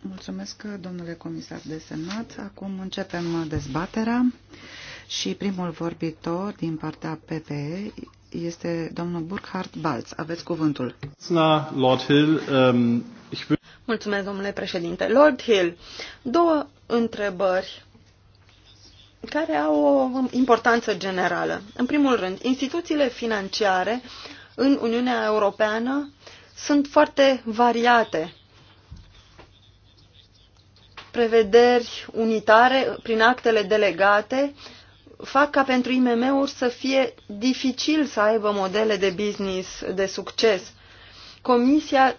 Mulțumesc, domnule comisar de desemnat. Acum începem dezbaterea și primul vorbitor din partea PPE este domnul Burkhard Balz. Aveți cuvântul. Lord Hill, um, Mulțumesc, domnule președinte. Lord Hill, două întrebări care au o importanță generală. În primul rând, instituțiile financiare în Uniunea Europeană sunt foarte variate. Prevederi unitare prin actele delegate fac ca pentru IMM-uri să fie dificil să aibă modele de business de succes. Comisia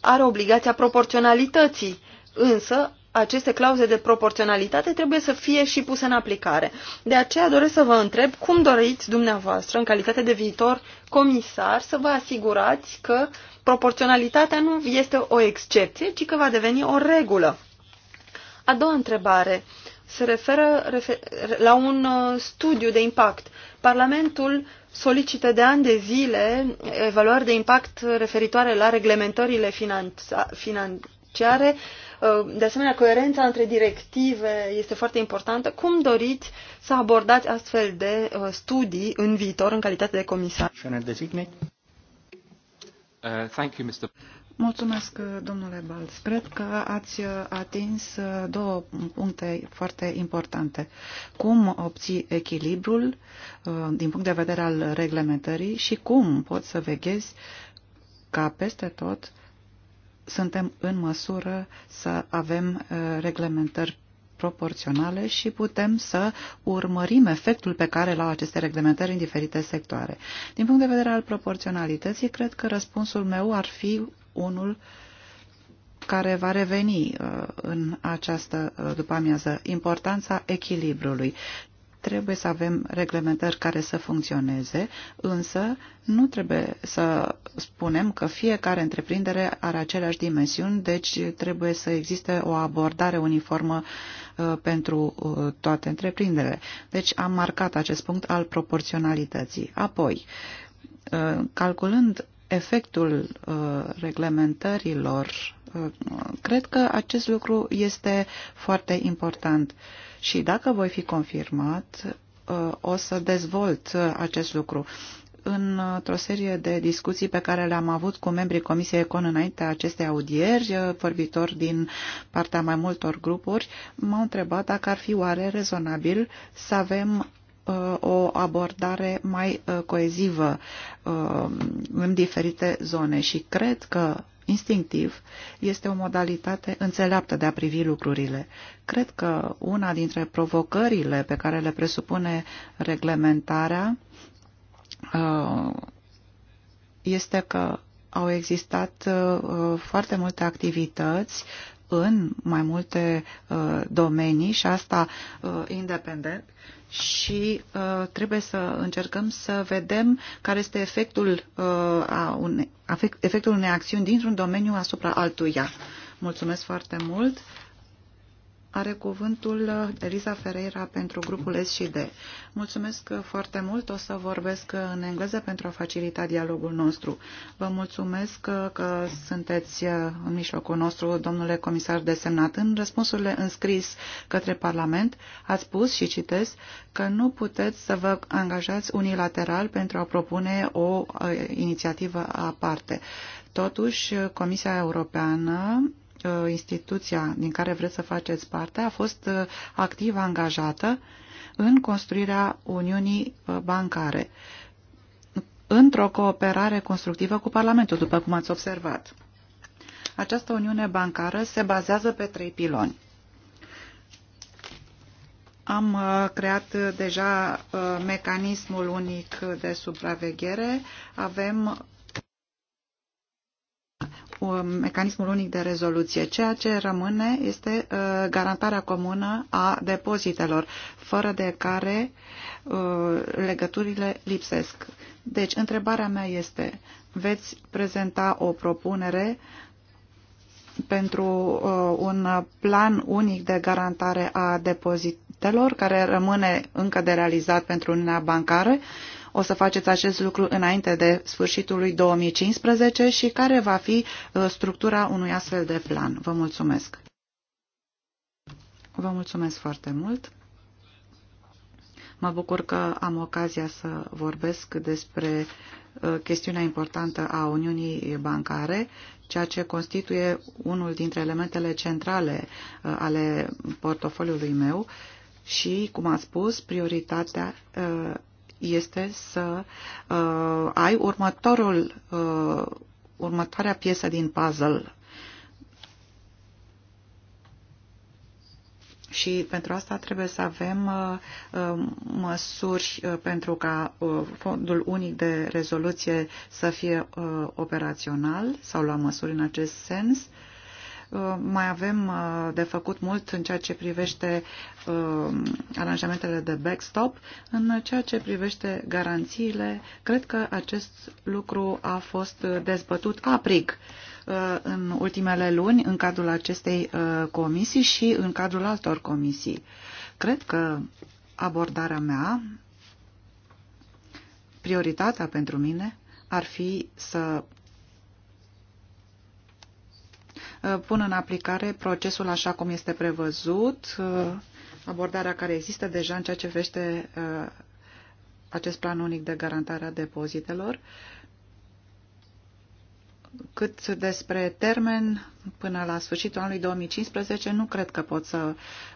are obligația proporționalității, însă aceste clauze de proporționalitate trebuie să fie și puse în aplicare. De aceea doresc să vă întreb cum doriți dumneavoastră, în calitate de viitor comisar, să vă asigurați că proporționalitatea nu este o excepție, ci că va deveni o regulă. A doua întrebare se referă refer, la un uh, studiu de impact. Parlamentul solicită de ani de zile evaluări de impact referitoare la reglementările finanța, finan, financiare. Uh, de asemenea, coerența între directive este foarte importantă. Cum doriți să abordați astfel de uh, studii în viitor în calitate de comisar? Uh, Mulțumesc, domnule Balz. Cred că ați atins două puncte foarte importante. Cum obții echilibrul din punct de vedere al reglementării și cum poți să veghezi ca peste tot suntem în măsură să avem uh, reglementări proporționale și putem să urmărim efectul pe care l-au aceste reglementări în diferite sectoare. Din punct de vedere al proporționalității, cred că răspunsul meu ar fi unul care va reveni uh, în această uh, după amiază, importanța echilibrului. Trebuie să avem reglementări care să funcționeze, însă nu trebuie să spunem că fiecare întreprindere are aceleași dimensiuni, deci trebuie să existe o abordare uniformă uh, pentru uh, toate întreprinderile. Deci am marcat acest punct al proporționalității. Apoi, uh, calculând efectul reglementărilor, cred că acest lucru este foarte important și dacă voi fi confirmat, uh, o să dezvolt acest lucru. Într-o serie de discuții pe care le-am avut cu membrii Comisiei Econ înaintea acestei audieri, uh, vorbitori din partea mai multor grupuri, m-au întrebat dacă ar fi oare rezonabil să avem uh, o abordare mai coezivă în diferite zone și cred că instinctiv este o modalitate înțeleaptă de a privi lucrurile. Cred că una dintre provocările pe care le presupune reglementarea uh, este că au existat uh, foarte multe activități în mai multe uh, domenii și asta uh, independent și uh, trebuie să încercăm să vedem care este efectul, a une, efectul unei acțiuni dintr-un domeniu asupra altuia. Mulțumesc foarte mult! Are cuvântul uh, Elisa Ferreira pentru grupul D. Mulțumesc uh, foarte mult, o să vorbesc uh, în engleză pentru a facilita dialogul nostru. Vă mulțumesc că sunteți în mijlocul nostru, domnule comisar desemnat. În răspunsurile înscris către Parlament ați spus și citesc că nu puteți să vă angajați unilateral pentru a propune o inițiativă aparte. Totuși, Comisia Europeană Uh, instituția din care vreți să faceți parte a fost uh, activ angajată în construirea Uniunii uh, Bancare, într-o cooperare constructivă cu Parlamentul, după cum ați observat. Această Uniune Bancară se bazează pe trei piloni. Am creat deja mecanismul unic de supraveghere, avem Um, mecanismul unic de rezoluție. Ceea ce rămâne este uh, garantarea comună a depozitelor, fără de care uh, legăturile lipsesc. Deci, întrebarea mea este, veți prezenta o propunere pentru uh, un plan unic de garantare a depozitelor, care rămâne încă de realizat pentru Uniunea Bancară o să faceți acest lucru înainte de sfârșitul lui 2015 și care va fi uh, structura unui astfel de plan. Vă mulțumesc! Vă mulțumesc foarte mult! Mă bucur că am ocazia să vorbesc despre uh, chestiunea importantă a Uniunii Bancare, ceea ce constituie unul dintre elementele centrale uh, ale portofoliului meu și, cum am spus, prioritatea este să uh, ai următorul, uh, următoarea piesă din puzzle. Și pentru asta trebuie să avem uh, uh, măsuri uh, pentru ca uh, fondul unic de rezoluție să fie uh, operațional sau lua măsuri în acest sens. Uh, Uh, mai avem uh, de făcut mult în ceea ce privește uh, aranjamentele de backstop. În ceea ce privește garanțiile, cred că acest lucru a fost dezbătut aprig în ultimele luni în cadrul acestei comisii și în cadrul altor comisii. Cred că abordarea mea, prioritatea pentru mine, ar fi să Uh, pun în aplicare procesul așa cum este prevăzut, uh, abordarea care există deja în ceea ce vește uh, acest plan unic de garantare a depozitelor cât despre termen, până la sfârșitul anului 2015, nu cred că pot să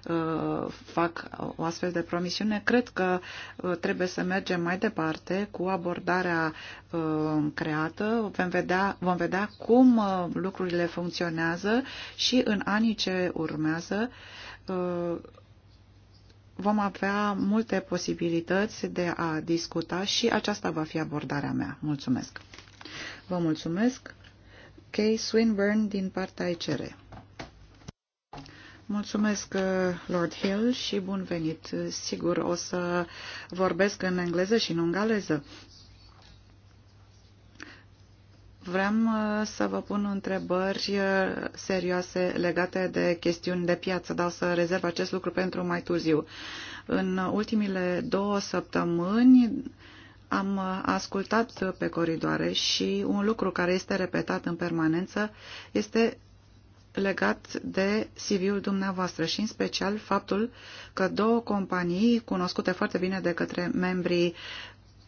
uh, fac o astfel de promisiune. Cred că uh, trebuie să mergem mai departe cu abordarea uh, creată. Vom vedea, vom vedea cum uh, lucrurile funcționează și în anii ce urmează. Uh, vom avea multe posibilități de a discuta și aceasta va fi abordarea mea. Mulțumesc! Vă mulțumesc! K. Swinburne din partea ICR. Mulțumesc, uh, Lord Hill, și bun venit. Sigur, o să vorbesc în engleză și în ungaleză. Vreau uh, să vă pun întrebări uh, serioase legate de chestiuni de piață, dar o să rezerv acest lucru pentru mai târziu. În ultimile două săptămâni, am uh, ascultat pe coridoare și un lucru care este repetat în permanență este legat de CV-ul dumneavoastră și în special faptul că două companii cunoscute foarte bine de către membrii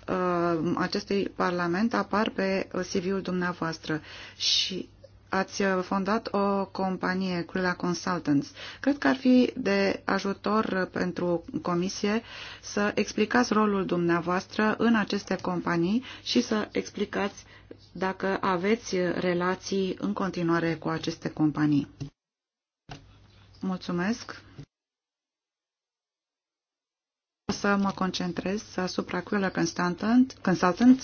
uh, acestui parlament apar pe CV-ul dumneavoastră și ați fondat o companie, Crula Consultants. Cred că ar fi de ajutor pentru comisie să explicați rolul dumneavoastră în aceste companii și să explicați dacă aveți relații în continuare cu aceste companii. Mulțumesc! O să mă concentrez asupra Quilla Consultant, Consultant,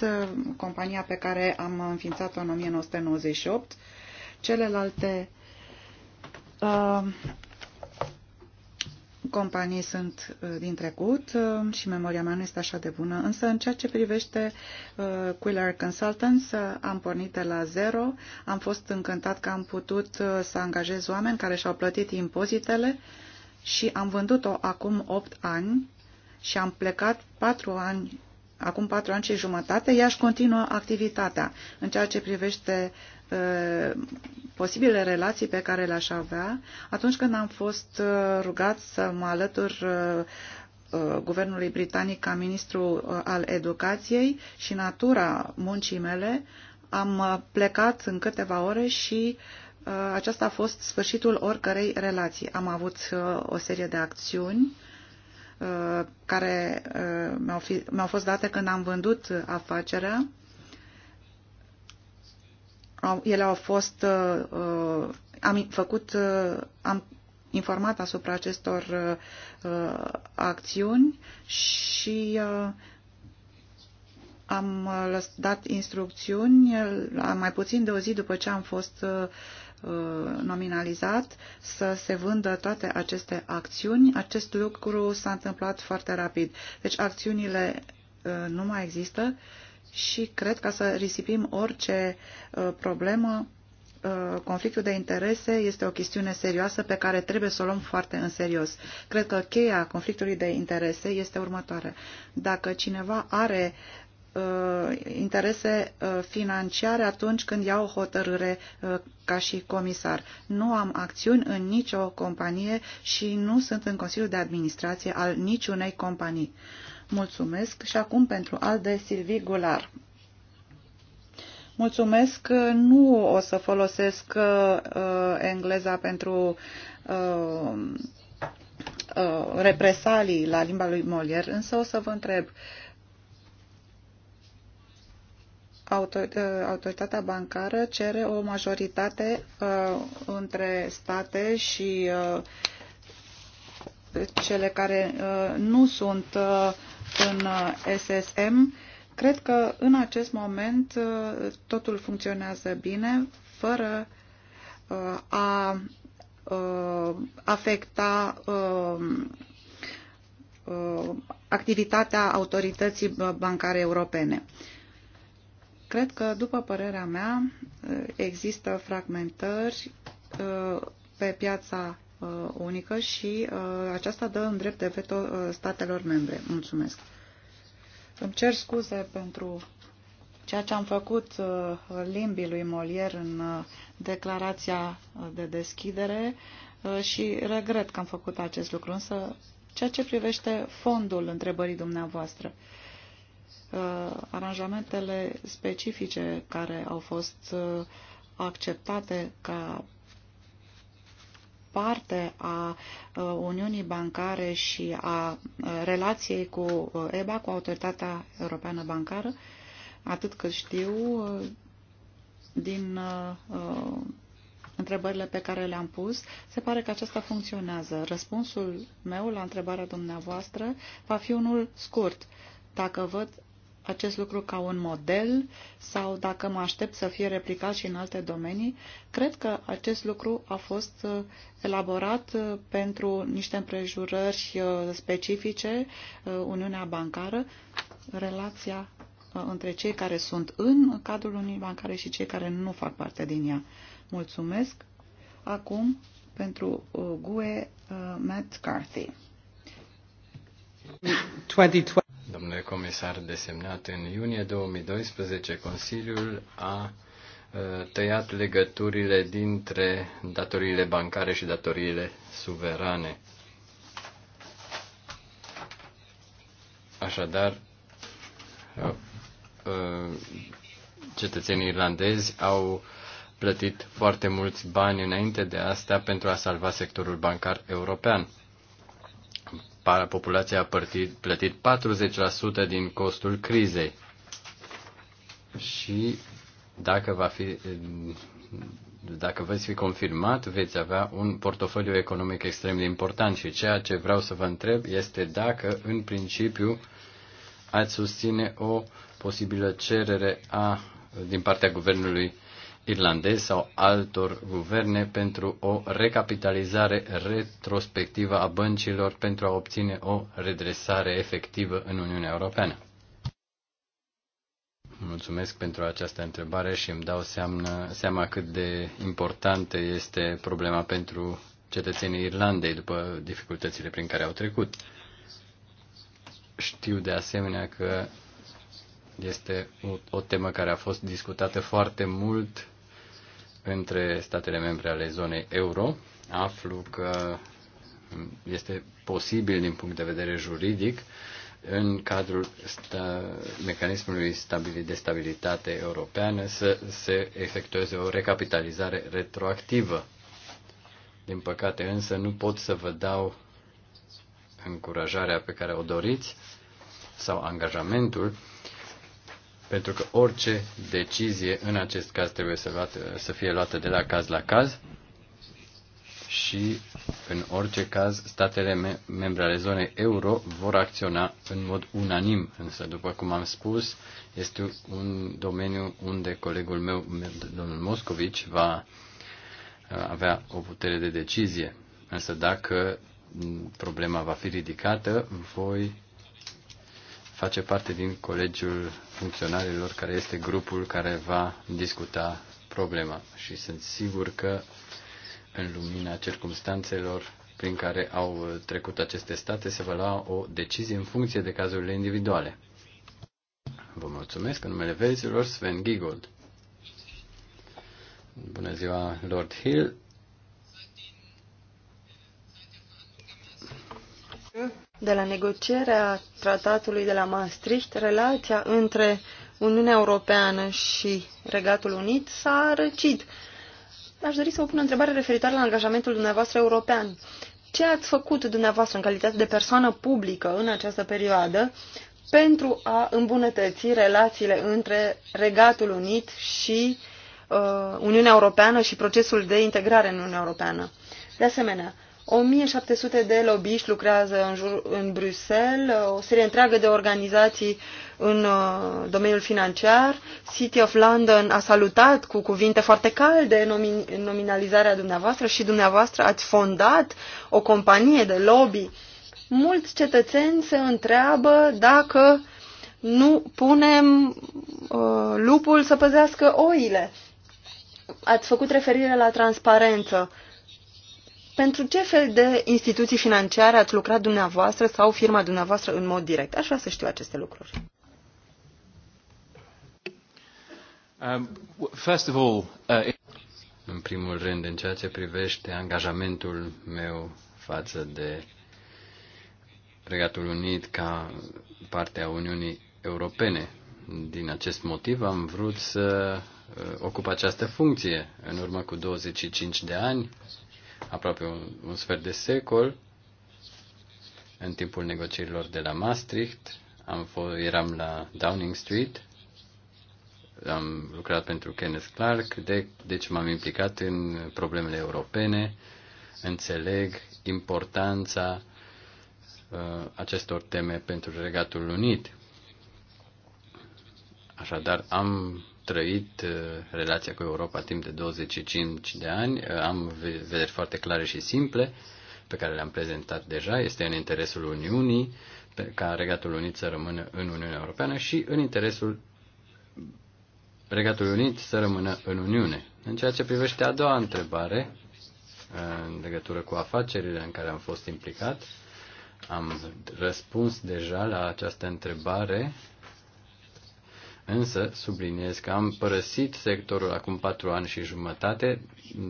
compania pe care am înființat-o în 1998 Celelalte uh, companii sunt uh, din trecut uh, și memoria mea nu este așa de bună, însă în ceea ce privește uh, Quiller Consultants am pornit de la zero, am fost încântat că am putut să angajez oameni care și-au plătit impozitele și am vândut-o acum 8 ani și am plecat 4 ani acum patru ani și jumătate, ea își continuă activitatea. În ceea ce privește posibile relații pe care le-aș avea atunci când am fost uh, rugat să mă alătur uh, uh, guvernului britanic ca ministru al educației și natura muncii mele, am plecat în câteva ore și aceasta a fost sfârșitul oricărei relații. Am avut o serie de acțiuni care mi-au fost date când am vândut afacerea ele au fost, uh, am făcut, uh, am informat asupra acestor uh, acțiuni și am dat instrucțiuni la mai puțin de o zi după ce am fost nominalizat să se vândă toate aceste acțiuni. Acest lucru s-a întâmplat foarte rapid. Deci acțiunile nu mai există și cred că să risipim orice uh, problemă, uh, conflictul de interese este o chestiune serioasă pe care trebuie să o luăm foarte în serios. Cred că cheia conflictului de interese este următoare. Dacă cineva are uh, interese financiare atunci când iau o hotărâre ca și comisar. Nu am acțiuni în nicio companie și nu sunt în Consiliul de Administrație al niciunei companii. Mulțumesc și acum pentru Alde Silvi Gular. Mulțumesc, nu o să folosesc uh, engleza pentru uh, uh, represalii la limba lui Molière, însă o să vă întreb. Uh, autoritatea bancară cere o majoritate uh, între state și uh, cele care uh, nu sunt uh, în uh, SSM. Cred că în acest moment uh, totul funcționează bine, fără uh, a afecta um, activitatea autorității bancare europene. Cred că, după părerea mea, există fragmentări pe piața Uh, unică și uh, aceasta dă în drept de veto uh, statelor membre. Mulțumesc. Îmi cer scuze pentru ceea ce am făcut limbii lui Molier în declarația de deschidere și regret că am făcut acest lucru, însă ceea ce privește fondul întrebării dumneavoastră, aranjamentele specifice care au fost acceptate ca parte a uh, Uniunii Bancare și a uh, relației cu uh, EBA, cu Autoritatea Europeană Bancară, atât cât știu din întrebările pe care le-am pus, se pare că aceasta funcționează. Răspunsul meu la întrebarea dumneavoastră va fi unul scurt. Dacă văd acest lucru ca un model sau dacă mă aștept să fie replicat și în alte domenii, cred că acest lucru a fost uh, elaborat uh, pentru niște împrejurări uh, specifice, Uniunea Bancară, relația între cei care sunt în cadrul Uniunii Bancare și cei care nu fac parte din ea. Mulțumesc! Acum, pentru GUE, Matt Carthy. 2020 domnule comisar desemnat, în iunie 2012 Consiliul a ă, tăiat legăturile dintre datoriile bancare și datoriile suverane. Așadar, ă, ă, cetățenii irlandezi au plătit foarte mulți bani înainte de asta pentru a salva sectorul bancar european populația a plătit 40% din costul crizei. Și dacă va fi dacă veți fi confirmat, veți avea un portofoliu economic extrem de important și ceea ce vreau să vă întreb este dacă, în principiu, ați susține o posibilă cerere a, din partea guvernului irlandez sau altor guverne pentru o recapitalizare retrospectivă a băncilor pentru a obține o redresare efectivă în Uniunea Europeană? Mulțumesc pentru această întrebare și îmi dau seamnă, seama cât de importantă este problema pentru cetățenii Irlandei după dificultățile prin care au trecut. Știu de asemenea că este o, o temă care a fost discutată foarte mult între statele membre ale zonei euro. Aflu că este posibil din punct de vedere juridic în cadrul sta, mecanismului de stabilitate europeană să se efectueze o recapitalizare retroactivă. Din păcate însă nu pot să vă dau încurajarea pe care o doriți sau angajamentul pentru că orice decizie în acest caz trebuie să, luat, să fie luată de la caz la caz și, în orice caz, statele me- membre ale zonei euro vor acționa în mod unanim. Însă, după cum am spus, este un domeniu unde colegul meu, domnul Moscovici, va uh, avea o putere de decizie. Însă, dacă problema va fi ridicată, voi face parte din Colegiul Funcționarilor, care este grupul care va discuta problema. Și sunt sigur că, în lumina circumstanțelor prin care au trecut aceste state, se va lua o decizie în funcție de cazurile individuale. Vă mulțumesc în numele verzilor Sven Gigold. Bună ziua, Lord Hill de la negocierea tratatului de la Maastricht, relația între Uniunea Europeană și Regatul Unit s-a răcit. Aș dori să vă pun o întrebare referitoare la angajamentul dumneavoastră european. Ce ați făcut dumneavoastră în calitate de persoană publică în această perioadă pentru a îmbunătăți relațiile între Regatul Unit și uh, Uniunea Europeană și procesul de integrare în Uniunea Europeană? De asemenea, 1700 de lobbyiști lucrează în, jur, în Bruxelles, o serie întreagă de organizații în uh, domeniul financiar. City of London a salutat cu cuvinte foarte calde nomin, nominalizarea dumneavoastră și dumneavoastră ați fondat o companie de lobby. Mulți cetățeni se întreabă dacă nu punem uh, lupul să păzească oile. Ați făcut referire la transparență. Uh, pentru ce fel de instituții financiare ați lucrat dumneavoastră sau firma dumneavoastră în mod direct? Aș vrea să știu aceste lucruri. Um, first of all, uh... În primul rând, în ceea ce privește angajamentul meu față de Regatul Unit ca parte a Uniunii Europene. Din acest motiv am vrut să uh, ocup această funcție. În urmă cu 25 de ani aproape un, un sfert de secol, în timpul negocierilor de la Maastricht, am fost, eram la Downing Street, am lucrat pentru Kenneth Clark, de, deci m-am implicat în problemele europene, înțeleg importanța uh, acestor teme pentru Regatul Unit. Așadar, am trăit uh, relația cu Europa timp de 25 de ani, uh, am vederi foarte clare și simple pe care le-am prezentat deja, este în interesul Uniunii ca Regatul Unit să rămână în Uniunea Europeană și în interesul Regatul Unit să rămână în Uniune. În ceea ce privește a doua întrebare, uh, în legătură cu afacerile în care am fost implicat, am răspuns deja la această întrebare Însă, subliniez că am părăsit sectorul acum patru ani și jumătate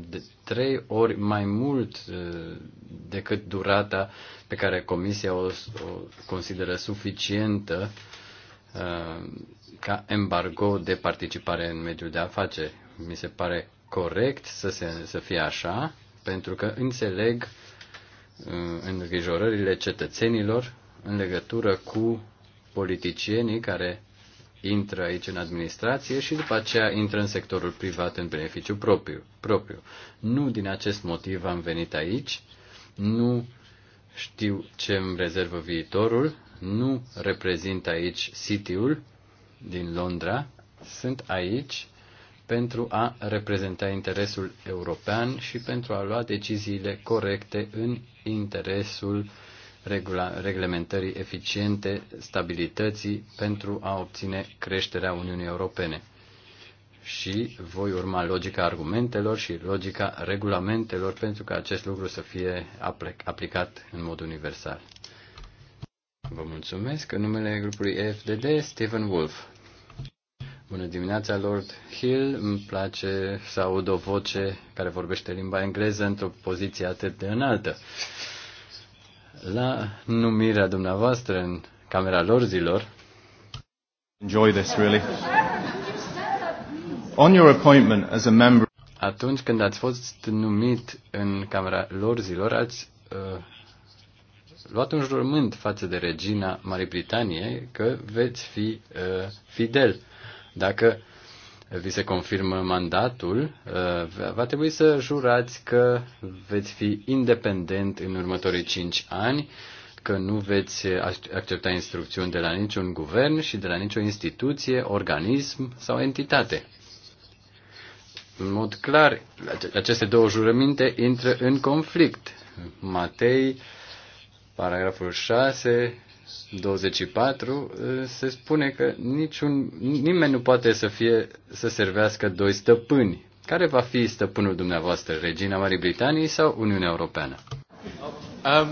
de trei ori mai mult uh, decât durata pe care Comisia o, o consideră suficientă uh, ca embargo de participare în mediul de afaceri. Mi se pare corect să, se, să fie așa, pentru că înțeleg uh, îngrijorările cetățenilor în legătură cu politicienii care intră aici în administrație și după aceea intră în sectorul privat în beneficiu propriu. propriu. Nu din acest motiv am venit aici, nu știu ce îmi rezervă viitorul, nu reprezint aici City-ul din Londra, sunt aici pentru a reprezenta interesul european și pentru a lua deciziile corecte în interesul regula, reglementării eficiente, stabilității pentru a obține creșterea Uniunii Europene. Și voi urma logica argumentelor și logica regulamentelor pentru ca acest lucru să fie aplicat în mod universal. Vă mulțumesc. În numele grupului FDD, Stephen Wolf. Bună dimineața, Lord Hill. Îmi place să aud o voce care vorbește limba engleză într-o poziție atât de înaltă. La numirea dumneavoastră în Camera Lorzilor. Enjoy this, really. On your appointment as a member atunci când ați fost numit în Camera Lorzilor, ați uh, luat un jurământ față de regina Marii Britaniei că veți fi uh, fidel. Dacă vi se confirmă mandatul, uh, va trebui să jurați că veți fi independent în următorii cinci ani, că nu veți accepta instrucțiuni de la niciun guvern și de la nicio instituție, organism sau entitate. În mod clar, aceste două jurăminte intră în conflict. Matei, paragraful 6 24 eh, se spune că niciun, nimeni nu poate să, fie, să servească doi stăpâni. Care va fi stăpânul dumneavoastră, regina Marii Britanii sau Uniunea Europeană? Um,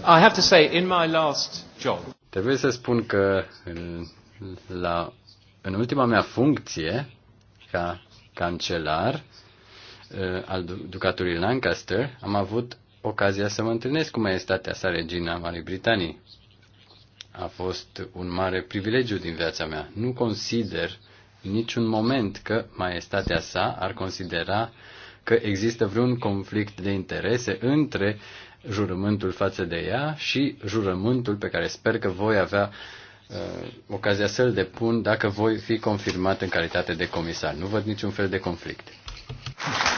I have to say, in my last job... Trebuie să spun că în, la, în ultima mea funcție ca cancelar eh, al Ducatului Lancaster am avut ocazia să mă întâlnesc cu maestatea sa regina Marii Britanii a fost un mare privilegiu din viața mea. Nu consider niciun moment că maestatea sa ar considera că există vreun conflict de interese între jurământul față de ea și jurământul pe care sper că voi avea uh, ocazia să-l depun dacă voi fi confirmat în calitate de comisar. Nu văd niciun fel de conflict. Thank you.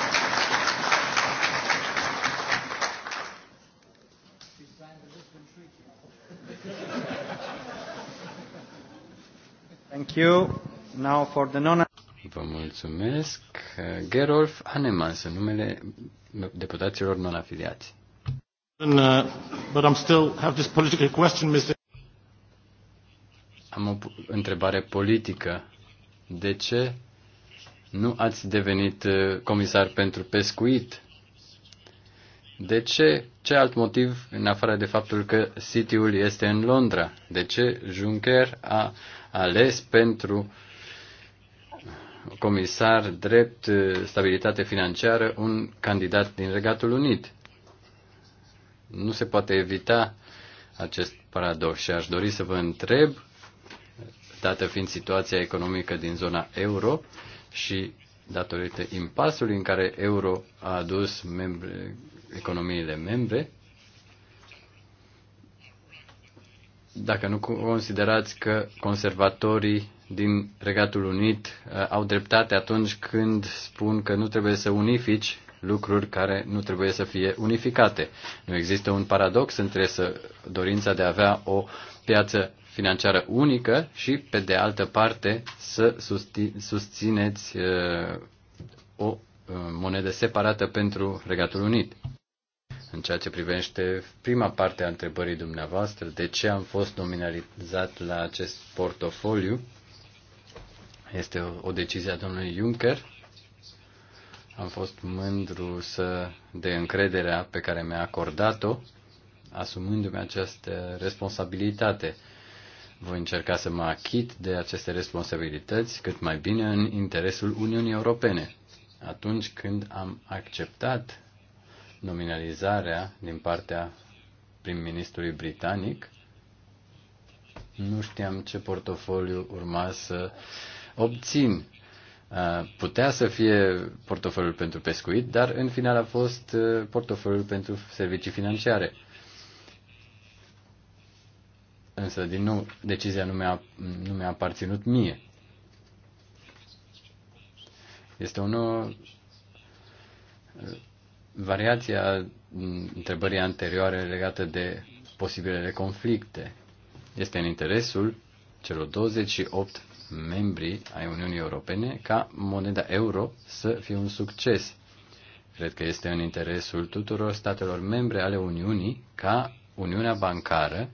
you. Now for the non Vă mulțumesc. Gerolf Hanemans, în numele deputaților non-afiliați. Uh, but I'm still have this political question, Mr. Am o întrebare politică. De ce nu ați devenit uh, comisar pentru pescuit? De ce ce alt motiv, în afară de faptul că City-ul este în Londra? De ce Juncker a ales pentru comisar drept eh, stabilitate financiară un candidat din Regatul Unit? Nu se poate evita acest paradox și aș dori să vă întreb, dată fiind situația economică din zona euro și datorită impasului în care euro a adus membre, economiile membre, dacă nu considerați că conservatorii din Regatul Unit uh, au dreptate atunci când spun că nu trebuie să unifici lucruri care nu trebuie să fie unificate. Nu există un paradox între să, dorința de a avea o piață financiară unică și, pe de altă parte, să susțineți uh, o uh, monedă separată pentru Regatul Unit în ceea ce privește prima parte a întrebării dumneavoastră, de ce am fost nominalizat la acest portofoliu. Este o, o decizie a domnului Juncker. Am fost mândru să, de încrederea pe care mi-a acordat-o, asumându-mi această responsabilitate. Voi încerca să mă achit de aceste responsabilități cât mai bine în interesul Uniunii Europene. Atunci când am acceptat nominalizarea din partea prim-ministrului britanic. Nu știam ce portofoliu urma să obțin. Putea să fie portofoliul pentru pescuit, dar în final a fost portofoliul pentru servicii financiare. Însă, din nou, decizia nu mi-a, nu mi-a aparținut mie. Este o nouă variația întrebării anterioare legată de posibilele conflicte. Este în interesul celor 28 membri ai Uniunii Europene ca moneda euro să fie un succes. Cred că este în interesul tuturor statelor membre ale Uniunii ca Uniunea Bancară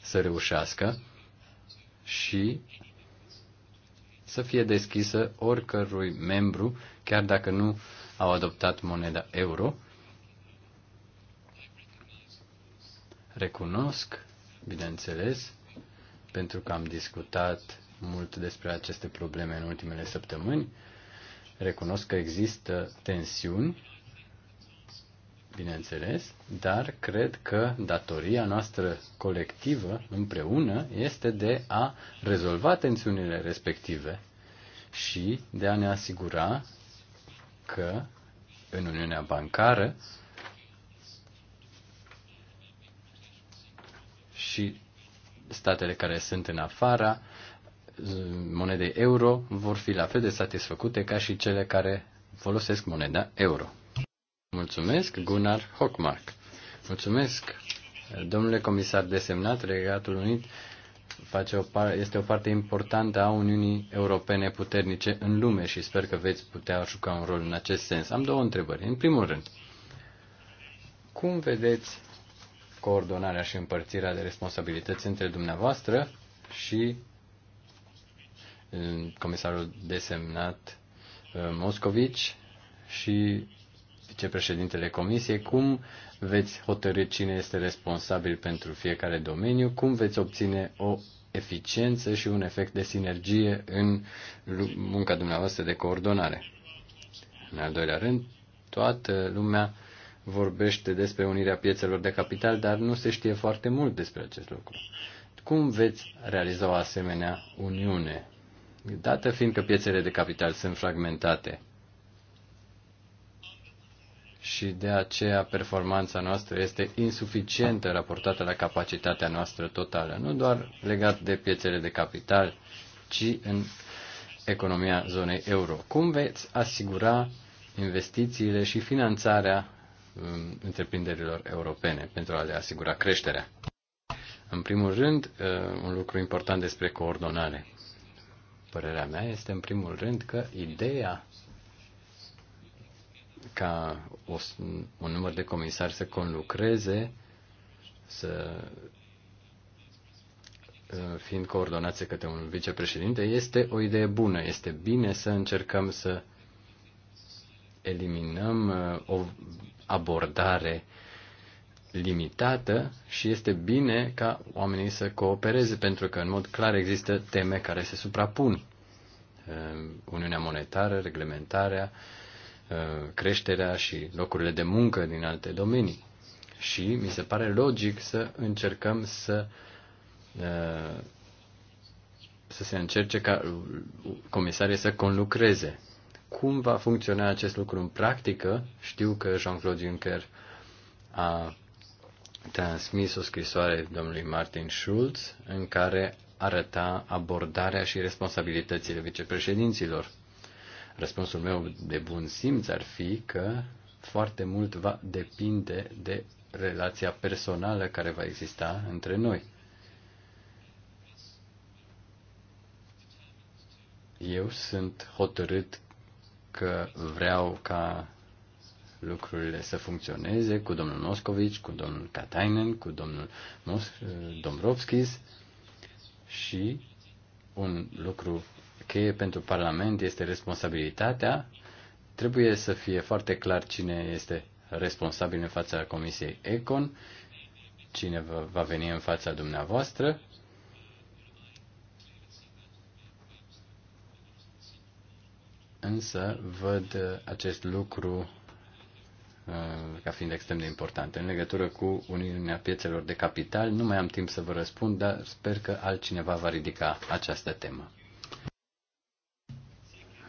să reușească și să fie deschisă oricărui membru, chiar dacă nu au adoptat moneda euro, Recunosc, bineînțeles, pentru că am discutat mult despre aceste probleme în ultimele săptămâni, recunosc că există tensiuni, bineînțeles, dar cred că datoria noastră colectivă împreună este de a rezolva tensiunile respective și de a ne asigura că în Uniunea Bancară și statele care sunt în afara mm, monedei euro vor fi la fel de satisfăcute ca și cele care folosesc moneda euro. Mulțumesc, Gunnar Hockmark. Mulțumesc, domnule comisar desemnat, Regatul Unit face o par- este o parte importantă a Uniunii Europene puternice în lume și sper că veți putea juca un rol în acest sens. Am două întrebări. În primul rând, cum vedeți coordonarea și împărțirea de responsabilități între dumneavoastră și comisarul desemnat uh, Moscovici și vicepreședintele Comisiei, cum veți hotărâ cine este responsabil pentru fiecare domeniu, cum veți obține o eficiență și un efect de sinergie în munca dumneavoastră de coordonare. În al doilea rând, toată lumea vorbește despre unirea piețelor de capital, dar nu se știe foarte mult despre acest lucru. Cum veți realiza o asemenea uniune? Dată fiindcă piețele de capital sunt fragmentate și de aceea performanța noastră este insuficientă raportată la capacitatea noastră totală, nu doar legat de piețele de capital, ci în economia zonei euro. Cum veți asigura investițiile și finanțarea Um, întreprinderilor europene pentru a le asigura creșterea. În primul rând, uh, un lucru important despre coordonare. Părerea mea este, în primul rând, că ideea ca o, un număr de comisari să conlucreze, să uh, fiind coordonați către un vicepreședinte, este o idee bună. Este bine să încercăm să eliminăm uh, o abordare limitată și este bine ca oamenii să coopereze, pentru că în mod clar există teme care se suprapun. Ehm, Uniunea monetară, reglementarea, ehm, creșterea și locurile de muncă din alte domenii. Și mi se pare logic să încercăm să ehm, să se încerce ca comisarii să conlucreze cum va funcționa acest lucru în practică. Știu că Jean-Claude Juncker a transmis o scrisoare domnului Martin Schulz în care arăta abordarea și responsabilitățile vicepreședinților. Răspunsul meu de bun simț ar fi că foarte mult va depinde de relația personală care va exista între noi. Eu sunt hotărât că vreau ca lucrurile să funcționeze cu domnul Moscovici, cu domnul Katainen, cu domnul Mos- Dombrovskis și un lucru cheie pentru Parlament este responsabilitatea. Trebuie să fie foarte clar cine este responsabil în fața Comisiei Econ, cine va veni în fața dumneavoastră însă văd uh, acest lucru uh, ca fiind extrem de important. În legătură cu Uniunea Piețelor de Capital, nu mai am timp să vă răspund, dar sper că altcineva va ridica această temă.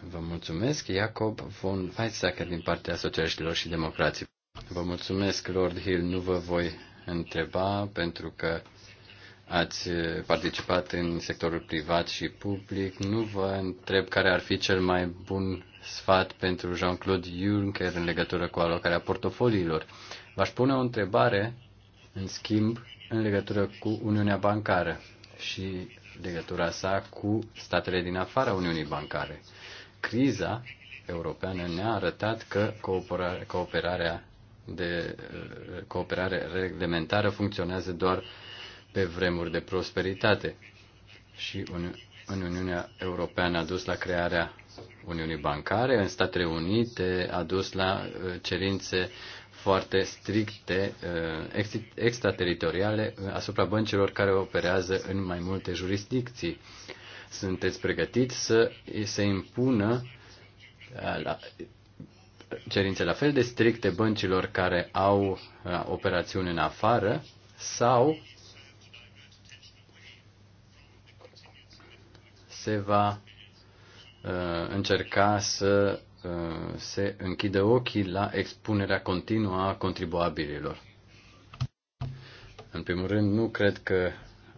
Vă mulțumesc, Iacob von Weizsäcker din partea Socialiștilor și Democrații. Vă mulțumesc, Lord Hill, nu vă voi întreba pentru că ați eh, participat în sectorul privat și public. Nu vă întreb care ar fi cel mai bun sfat pentru Jean-Claude Juncker în legătură cu alocarea portofoliilor. V-aș pune o întrebare, în schimb, în legătură cu Uniunea Bancară și legătura sa cu statele din afara Uniunii Bancare. Criza europeană ne-a arătat că cooperarea de eh, cooperarea reglementară funcționează doar pe vremuri de prosperitate și în Uniunea Europeană a dus la crearea Uniunii Bancare, în Statele Unite a dus la uh, cerințe foarte stricte uh, extrateritoriale uh, asupra băncilor care operează în mai multe jurisdicții. Sunteți pregătiți să se impună la cerințe la fel de stricte băncilor care au operațiuni în afară sau se va uh, încerca să uh, se închidă ochii la expunerea continuă a contribuabililor. În primul rând, nu cred că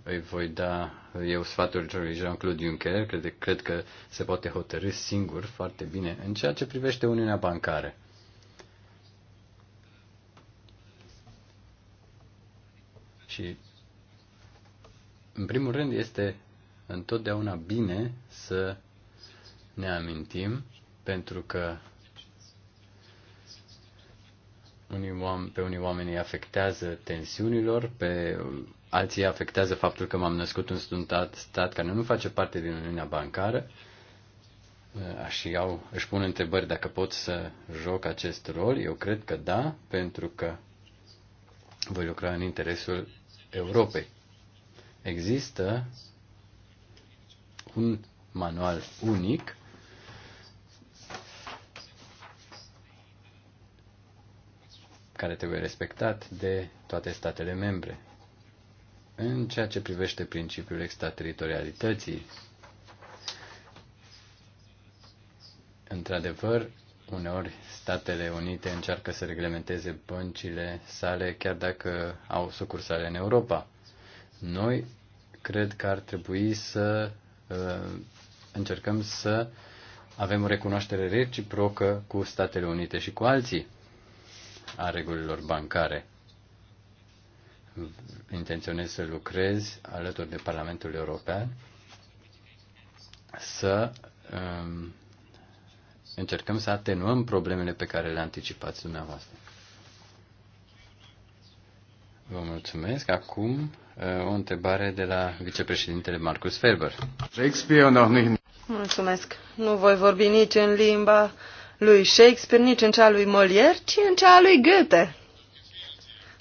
îi voi da eu sfatul lui Jean-Claude Juncker, cred, cred că se poate hotărâ singur foarte bine în ceea ce privește Uniunea Bancară. Și, în primul rând, este întotdeauna bine să ne amintim, pentru că unii oameni, pe unii oameni îi afectează tensiunilor, pe alții afectează faptul că m-am născut într-un stat, stat care nu face parte din Uniunea Bancară uh, și au, își pun întrebări dacă pot să joc acest rol. Eu cred că da, pentru că voi lucra în interesul Europei. Există un manual unic care trebuie respectat de toate statele membre. În ceea ce privește principiul extrateritorialității, într-adevăr, uneori Statele Unite încearcă să reglementeze băncile sale chiar dacă au sucursale în Europa. Noi cred că ar trebui să Uh, încercăm să avem o recunoaștere reciprocă cu Statele Unite și cu alții a regulilor bancare. Intenționez să lucrez alături de Parlamentul European să um, încercăm să atenuăm problemele pe care le anticipați dumneavoastră. Vă mulțumesc. Acum o întrebare de la vicepreședintele Marcus Ferber. Shakespeare Mulțumesc. Nu voi vorbi nici în limba lui Shakespeare, nici în cea lui Molière, ci în cea lui Goethe.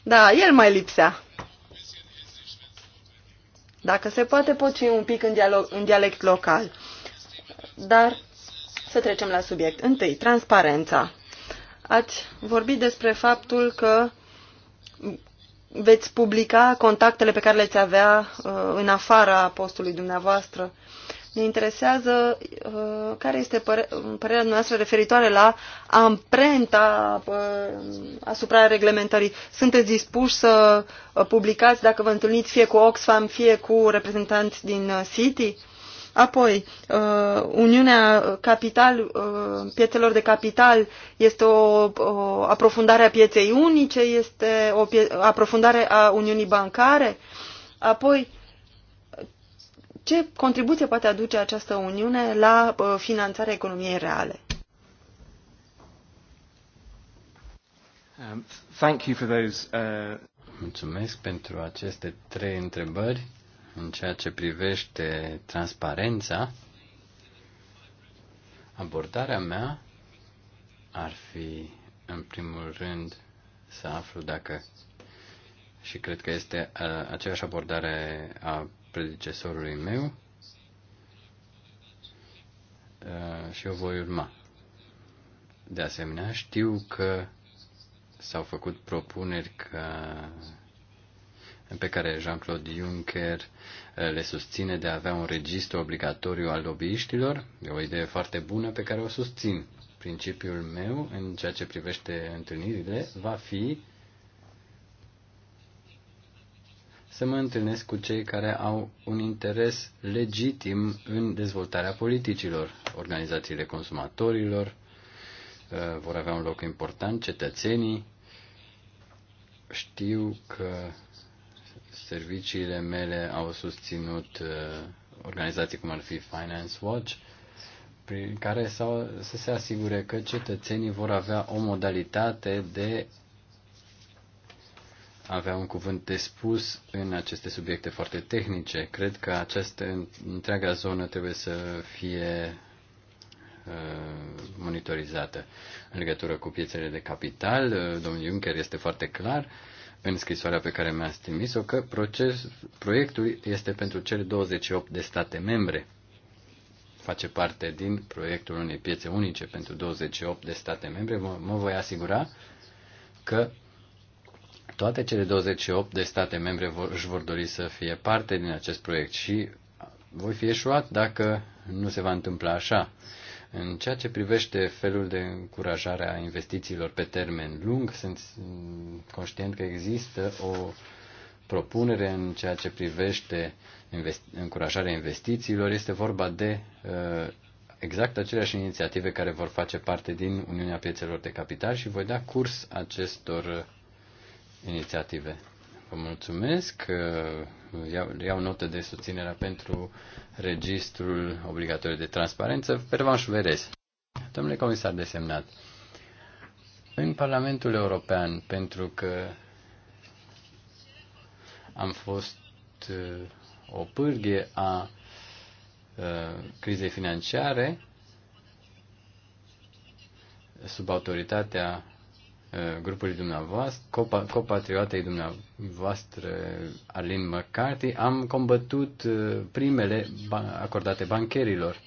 Da, el mai lipsea. Dacă se poate, pot și un pic în, dialog, în dialect local. Dar să trecem la subiect. Întâi, transparența. Ați vorbit despre faptul că veți publica contactele pe care le-ți avea uh, în afara postului dumneavoastră. Ne interesează uh, care este părerea noastră referitoare la amprenta uh, asupra reglementării. Sunteți dispuși să publicați dacă vă întâlniți fie cu Oxfam, fie cu reprezentanți din City? Apoi, uh, Uniunea capital, uh, piețelor de capital este o, o aprofundare a pieței unice, este o pie, aprofundare a Uniunii bancare. Apoi, ce contribuție poate aduce această Uniune la uh, finanțarea economiei reale? Um, thank you for those, uh... Mulțumesc pentru aceste trei întrebări în ceea ce privește transparența, abordarea mea ar fi, în primul rând, să aflu dacă, și cred că este aceeași abordare a predecesorului meu, și o voi urma. De asemenea, știu că s-au făcut propuneri ca pe care Jean-Claude Juncker eh, le susține de a avea un registru obligatoriu al lobbyiștilor. E o idee foarte bună pe care o susțin. Principiul meu în ceea ce privește întâlnirile va fi să mă întâlnesc cu cei care au un interes legitim în dezvoltarea politicilor. Organizațiile consumatorilor eh, vor avea un loc important, cetățenii. Știu că Serviciile mele au susținut uh, organizații cum ar fi Finance Watch, prin care sau să se asigure că cetățenii vor avea o modalitate de avea un cuvânt de spus în aceste subiecte foarte tehnice. Cred că această întreaga zonă trebuie să fie uh, monitorizată. În legătură cu piețele de capital, uh, domnul Juncker este foarte clar în scrisoarea pe care mi-ați trimis-o că proces, proiectul este pentru cele 28 de state membre. Face parte din proiectul unei piețe unice pentru 28 de state membre. M- mă voi asigura că toate cele 28 de state membre vor, își vor dori să fie parte din acest proiect și voi fi eșuat dacă nu se va întâmpla așa. În ceea ce privește felul de încurajare a investițiilor pe termen lung, sunt conștient că există o propunere în ceea ce privește investi- încurajarea investițiilor. Este vorba de uh, exact aceleași inițiative care vor face parte din Uniunea Piețelor de Capital și voi da curs acestor uh, inițiative. Vă mulțumesc. Uh, iau, iau notă de susținerea pentru registrul obligatoriu de transparență, pervanș verez. Domnule comisar desemnat, în Parlamentul European, pentru că am fost uh, o pârghie a uh, crizei financiare, sub autoritatea Uh, grupului dumneavoastră, copa, copatriotei dumneavoastră, Alin McCarthy, am combătut uh, primele acordate bancherilor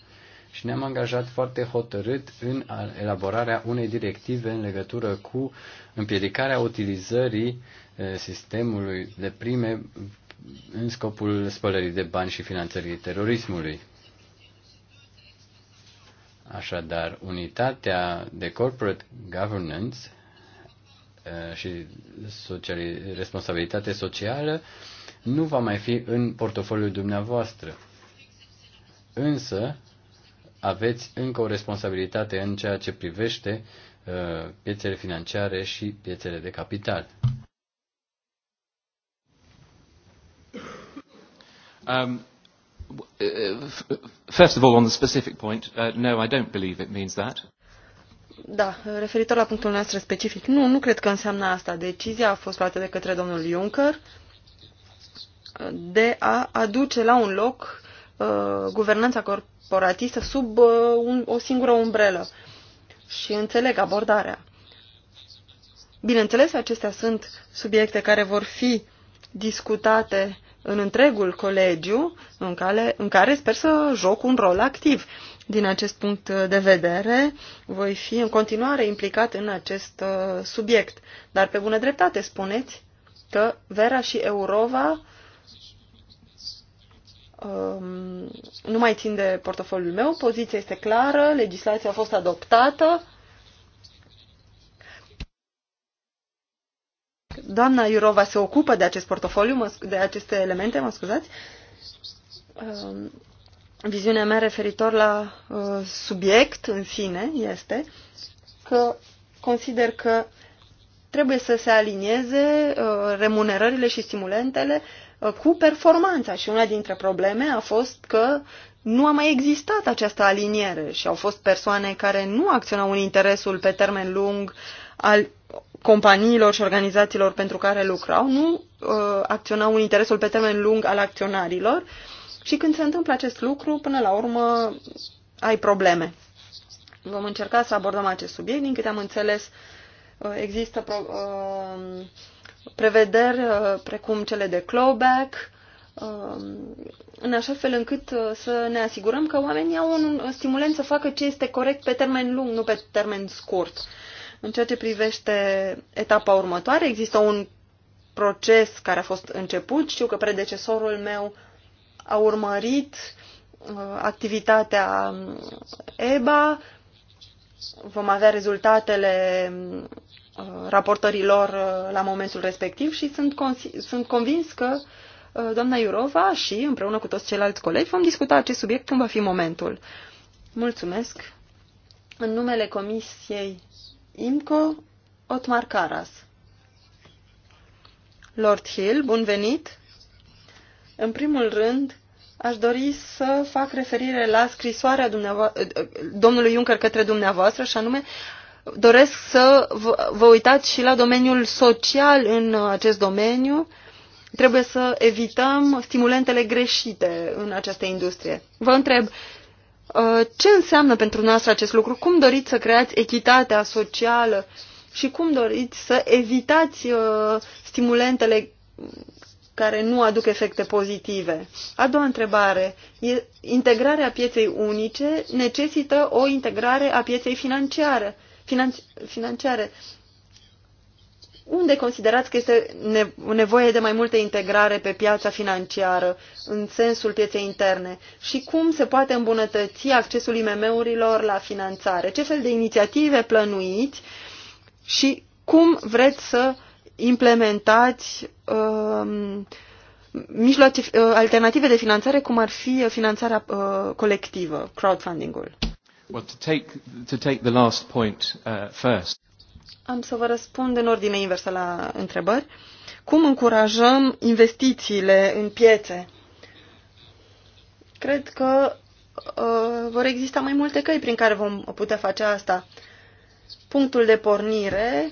și ne-am angajat foarte hotărât în elaborarea unei directive în legătură cu împiedicarea utilizării uh, sistemului de prime în scopul spălării de bani și finanțării terorismului. Așadar, unitatea de corporate governance Uh, și sociali, responsabilitate socială nu va mai fi în portofoliul dumneavoastră. Însă, aveți încă o responsabilitate în ceea ce privește uh, piețele financiare și piețele de capital. Um, uh, first of all, on the specific point, uh, no, I don't believe it means that. Da, referitor la punctul nostru specific, nu, nu cred că înseamnă asta. Decizia a fost luată de către domnul Juncker de a aduce la un loc uh, guvernanța corporatistă sub uh, un, o singură umbrelă. Și înțeleg abordarea. Bineînțeles, acestea sunt subiecte care vor fi discutate în întregul colegiu, în care, în care sper să joc un rol activ. Uh, din acest punct de vedere, voi fi în continuare implicat în acest uh, subiect. Dar pe bună dreptate spuneți că Vera și Eurova um, nu mai țin de portofoliul meu, poziția este clară, legislația a fost adoptată. Doamna Iurova se ocupă de acest portofoliu, de aceste elemente, mă scuzați. Um, viziunea mea referitor la uh, subiect în sine este că consider că trebuie să se alinieze uh, remunerările și stimulentele uh, cu performanța și una dintre probleme a fost că nu a mai existat această aliniere și au fost persoane care nu acționau în interesul pe termen lung al companiilor și organizațiilor pentru care lucrau, nu uh, acționau în interesul pe termen lung al acționarilor uh, și când se întâmplă acest lucru, până la urmă ai probleme. Vom încerca să abordăm acest subiect. Din câte am înțeles, uh, există pro, uh, prevederi uh, precum cele de clawback, uh, în așa fel încât uh, să ne asigurăm că oamenii au un stimulant să facă ce este corect pe termen lung, nu pe termen scurt. În ceea ce privește etapa următoare, există un proces care a fost început. Știu că predecesorul meu a urmărit uh, activitatea EBA, vom avea rezultatele uh, raportărilor uh, la momentul respectiv și sunt, sunt convins că doamna Iurova și împreună cu toți ceilalți colegi vom discuta acest subiect când va fi momentul. Mulțumesc. În numele Comisiei IMCO, Otmar Caras. Lord Hill, bun venit! În primul rând, aș dori să fac referire la scrisoarea domnului Juncker către dumneavoastră și anume doresc să vă uitați și la domeniul social în acest domeniu. Trebuie să evităm stimulentele greșite în această industrie. Vă întreb, uh, ce înseamnă pentru noastră acest lucru? Cum doriți să creați echitatea socială și cum doriți să evitați uh, stimulentele care nu aduc efecte pozitive. A doua întrebare. Integrarea pieței unice necesită o integrare a pieței financiare. Finanț- financiare. Unde considerați că este nevoie de mai multă integrare pe piața financiară în sensul pieței interne? Și cum se poate îmbunătăți accesul IMM-urilor la finanțare? Ce fel de inițiative plănuiți și cum vreți să uh, implementați um, mijloace uh, alternative de finanțare, cum ar fi uh, finanțarea uh, colectivă, crowdfunding-ul. Well, to take, to take the last point uh, first. Am să vă răspund în ordine inversă la întrebări. Cum încurajăm investițiile în piețe? Cred că uh, vor exista mai multe căi prin care vom putea face asta. Punctul de pornire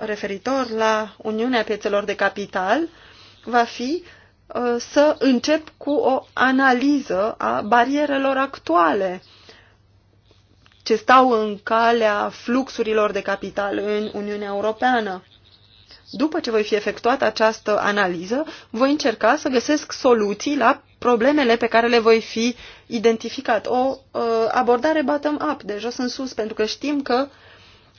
referitor la Uniunea Piețelor de Capital va fi uh, să încep cu o analiză a barierelor actuale ce stau în calea fluxurilor de capital în Uniunea Europeană. După ce voi fi efectuat această analiză, voi încerca să găsesc soluții la problemele pe care le voi fi identificat. O uh, abordare bottom-up, de jos în sus, pentru că știm că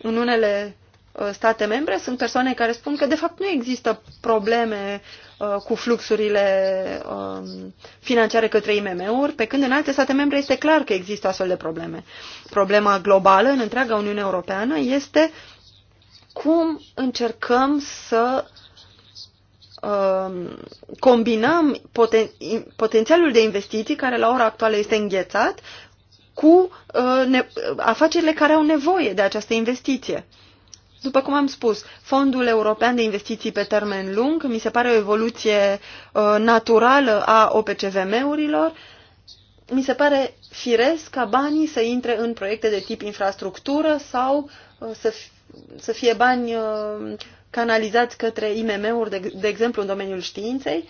în unele Uh, state membre sunt persoane care spun că de fapt nu există probleme uh, cu fluxurile um, financiare către IMM-uri, pe când în alte state membre este clar că există astfel de probleme. Problema globală în întreaga Uniune Europeană este cum încercăm să um, combinăm poten potențialul de investiții care la ora actuală este înghețat cu uh, afacerile care au nevoie de această investiție. După cum am spus, Fondul European de Investiții pe termen lung mi se pare o evoluție uh, naturală a OPCVM-urilor. Mi se pare firesc ca banii să intre în proiecte de tip infrastructură sau uh, să, să fie bani uh, canalizați către IMM-uri, de, de exemplu în domeniul științei.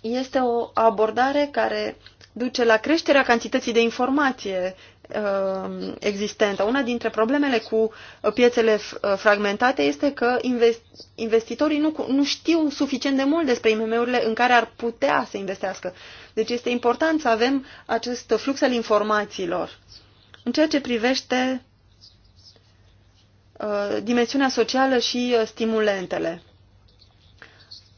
Este o abordare care duce la creșterea cantității de informație Uh, existentă. Una dintre problemele cu piețele uh, fragmentate este că investitorii nu, nu știu suficient de mult despre IMM-urile în care ar putea să investească. Deci este important să avem acest flux al informațiilor. În ceea ce privește uh, dimensiunea socială și stimulentele.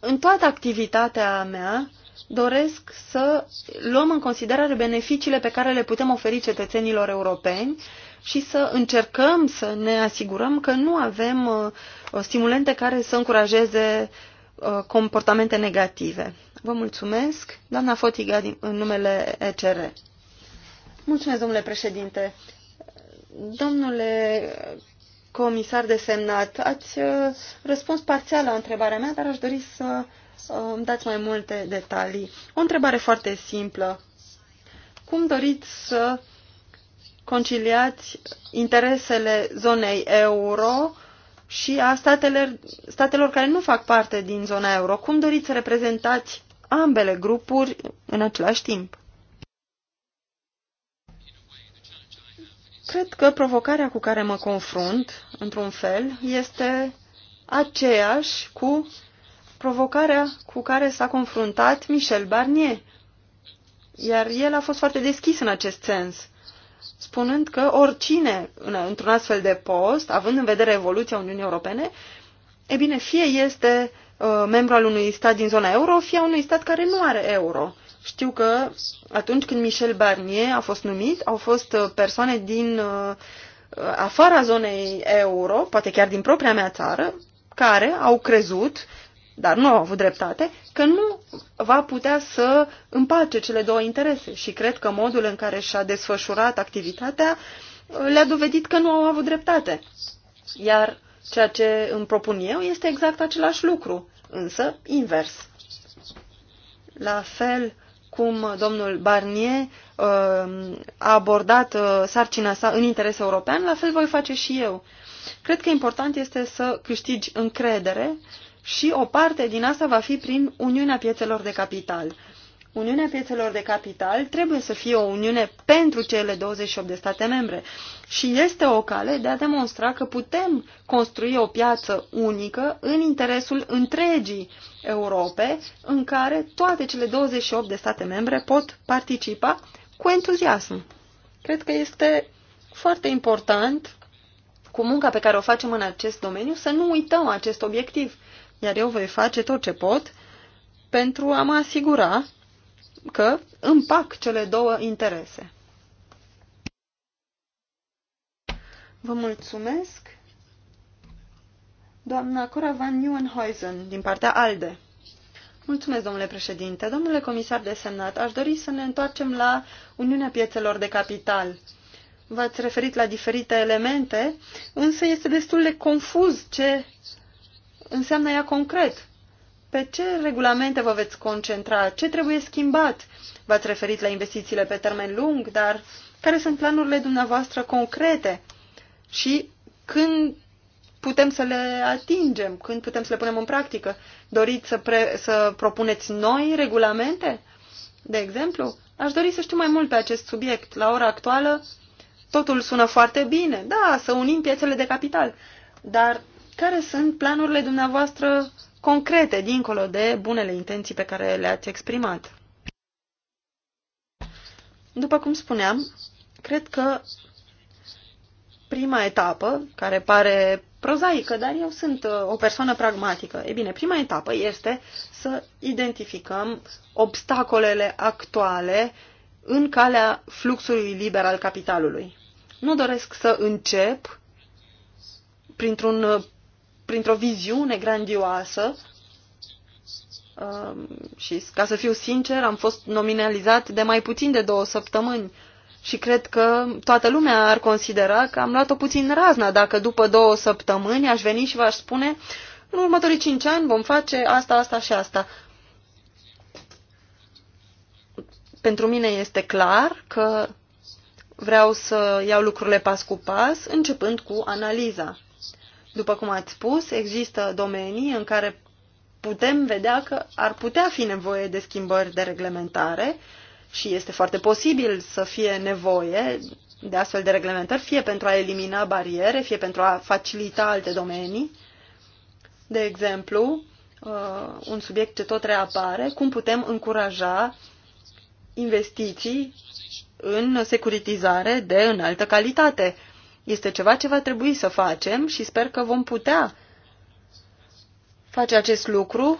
În toată activitatea mea doresc să luăm în considerare beneficiile pe care le putem oferi cetățenilor europeni și să încercăm să ne asigurăm că nu avem uh, stimulente care să încurajeze uh, comportamente negative. Vă mulțumesc. Doamna Fotiga, în numele ECR. Mulțumesc, domnule președinte. Domnule comisar desemnat, ați uh, răspuns parțial la întrebarea mea, dar aș dori să îmi dați mai multe detalii. O întrebare foarte simplă. Cum doriți să conciliați interesele zonei euro și a statelor, statelor care nu fac parte din zona euro? Cum doriți să reprezentați ambele grupuri în același timp? Cred că provocarea cu care mă confrunt, într-un fel, este aceeași cu provocarea cu care s-a confruntat Michel Barnier. Iar el a fost foarte deschis în acest sens, spunând că oricine într-un astfel de post, având în vedere evoluția Uniunii Europene, e bine, fie este uh, membru al unui stat din zona euro, fie a unui stat care nu are euro. Știu că atunci când Michel Barnier a fost numit, au fost uh, persoane din uh, afara zonei euro, poate chiar din propria mea țară, care au crezut dar nu au avut dreptate, că nu va putea să împace cele două interese. Și cred că modul în care și-a desfășurat activitatea uh, le-a dovedit că nu au avut dreptate. Iar ceea ce îmi propun eu este exact același lucru, însă invers. La fel cum domnul Barnier uh, a abordat uh, sarcina sa în interes european, la fel voi face și eu. Cred că important este să câștigi încredere și o parte din asta va fi prin Uniunea Piețelor de Capital. Uniunea Piețelor de Capital trebuie să fie o uniune pentru cele 28 de state membre și este o cale de a demonstra că putem construi o piață unică în interesul întregii Europe, în care toate cele 28 de state membre pot participa cu entuziasm. Cred că este foarte important cu munca pe care o facem în acest domeniu să nu uităm acest obiectiv iar eu voi face tot ce pot pentru a mă asigura că împac cele două interese. Vă mulțumesc. Doamna Cora van Nieuwenhuizen, din partea ALDE. Mulțumesc, domnule președinte. Domnule comisar de semnat, aș dori să ne întoarcem la Uniunea Piețelor de Capital. V-ați referit la diferite elemente, însă este destul de confuz ce înseamnă ea concret? Pe ce regulamente vă veți concentra? Ce trebuie schimbat? V-ați referit la investițiile pe termen lung, dar care sunt planurile dumneavoastră concrete? Și când putem să le atingem, când putem să le punem în practică? Doriți să, pre- să propuneți noi regulamente? De exemplu, aș dori să știu mai mult pe acest subiect. La ora actuală, totul sună foarte bine. Da, să unim piețele de capital. Dar care sunt planurile dumneavoastră concrete, dincolo de bunele intenții pe care le-ați exprimat? După cum spuneam, cred că prima etapă, care pare prozaică, dar eu sunt uh, o persoană pragmatică. E bine, prima etapă este să identificăm obstacolele actuale în calea fluxului liber al capitalului. Nu doresc să încep printr-un uh, printr-o viziune grandioasă um, și, ca să fiu sincer, am fost nominalizat de mai puțin de două săptămâni și cred că toată lumea ar considera că am luat-o puțin razna dacă după două săptămâni aș veni și v-aș spune în următorii cinci ani vom face asta, asta și asta. Pentru mine este clar că vreau să iau lucrurile pas cu pas, începând cu analiza. După cum ați spus, există domenii în care putem vedea că ar putea fi nevoie de schimbări de reglementare și este foarte posibil să fie nevoie de astfel de reglementări, fie pentru a elimina bariere, fie pentru a facilita alte domenii. De exemplu, uh, un subiect ce tot reapare, cum putem încuraja investiții în securitizare de înaltă calitate este ceva ce va trebui să facem și sper că vom putea face acest lucru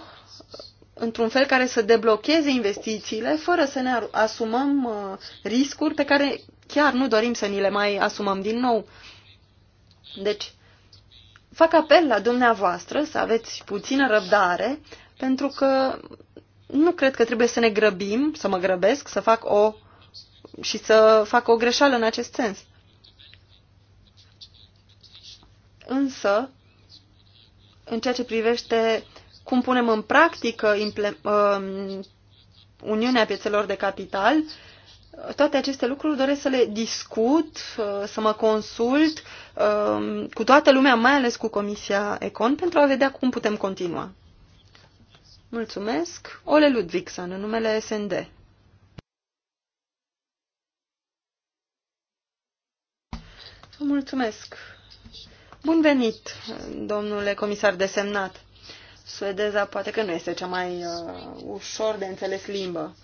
într-un fel care să deblocheze investițiile fără să ne asumăm uh, riscuri pe care chiar nu dorim să ni le mai asumăm din nou. Deci, fac apel la dumneavoastră să aveți puțină răbdare, pentru că nu cred că trebuie să ne grăbim, să mă grăbesc, să fac o și să fac o greșeală în acest sens. Însă, în ceea ce privește cum punem în practică um, Uniunea Piețelor de Capital, toate aceste lucruri doresc să le discut, uh, să mă consult um, cu toată lumea, mai ales cu Comisia Econ, pentru a vedea cum putem continua. Mulțumesc. Ole Ludvigson, în numele SND. Mulțumesc, Bun venit, domnule comisar desemnat. Suedeza poate că nu este cea mai uh, ușor de înțeles limbă.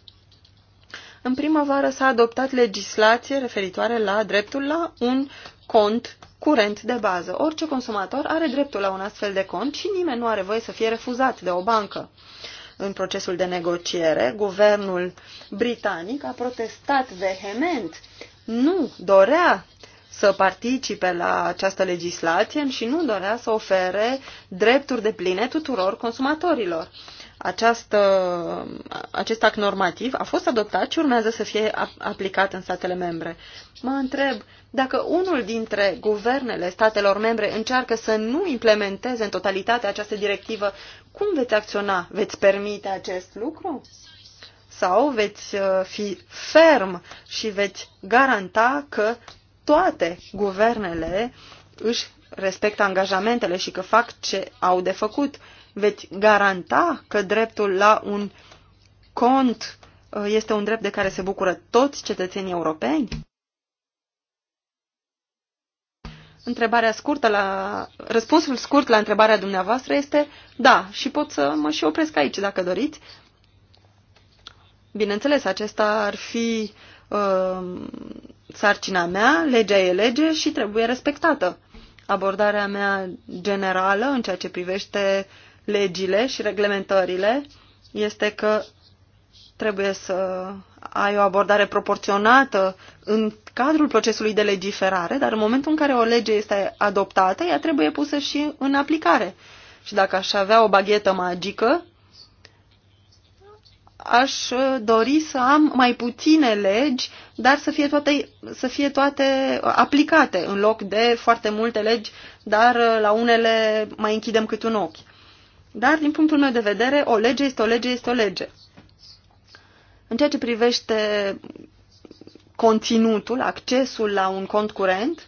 În primăvară s-a adoptat legislație referitoare la dreptul la un cont curent de bază. Orice consumator are dreptul la un astfel de cont și nimeni nu are voie să fie refuzat de o bancă. În procesul de negociere, guvernul britanic a protestat vehement. Nu dorea să participe la această legislație și nu dorea să ofere drepturi de pline tuturor consumatorilor. Această, acest act normativ a fost adoptat și urmează să fie aplicat în statele membre. Mă întreb dacă unul dintre guvernele statelor membre încearcă să nu implementeze în totalitate această directivă, cum veți acționa? Veți permite acest lucru? sau veți uh, fi ferm și veți garanta că toate guvernele își respectă angajamentele și că fac ce au de făcut, veți garanta că dreptul la un cont uh, este un drept de care se bucură toți cetățenii europeni? Întrebarea scurtă la... Răspunsul scurt la întrebarea dumneavoastră este da, și pot să mă și opresc aici dacă doriți. Bineînțeles, acesta ar fi uh, sarcina mea, legea e lege și trebuie respectată. Abordarea mea generală în ceea ce privește legile și reglementările este că trebuie să ai o abordare proporționată în cadrul procesului de legiferare, dar în momentul în care o lege este adoptată, ea trebuie pusă și în aplicare. Și dacă aș avea o baghetă magică, aș uh, dori să am mai puține legi, dar să fie toate, să fie toate uh, aplicate în loc de foarte multe legi, dar uh, la unele mai închidem cât un ochi. Dar, din punctul meu de vedere, o lege este o lege este o lege. În ceea ce privește conținutul, accesul la un cont curent,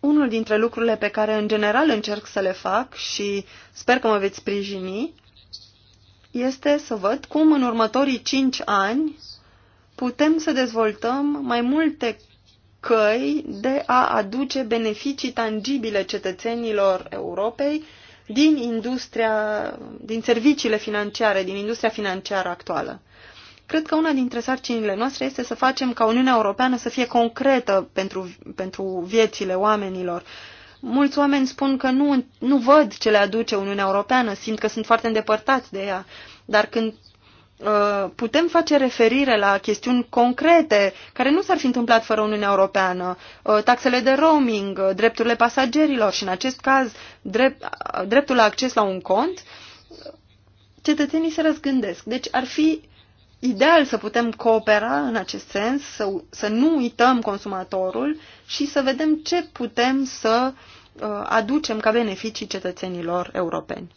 unul dintre lucrurile pe care în general încerc să le fac și sper că mă veți sprijini este să văd cum în următorii cinci ani putem să dezvoltăm mai multe căi de a aduce beneficii tangibile cetățenilor Europei din industria, din serviciile financiare, din industria financiară actuală. Cred că una dintre sarcinile noastre este să facem ca Uniunea Europeană să fie concretă pentru, pentru viețile oamenilor Mulți oameni spun că nu, nu văd ce le aduce Uniunea Europeană, simt că sunt foarte îndepărtați de ea, dar când uh, putem face referire la chestiuni concrete care nu s-ar fi întâmplat fără Uniunea Europeană, uh, taxele de roaming, uh, drepturile pasagerilor și în acest caz drept, dreptul la acces la un cont, cetățenii se răzgândesc. Deci ar fi ideal să putem coopera în acest sens, să, să nu uităm consumatorul și să vedem ce putem să uh, aducem ca beneficii cetățenilor europeni.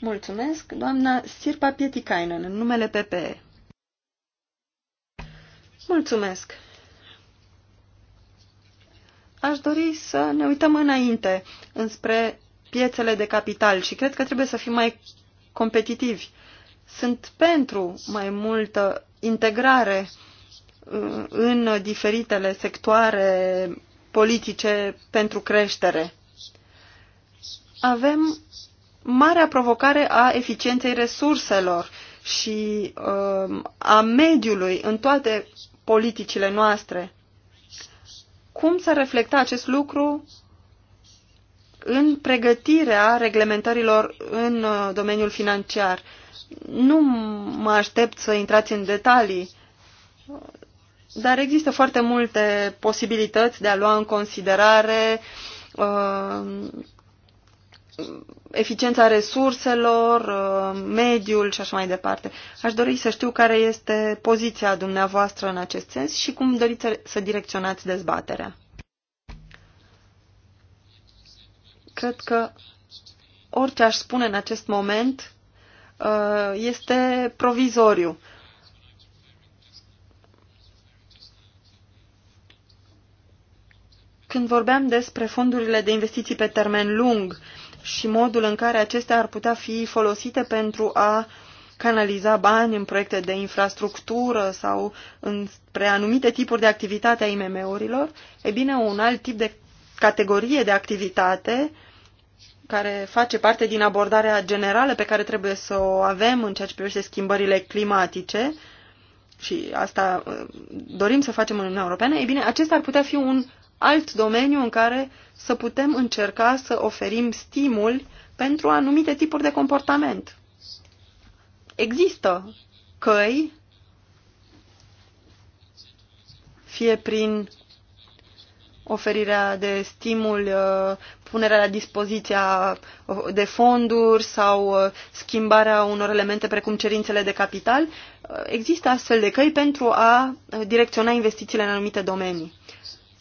Mulțumesc, doamna Sirpa Pietikainen, în numele PPE. Mulțumesc. Aș dori să ne uităm înainte înspre piețele de capital și cred că trebuie să fim mai competitivi. Sunt pentru mai multă integrare în diferitele sectoare politice pentru creștere. Avem marea provocare a eficienței resurselor și um, a mediului în toate politicile noastre. Cum să reflecta acest lucru în pregătirea reglementărilor în uh, domeniul financiar? Nu mă aștept să intrați în detalii, dar există foarte multe posibilități de a lua în considerare uh, eficiența resurselor, uh, mediul și așa mai departe. Aș dori să știu care este poziția dumneavoastră în acest sens și cum doriți să direcționați dezbaterea. Cred că orice aș spune în acest moment uh, este provizoriu. Când vorbeam despre fondurile de investiții pe termen lung și modul în care acestea ar putea fi folosite pentru a canaliza bani în proiecte de infrastructură sau în spre anumite tipuri de activitate a IMM-urilor, e bine, un alt tip de categorie de activitate care face parte din abordarea generală pe care trebuie să o avem în ceea ce privește schimbările climatice și asta uh, dorim să facem în Uniunea Europeană, e bine, acesta ar putea fi un alt domeniu în care să putem încerca să oferim stimul pentru anumite tipuri de comportament. Există căi, fie prin oferirea de stimul, uh, punerea la dispoziția uh, de fonduri sau uh, schimbarea unor elemente precum cerințele de capital. Există astfel de căi pentru a direcționa investițiile în anumite domenii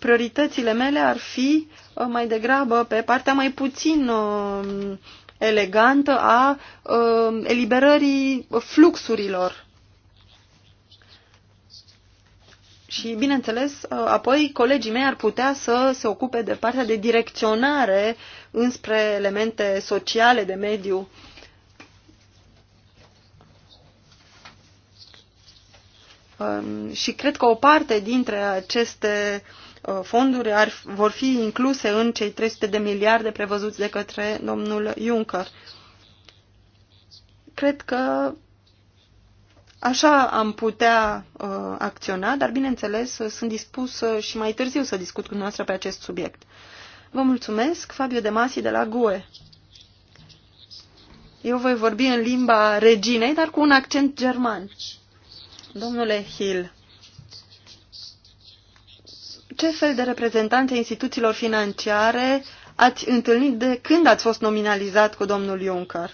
prioritățile mele ar fi uh, mai degrabă pe partea mai puțin uh, elegantă a uh, eliberării fluxurilor. Și, bineînțeles, apoi colegii mei ar putea să se ocupe de partea de direcționare înspre elemente sociale de mediu. Um, și cred că o parte dintre aceste uh, Uh, fonduri ar, vor fi incluse în cei 300 de miliarde prevăzuți de către domnul Juncker. Cred că Așa am putea uh, acționa, dar bineînțeles uh, sunt dispus uh, și mai târziu să discut cu noastră pe acest subiect. Vă mulțumesc, Fabio De Masi de la GUE. Eu voi vorbi în limba reginei, dar cu un accent german. Domnule Hill, ce fel de reprezentanți instituțiilor financiare ați întâlnit de când ați fost nominalizat cu domnul Juncker?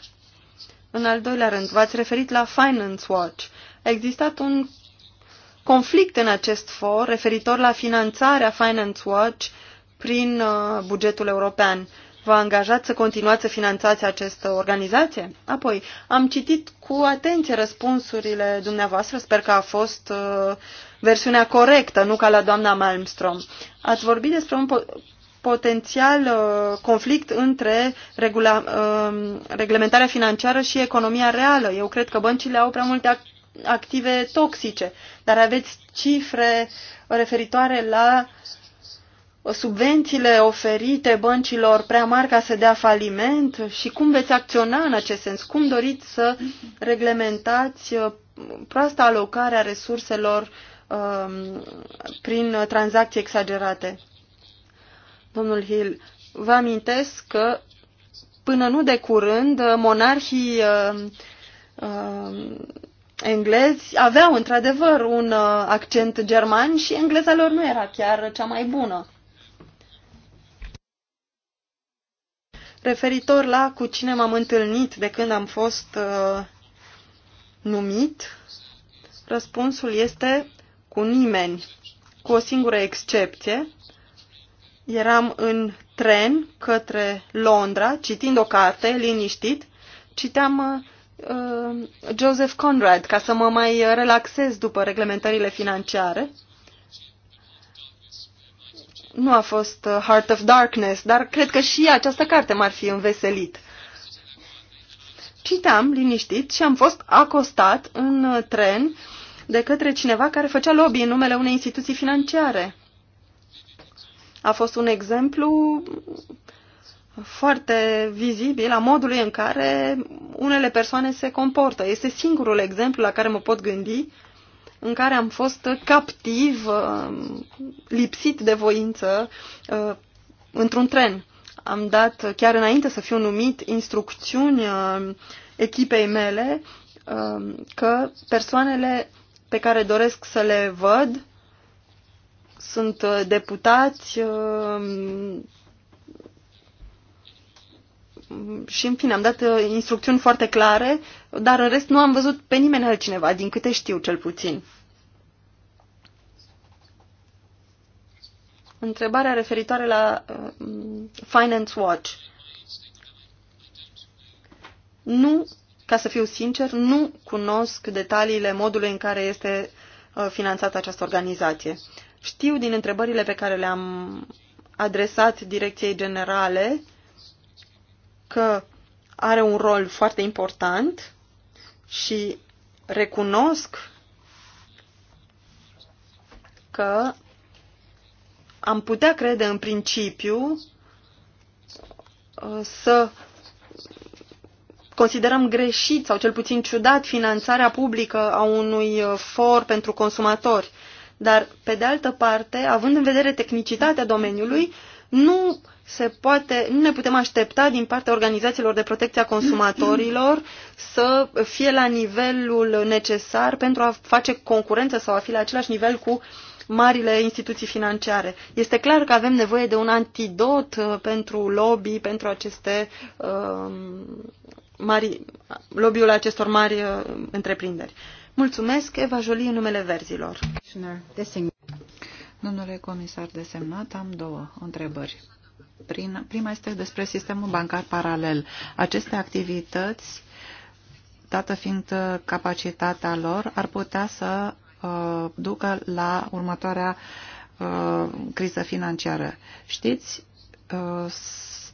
În al doilea rând, v-ați referit la Finance Watch. A existat un conflict în acest for referitor la finanțarea Finance Watch prin uh, bugetul european vă angajați să continuați să finanțați această organizație? Apoi, am citit cu atenție răspunsurile dumneavoastră, sper că a fost uh, versiunea corectă, nu ca la doamna Malmström Ați vorbit despre un po potențial uh, conflict între regula, uh, reglementarea financiară și economia reală. Eu cred că băncile au prea multe ac active toxice, dar aveți cifre referitoare la uh, subvențiile oferite băncilor prea mari ca să dea faliment și cum veți acționa în acest sens? Cum doriți să reglementați uh, proasta alocare a resurselor um, prin tranzacții exagerate? Domnul Hill, vă amintesc că până nu de curând uh, monarhii uh, um, englezi aveau într-adevăr un accent german și engleza lor nu era chiar cea mai bună. referitor la cu cine m-am întâlnit de când am fost uh, numit, răspunsul este cu nimeni, cu o singură excepție. Eram în tren către Londra, citind o carte, liniștit, citeam uh, uh Joseph Conrad ca să mă mai relaxez după reglementările financiare nu a fost uh, Heart of Darkness, dar cred că și această carte m-ar fi înveselit. Citeam liniștit și am fost acostat în uh, tren de către cineva care făcea lobby în numele unei instituții financiare. A fost un exemplu foarte vizibil a modului în care unele persoane se comportă. Este singurul exemplu la care mă pot gândi în care am fost captiv, uh, lipsit de voință, uh, într-un tren. Am dat, uh, chiar înainte să fiu numit, instrucțiuni echipei mele că persoanele pe care doresc să le văd sunt deputați, și în fine am dat uh, instrucțiuni foarte clare, dar în rest nu am văzut pe nimeni altcineva, din câte știu cel puțin. Întrebarea referitoare la uh, Finance Watch. Nu, ca să fiu sincer, nu cunosc detaliile modului în care este uh, finanțată această organizație. Știu din întrebările pe care le-am adresat Direcției Generale uh, că are un rol foarte important și recunosc că am putea crede în principiu uh, să considerăm greșit sau cel puțin ciudat finanțarea publică a unui uh, for pentru consumatori. Dar, pe de altă parte, având în vedere tehnicitatea domeniului, nu se poate, nu ne putem aștepta din partea organizațiilor de protecție a consumatorilor să fie la nivelul necesar pentru a face concurență sau a fi la același nivel cu marile instituții financiare. Este clar că avem nevoie de un antidot uh, pentru lobby, pentru aceste uh, mari, lobby-ul acestor mari uh, întreprinderi. Mulțumesc, Eva Jolie, în numele verzilor. Domnule comisar desemnat, am două întrebări. Prin, prima este despre sistemul bancar paralel. Aceste activități, dată fiind uh, capacitatea lor, ar putea să uh, ducă la următoarea uh, criză financiară. Știți, uh,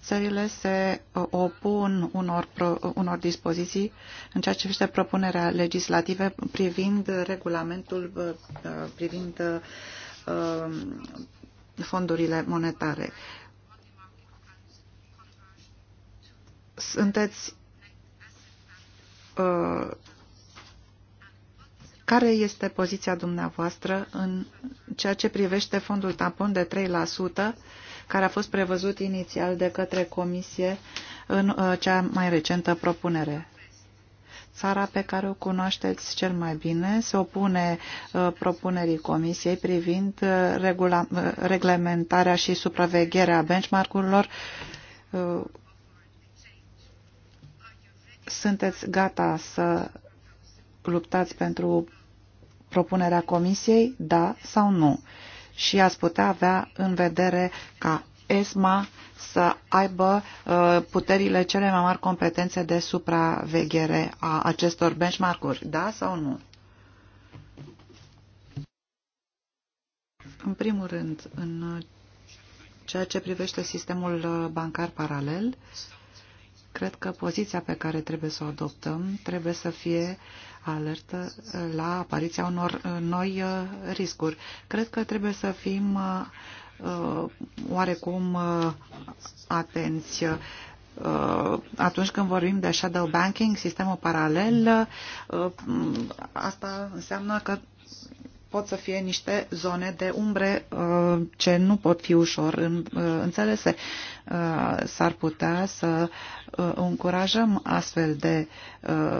țările se uh, opun unor, unor dispoziții în ceea ce privește propunerea legislative privind regulamentul uh, privind Uh, fondurile monetare. Sunteți uh, care este poziția dumneavoastră în ceea ce privește fondul tampon de 3% care a fost prevăzut inițial de către Comisie în uh, cea mai recentă propunere? Țara pe care o cunoașteți cel mai bine se opune uh, propunerii Comisiei privind uh, regula, uh, reglementarea și supravegherea benchmark-urilor. Sunteți gata să luptați pentru propunerea Comisiei, da sau nu? Și ați putea avea în vedere ca ESMA să aibă uh, puterile cele mai mari competențe de supraveghere a acestor benchmark-uri, da sau nu? În primul rând, în ceea ce privește sistemul uh, bancar paralel, cred că poziția pe care trebuie să o adoptăm trebuie să fie alertă uh, la apariția unor noi riscuri. Cred că trebuie să fim Uh, oarecum uh, atenți uh, atunci când vorbim de shadow banking, sistemul paralel, mm, asta înseamnă că pot să fie niște zone de umbre ce nu pot fi ușor înțelese. S-ar putea să încurajăm astfel de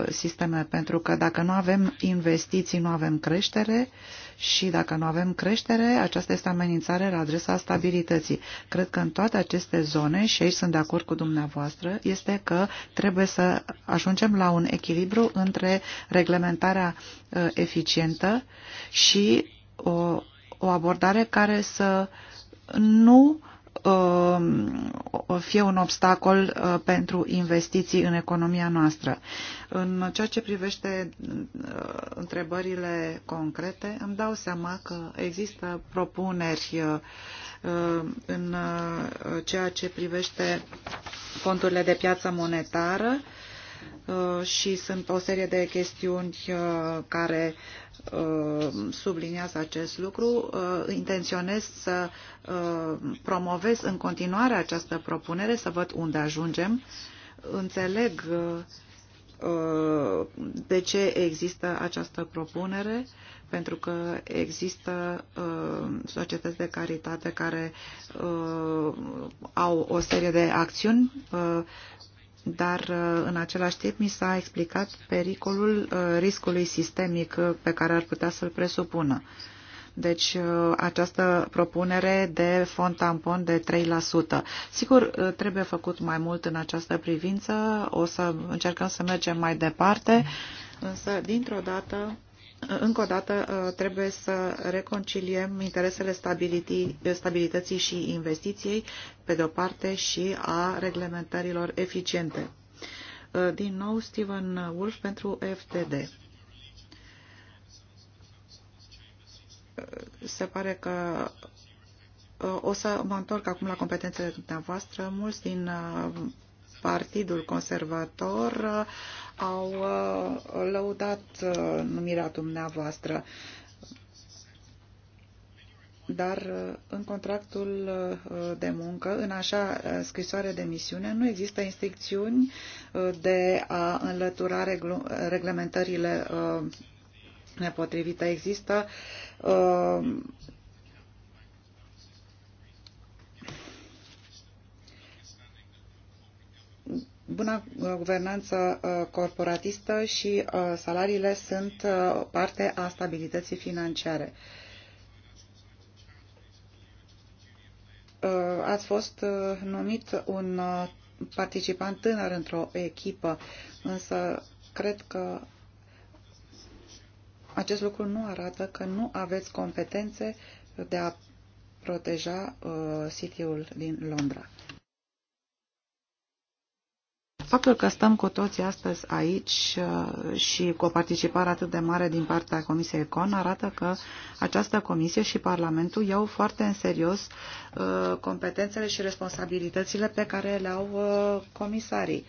sisteme, pentru că dacă nu avem investiții, nu avem creștere, și dacă nu avem creștere, aceasta este amenințare la adresa stabilității. Cred că în toate aceste zone, și aici sunt de acord cu dumneavoastră, este că trebuie să ajungem la un echilibru între reglementarea uh, eficientă și o, o abordare care să nu uh, Um, fie un obstacol uh, pentru investiții în economia noastră. În ceea ce privește uh, întrebările concrete, îmi dau seama că există propuneri uh, în ceea ce privește fondurile de piață monetară și sunt o serie de chestiuni care Uh, subliniază acest lucru. Uh, intenționez să uh, promovez în continuare această propunere, să văd unde ajungem. Înțeleg de ce există această propunere, pentru că există societăți de caritate care au o serie de acțiuni dar uh, în același timp mi s-a explicat pericolul uh, riscului sistemic uh, pe care ar putea să-l presupună. Deci această propunere de fond tampon de 3%. Sigur, trebuie făcut mai mult în această privință, o să încercăm să mergem mai departe, însă dintr-o dată încă o dată uh, trebuie să reconciliem interesele stabilității și investiției, pe de o parte, și a reglementărilor eficiente. Uh, din nou, Steven Wolf pentru FTD. Uh, se pare că o să mă întorc acum la competențele dumneavoastră. Mulți din Partidul Conservator uh, au uh, lăudat uh, numirea dumneavoastră. Dar în contractul de muncă, în așa scrisoare de misiune, nu există instrucțiuni de a înlătura reglementările nepotrivite. Există Buna guvernanță uh, corporatistă și uh, salariile sunt uh, parte a stabilității financiare. Ați fost numit un participant tânăr într-o echipă, însă cred că acest lucru nu arată că nu aveți competențe de a proteja uh, City-ul din Londra. Faptul că stăm cu toții astăzi aici uh, și cu o participare atât de mare din partea Comisiei Econ arată că această comisie și Parlamentul iau foarte în serios uh, competențele și responsabilitățile pe care le au uh, comisarii.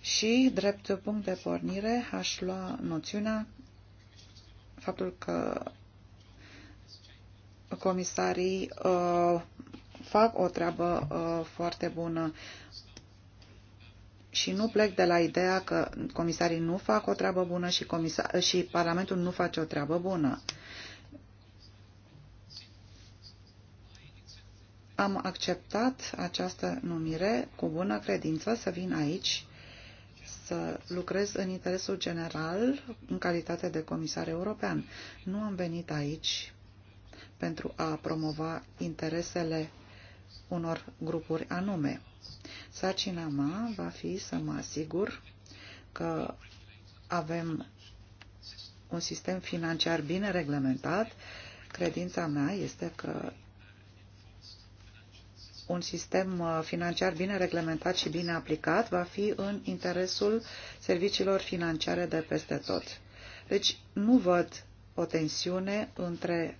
Și, drept punct de pornire, aș lua noțiunea faptul că comisarii uh, fac o treabă uh, foarte bună și nu plec de la ideea că comisarii nu fac o treabă bună și, și Parlamentul nu face o treabă bună. Am acceptat această numire cu bună credință să vin aici să lucrez în interesul general în calitate de comisar european. Nu am venit aici pentru a promova interesele unor grupuri anume. Sarcina mea va fi să mă asigur că avem un sistem financiar bine reglementat. Credința mea este că un sistem uh, financiar bine reglementat și bine aplicat va fi în interesul serviciilor financiare de peste tot. Deci nu văd o tensiune între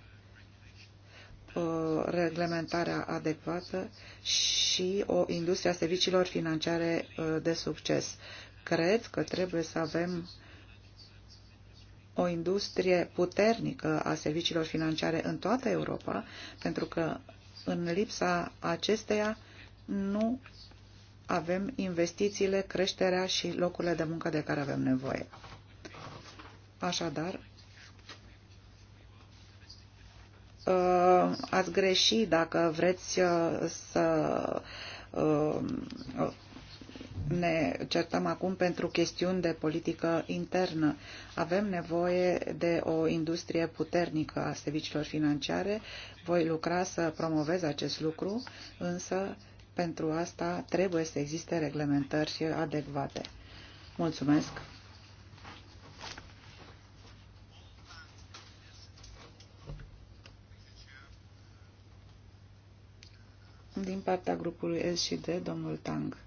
Uh, reglementarea adecvată și o industrie a serviciilor financiare uh, de succes. Cred că trebuie să avem o industrie puternică a serviciilor financiare în toată Europa, pentru că în lipsa acesteia nu avem investițiile, creșterea și locurile de muncă de care avem nevoie. Așadar, Uh, ați greși dacă vreți uh, să uh, ne certăm acum pentru chestiuni de politică internă. Avem nevoie de o industrie puternică a serviciilor financiare. Voi lucra să promovez acest lucru, însă pentru asta trebuie să existe reglementări adecvate. Mulțumesc! din partea grupului S și D, domnul Tang.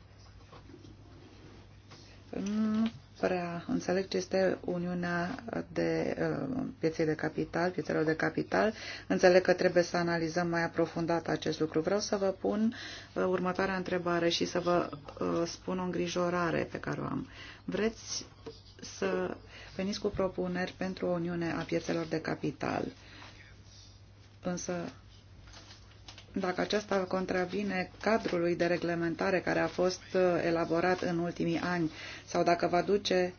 Nu prea înțeleg ce este Uniunea de uh, pieței de capital, piețelor de capital. Înțeleg că trebuie să analizăm mai aprofundat acest lucru. Vreau să vă pun uh, următoarea întrebare și să vă uh, spun o îngrijorare pe care o am. Vreți să veniți cu propuneri pentru o Uniune a piețelor de capital, însă dacă aceasta contravine cadrului de reglementare care a fost uh, elaborat în ultimii ani sau dacă va duce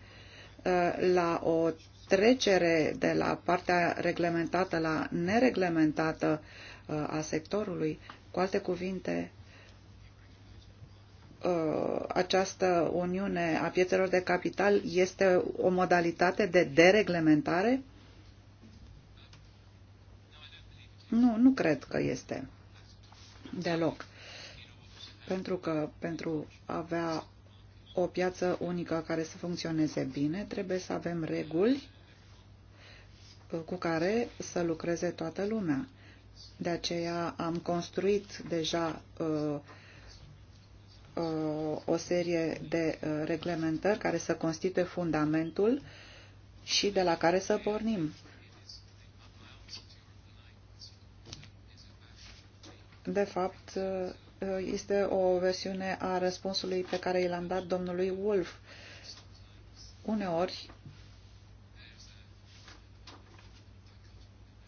uh, la o trecere de la partea reglementată la nereglementată uh, a sectorului, cu alte cuvinte, această uniune a piețelor de capital este o modalitate de dereglementare? Nu, nu cred că este deloc. Pentru că pentru a avea o piață unică care să funcționeze bine, trebuie să avem reguli cu care să lucreze toată lumea. De aceea am construit deja uh, uh, o serie de uh, reglementări care să constituie fundamentul și de la care să pornim. de fapt, uh, este o versiune a răspunsului pe care i l-am dat domnului Wolf. Uneori,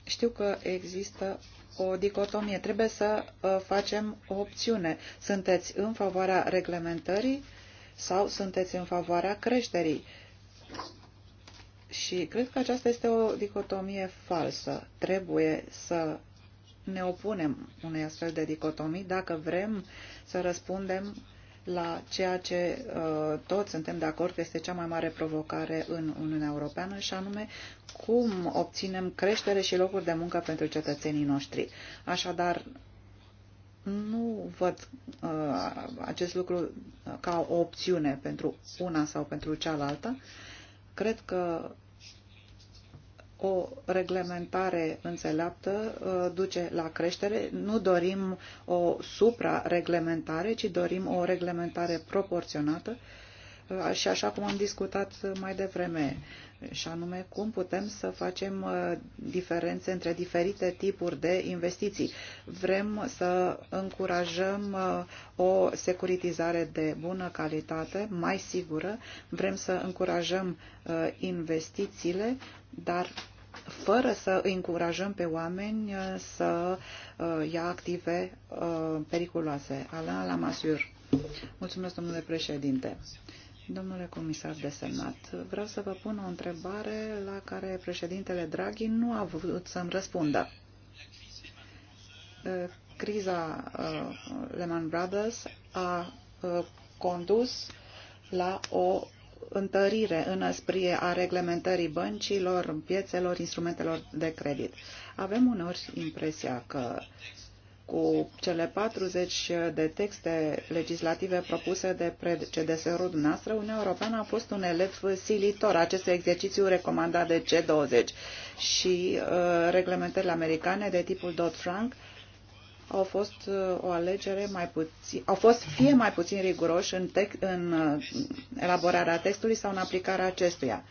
știu că există o dicotomie. Trebuie să uh, facem o opțiune. Sunteți în favoarea reglementării sau sunteți în favoarea creșterii? Și cred că aceasta este o dicotomie falsă. Trebuie să ne opunem unei astfel de dicotomii dacă vrem să răspundem la ceea ce uh, toți suntem de acord că este cea mai mare provocare în Uniunea Europeană și anume cum obținem creștere și locuri de muncă pentru cetățenii noștri. Așadar, nu văd uh, acest lucru ca o opțiune pentru una sau pentru cealaltă. Cred că o reglementare înțeleaptă uh, duce la creștere. Nu dorim o supra-reglementare, ci dorim o reglementare proporționată uh, și așa cum am discutat mai devreme, și anume cum putem să facem uh, diferențe între diferite tipuri de investiții. Vrem să încurajăm o securitizare de bună calitate, mai sigură, vrem să încurajăm investițiile, dar fără să îi încurajăm pe oameni uh, să uh, ia active uh, periculoase. Alain Lamassur. Mulțumesc, domnule președinte. Domnule comisar desemnat, vreau să vă pun o întrebare la care președintele Draghi nu a vrut să-mi răspundă. Criza Lehman Brothers a condus la o întărire, înăsprire a reglementării băncilor, piețelor, instrumentelor de credit. Avem uneori impresia că cu cele 40 de texte legislative propuse de predecesorul dumneavoastră, Uniunea Europeană a fost un elev silitor acestui exercițiu recomandat de G20 și uh, reglementările americane de tipul Dodd-Frank au fost uh, o alegere mai puțin, au fost fie mai puțin riguroși în, tec, în uh, elaborarea textului sau în aplicarea acestuia.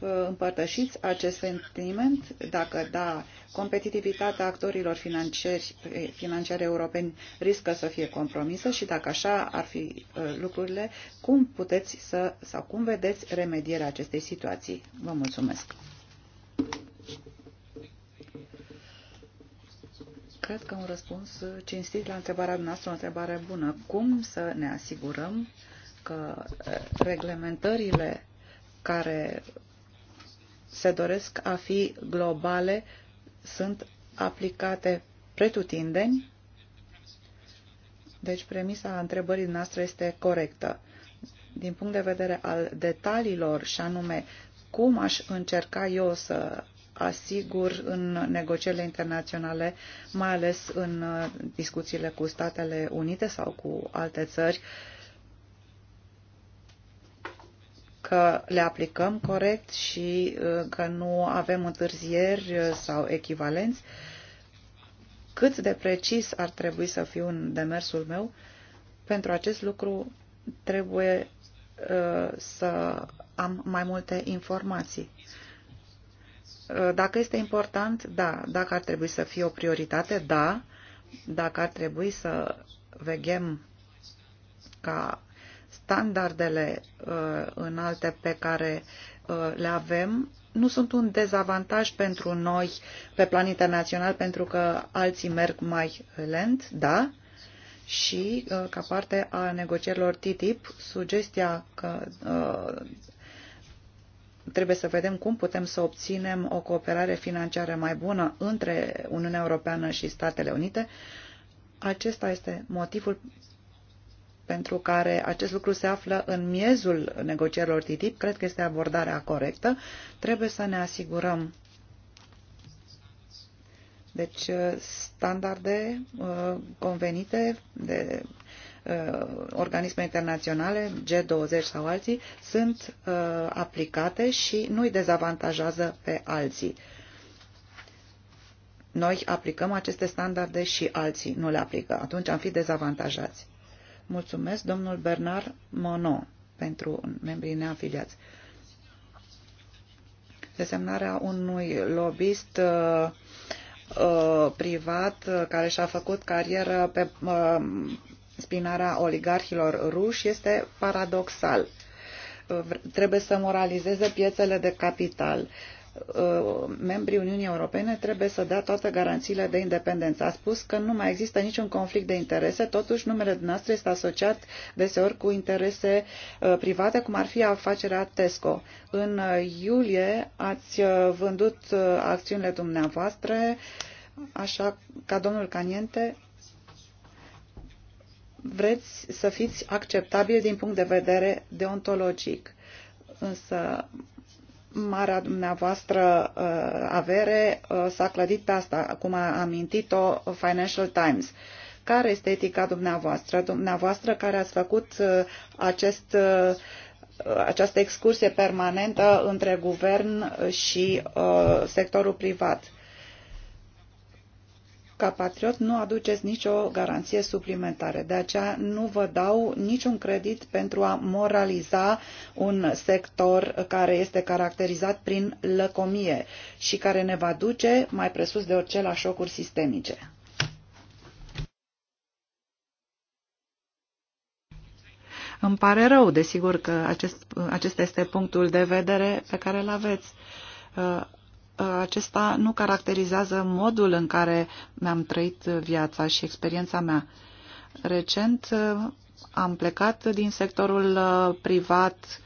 Uh, împărtășiți acest sentiment? Dacă da, competitivitatea actorilor financiari, eh, financiari europeni riscă să fie compromisă și dacă așa ar fi lucrurile, cum puteți să, sau cum vedeți remedierea acestei situații? Vă mulțumesc! Cred că un răspuns cinstit la întrebarea noastră, o întrebare bună. Cum să ne asigurăm că eh, reglementările care se doresc a fi globale sunt aplicate pretutindeni? Deci premisa întrebării noastre este corectă. Din punct de vedere al detaliilor și anume cum aș încerca eu să asigur în negocierile internaționale, mai ales în uh, discuțiile cu Statele Unite sau cu alte țări, că le aplicăm corect și uh, că nu avem întârzieri uh, sau echivalenți. Cât de precis ar trebui să fiu în demersul meu, pentru acest lucru trebuie să am mai multe informații Uh, dacă este important, da. Dacă ar trebui să fie o prioritate, da. Dacă ar trebui să veghem ca standardele uh, înalte pe care uh, le avem nu sunt un dezavantaj pentru noi pe plan internațional pentru că alții merg mai lent, da, și uh, ca parte a negocierilor TTIP, sugestia că uh, trebuie să vedem cum putem să obținem o cooperare financiară mai bună între Uniunea Europeană și Statele Unite. Acesta este motivul pentru care acest lucru se află în miezul negocierilor TTIP. Cred că este abordarea corectă. Trebuie să ne asigurăm deci standarde uh, convenite de Uh, organisme internaționale, G20 sau alții, sunt uh, aplicate și nu îi dezavantajează pe alții. Noi aplicăm aceste standarde și alții nu le aplică. Atunci am fi dezavantajați. Mulțumesc, domnul Bernard Monod, pentru membrii neafiliați. Desemnarea unui lobbyist uh, uh, privat care și-a făcut carieră pe spinarea oligarhilor ruși este paradoxal. Trebuie să moralizeze piețele de capital. Uh, membrii Uniunii Europene trebuie să dea toate garanțiile de independență. A spus că nu mai există niciun conflict de interese, totuși numele dumneavoastră este asociat deseori cu interese uh, private, cum ar fi afacerea Tesco. În uh, iulie ați vândut acțiunile dumneavoastră, așa ca domnul Caniente vreți să fiți acceptabili din punct de vedere deontologic. Însă marea dumneavoastră uh, avere uh, s-a clădit pe asta, cum a amintit-o Financial Times. Care este etica dumneavoastră? Dumneavoastră care ați făcut uh, acest, uh, această excursie permanentă între guvern și uh, sectorul privat ca patriot nu aduceți nicio garanție suplimentară. De aceea nu vă dau niciun credit pentru a moraliza un sector care este caracterizat prin lăcomie și care ne va duce mai presus de orice la șocuri sistemice. Îmi pare rău, desigur, că acest, acesta este punctul de vedere pe care îl aveți. Uh, acesta nu caracterizează modul în care mi-am trăit viața și experiența mea. Recent uh, am plecat din sectorul uh, privat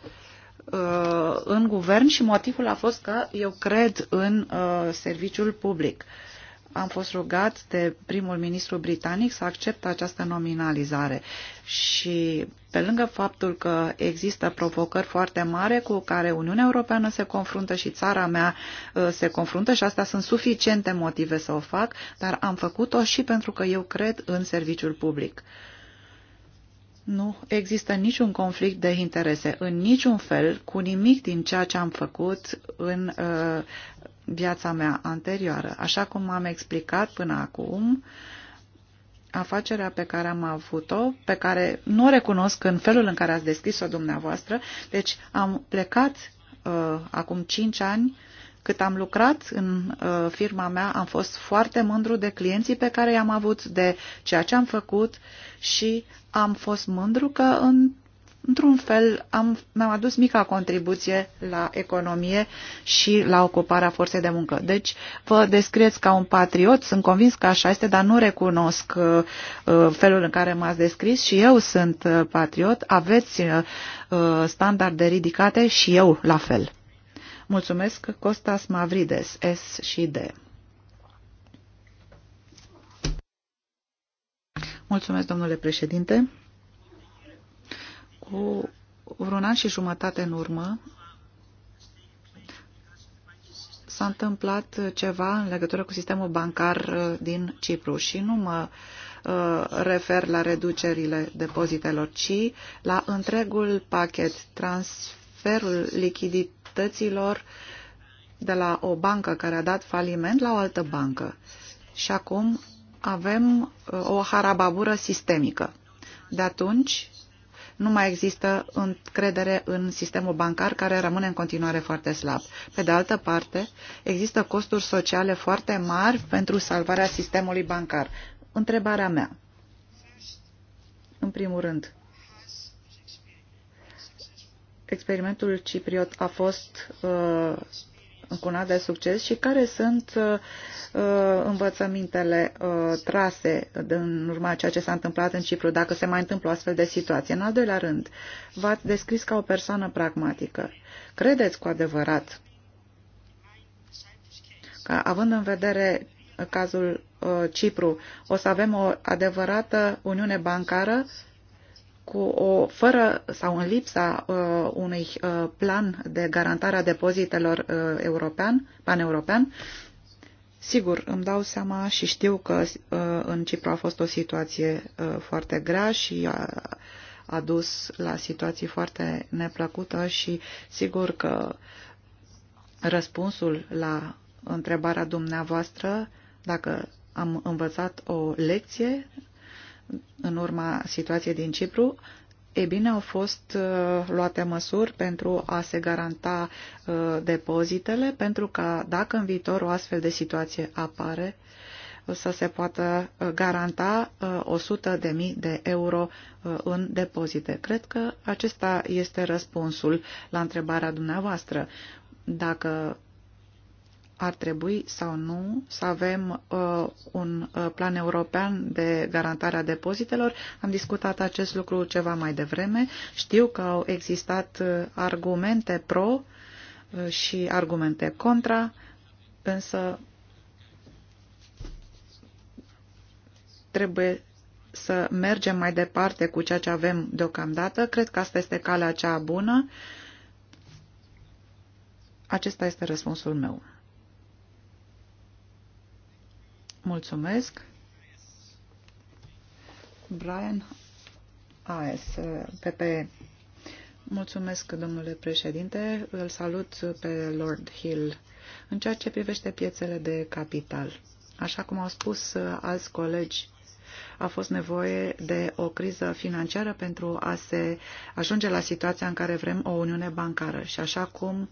uh, în guvern și motivul a fost că eu cred în serviciul public am fost rugat de primul ministru britanic să accepte această nominalizare și pe lângă faptul că există provocări foarte mari cu care Uniunea Europeană se confruntă și țara mea uh, se confruntă și astea sunt suficiente motive să o fac, dar am făcut-o și pentru că eu cred în serviciul public. Nu există niciun conflict de interese, în niciun fel, cu nimic din ceea ce am făcut în uh, viața mea anterioară. Așa cum am explicat până acum, afacerea pe care am avut-o, pe care nu o recunosc în felul în care ați deschis o dumneavoastră, deci am plecat uh, acum 5 ani cât am lucrat în uh, firma mea, am fost foarte mândru de clienții pe care i-am avut, de ceea ce am făcut și am fost mândru că în într-un fel, am, mi-am adus mica contribuție la economie și la ocuparea forței de muncă. Deci, vă descrieți ca un patriot, sunt convins că așa este, dar nu recunosc uh, uh felul în care m-ați descris și eu sunt uh, patriot, aveți uh, uh, standarde ridicate și eu la fel. Mulțumesc, Costas Mavrides, S și D. Mulțumesc, domnule președinte cu vreun an și jumătate în urmă s-a întâmplat ceva în legătură cu sistemul bancar uh, din Cipru și nu mă uh, refer la reducerile depozitelor, ci la întregul pachet, transferul lichidităților de la o bancă care a dat faliment la o altă bancă. Și acum avem uh, o harababură sistemică. De atunci, nu mai există încredere în sistemul bancar, care rămâne în continuare foarte slab. Pe de altă parte, există costuri sociale foarte mari pentru salvarea sistemului bancar. Întrebarea mea, în primul rând, experimentul cipriot a fost uh, încunat de succes și care sunt uh, uh, învățămintele uh, trase în urma ceea ce s-a întâmplat în Cipru, dacă se mai întâmplă o astfel de situație. În al doilea rând, v-ați descris ca o persoană pragmatică. Credeți cu adevărat că, având în vedere cazul Cipru, o să avem o adevărată uniune bancară cu o, fără sau în lipsa uh, unui uh, plan de garantare a depozitelor uh, european, pan-european, sigur, îmi dau seama și știu că uh, în Cipru a fost o situație uh, foarte grea și a, a dus la situații foarte neplăcută și sigur că răspunsul la întrebarea dumneavoastră, dacă am învățat o lecție în urma situației din Cipru, e bine, au fost uh, luate măsuri pentru a se garanta uh, depozitele, pentru ca dacă în viitor o astfel de situație apare, uh, să se poată uh, garanta 100.000 uh, de euro în depozite. Cred că acesta este răspunsul la întrebarea dumneavoastră. Dacă ar trebui sau nu să avem uh, un uh, plan european de garantare a depozitelor. Am discutat acest lucru ceva mai devreme. Știu că au existat uh, argumente pro uh, și argumente contra, însă trebuie să mergem mai departe cu ceea ce avem deocamdată. Cred că asta este calea cea bună. Acesta este răspunsul meu. Mulțumesc. Brian AS, PP. Mulțumesc, domnule președinte. Îl salut pe Lord Hill. În ceea ce privește piețele de capital, așa cum au spus alți colegi, a fost nevoie de o criză financiară pentru a se ajunge la situația în care vrem o uniune bancară. Și așa cum uh,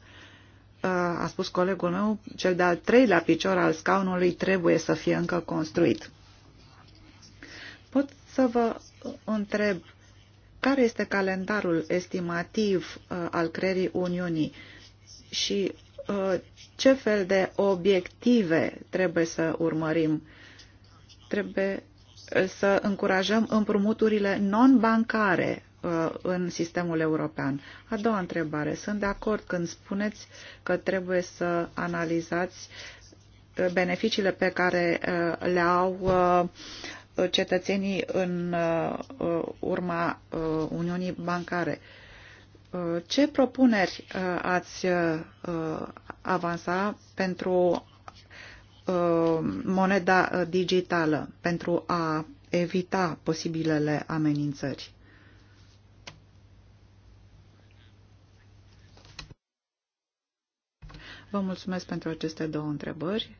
a spus colegul meu, cel de-al treilea picior al scaunului trebuie să fie încă construit. Pot să vă întreb care este calendarul estimativ al creierii Uniunii și ce fel de obiective trebuie să urmărim. Trebuie să încurajăm împrumuturile non-bancare Uh, în sistemul european. A doua întrebare. Sunt de acord când spuneți că trebuie să analizați uh, beneficiile pe care uh, le au cetățenii în urma Uniunii Bancare. Ce propuneri ați avansa pentru moneda digitală, pentru a evita posibilele amenințări? Vă mulțumesc pentru aceste două întrebări.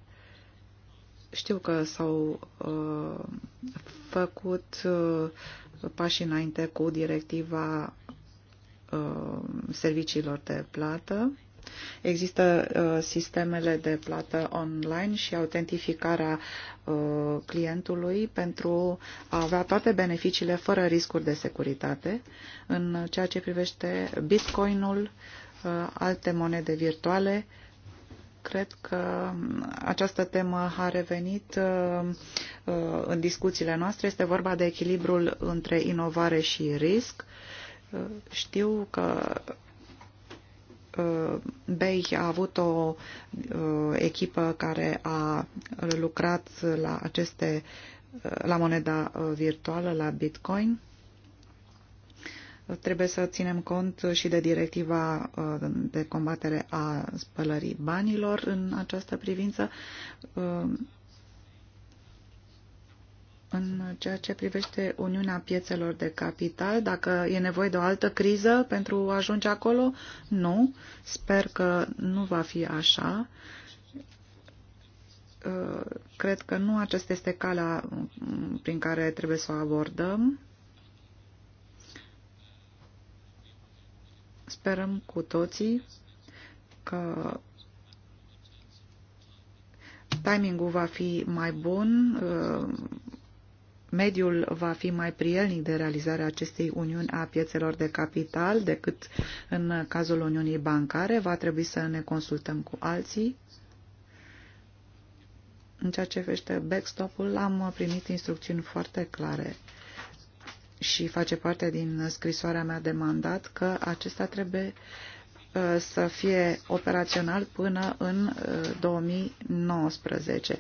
Știu că s-au uh, făcut uh, pași înainte cu directiva uh, serviciilor de plată. Există uh, sistemele de plată online și autentificarea uh, clientului pentru a avea toate beneficiile fără riscuri de securitate. În ceea ce privește bitcoinul, uh, alte monede virtuale, uh, cred că mm, această temă a revenit mm, mm, în discuțiile noastre. Este vorba de echilibrul între inovare și risc. Știu că Bei a avut o echipă care a lucrat la aceste la moneda virtuală, la Bitcoin Trebuie să ținem cont și de directiva uh, de combatere a spălării banilor în această privință. Uh, în ceea ce privește Uniunea Piețelor de Capital, dacă e nevoie de o altă criză pentru a ajunge acolo, nu. Sper că nu va fi așa. Uh, cred că nu aceasta este calea prin care trebuie să o abordăm. Sperăm cu toții că timingul va fi mai bun, uh, mediul va fi mai prielnic de realizarea acestei uniuni a piețelor de capital decât în cazul uniunii bancare. Va trebui să ne consultăm cu alții. În ceea ce vește backstop-ul, am primit instrucțiuni foarte clare și face parte din scrisoarea mea de mandat că acesta trebuie uh, să fie operațional până în 2019. Uh,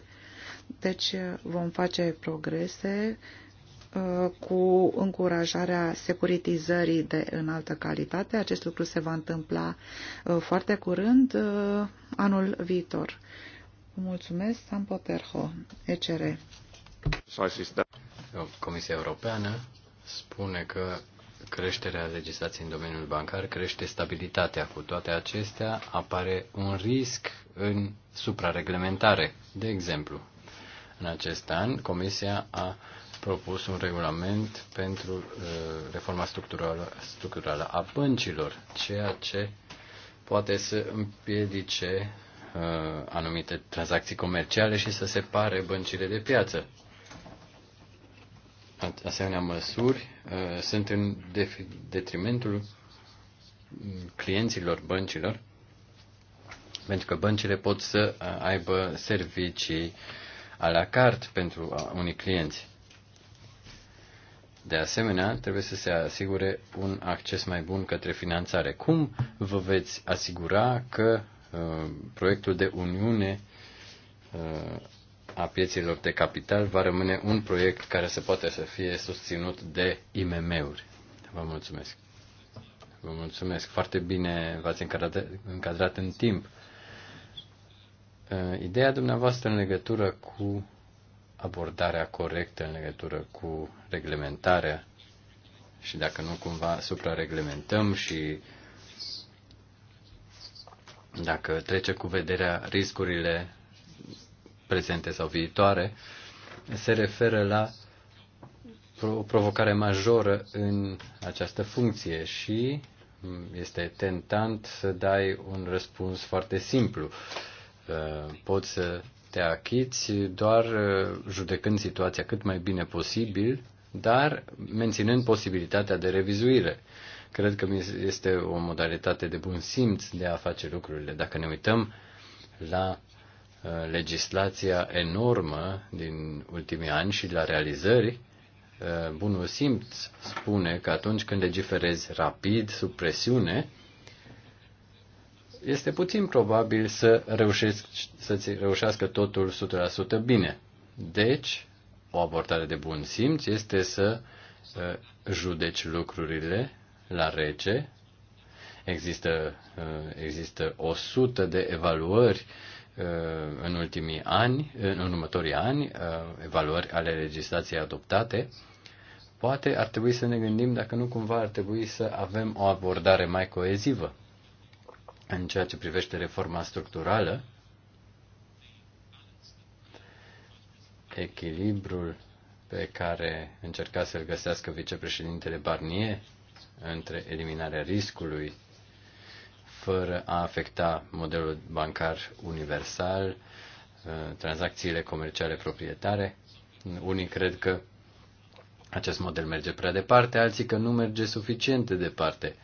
deci uh, vom face progrese cu încurajarea securitizării de înaltă calitate. Acest lucru se va întâmpla foarte curând anul viitor. Mulțumesc, Sam Poterho, ECR. Comisia Europeană spune că creșterea legislației în domeniul bancar crește stabilitatea. Cu toate acestea, apare un risc în suprareglementare. De exemplu, în acest an, Comisia a propus un regulament pentru uh, reforma structurală, structurală a băncilor, ceea ce poate să împiedice uh, anumite tranzacții comerciale și să separe băncile de piață asemenea măsuri uh, sunt în detrimentul clienților băncilor, pentru că băncile pot să uh, aibă servicii a la carte pentru uh, unii clienți. De asemenea, trebuie să se asigure un acces mai bun către finanțare. Cum vă veți asigura că uh, proiectul de Uniune uh, a pieților de capital va rămâne un proiect care se poate să fie susținut de IMM-uri. Vă mulțumesc. Vă mulțumesc. Foarte bine v-ați încadrat, încadrat în timp. Uh, ideea dumneavoastră în legătură cu abordarea corectă în legătură cu reglementarea și dacă nu cumva suprareglementăm și dacă trece cu vederea riscurile prezente sau viitoare, se referă la o provocare majoră în această funcție și este tentant să dai un răspuns foarte simplu. Uh, poți să te achiți doar uh, judecând situația cât mai bine posibil, dar menținând posibilitatea de revizuire. Cred că este o modalitate de bun simț de a face lucrurile. Dacă ne uităm la Uh, legislația enormă din ultimii ani și la realizări, uh, bunul simț spune că atunci când legiferezi rapid, sub presiune, este puțin probabil să reușești, să-ți reușească totul 100% bine. Deci, o abordare de bun simț este să uh, judeci lucrurile la rece. Există, există 100 de evaluări uh, Uh, în ultimii ani, în următorii ani, uh, evaluări ale legislației adoptate, poate ar trebui să ne gândim dacă nu cumva ar trebui să avem o abordare mai coezivă în ceea ce privește reforma structurală, echilibrul pe care încerca să-l găsească vicepreședintele Barnier între eliminarea riscului fără a afecta modelul bancar universal, uh, tranzacțiile comerciale proprietare. Unii cred că acest model merge prea departe, alții că nu merge suficient de departe.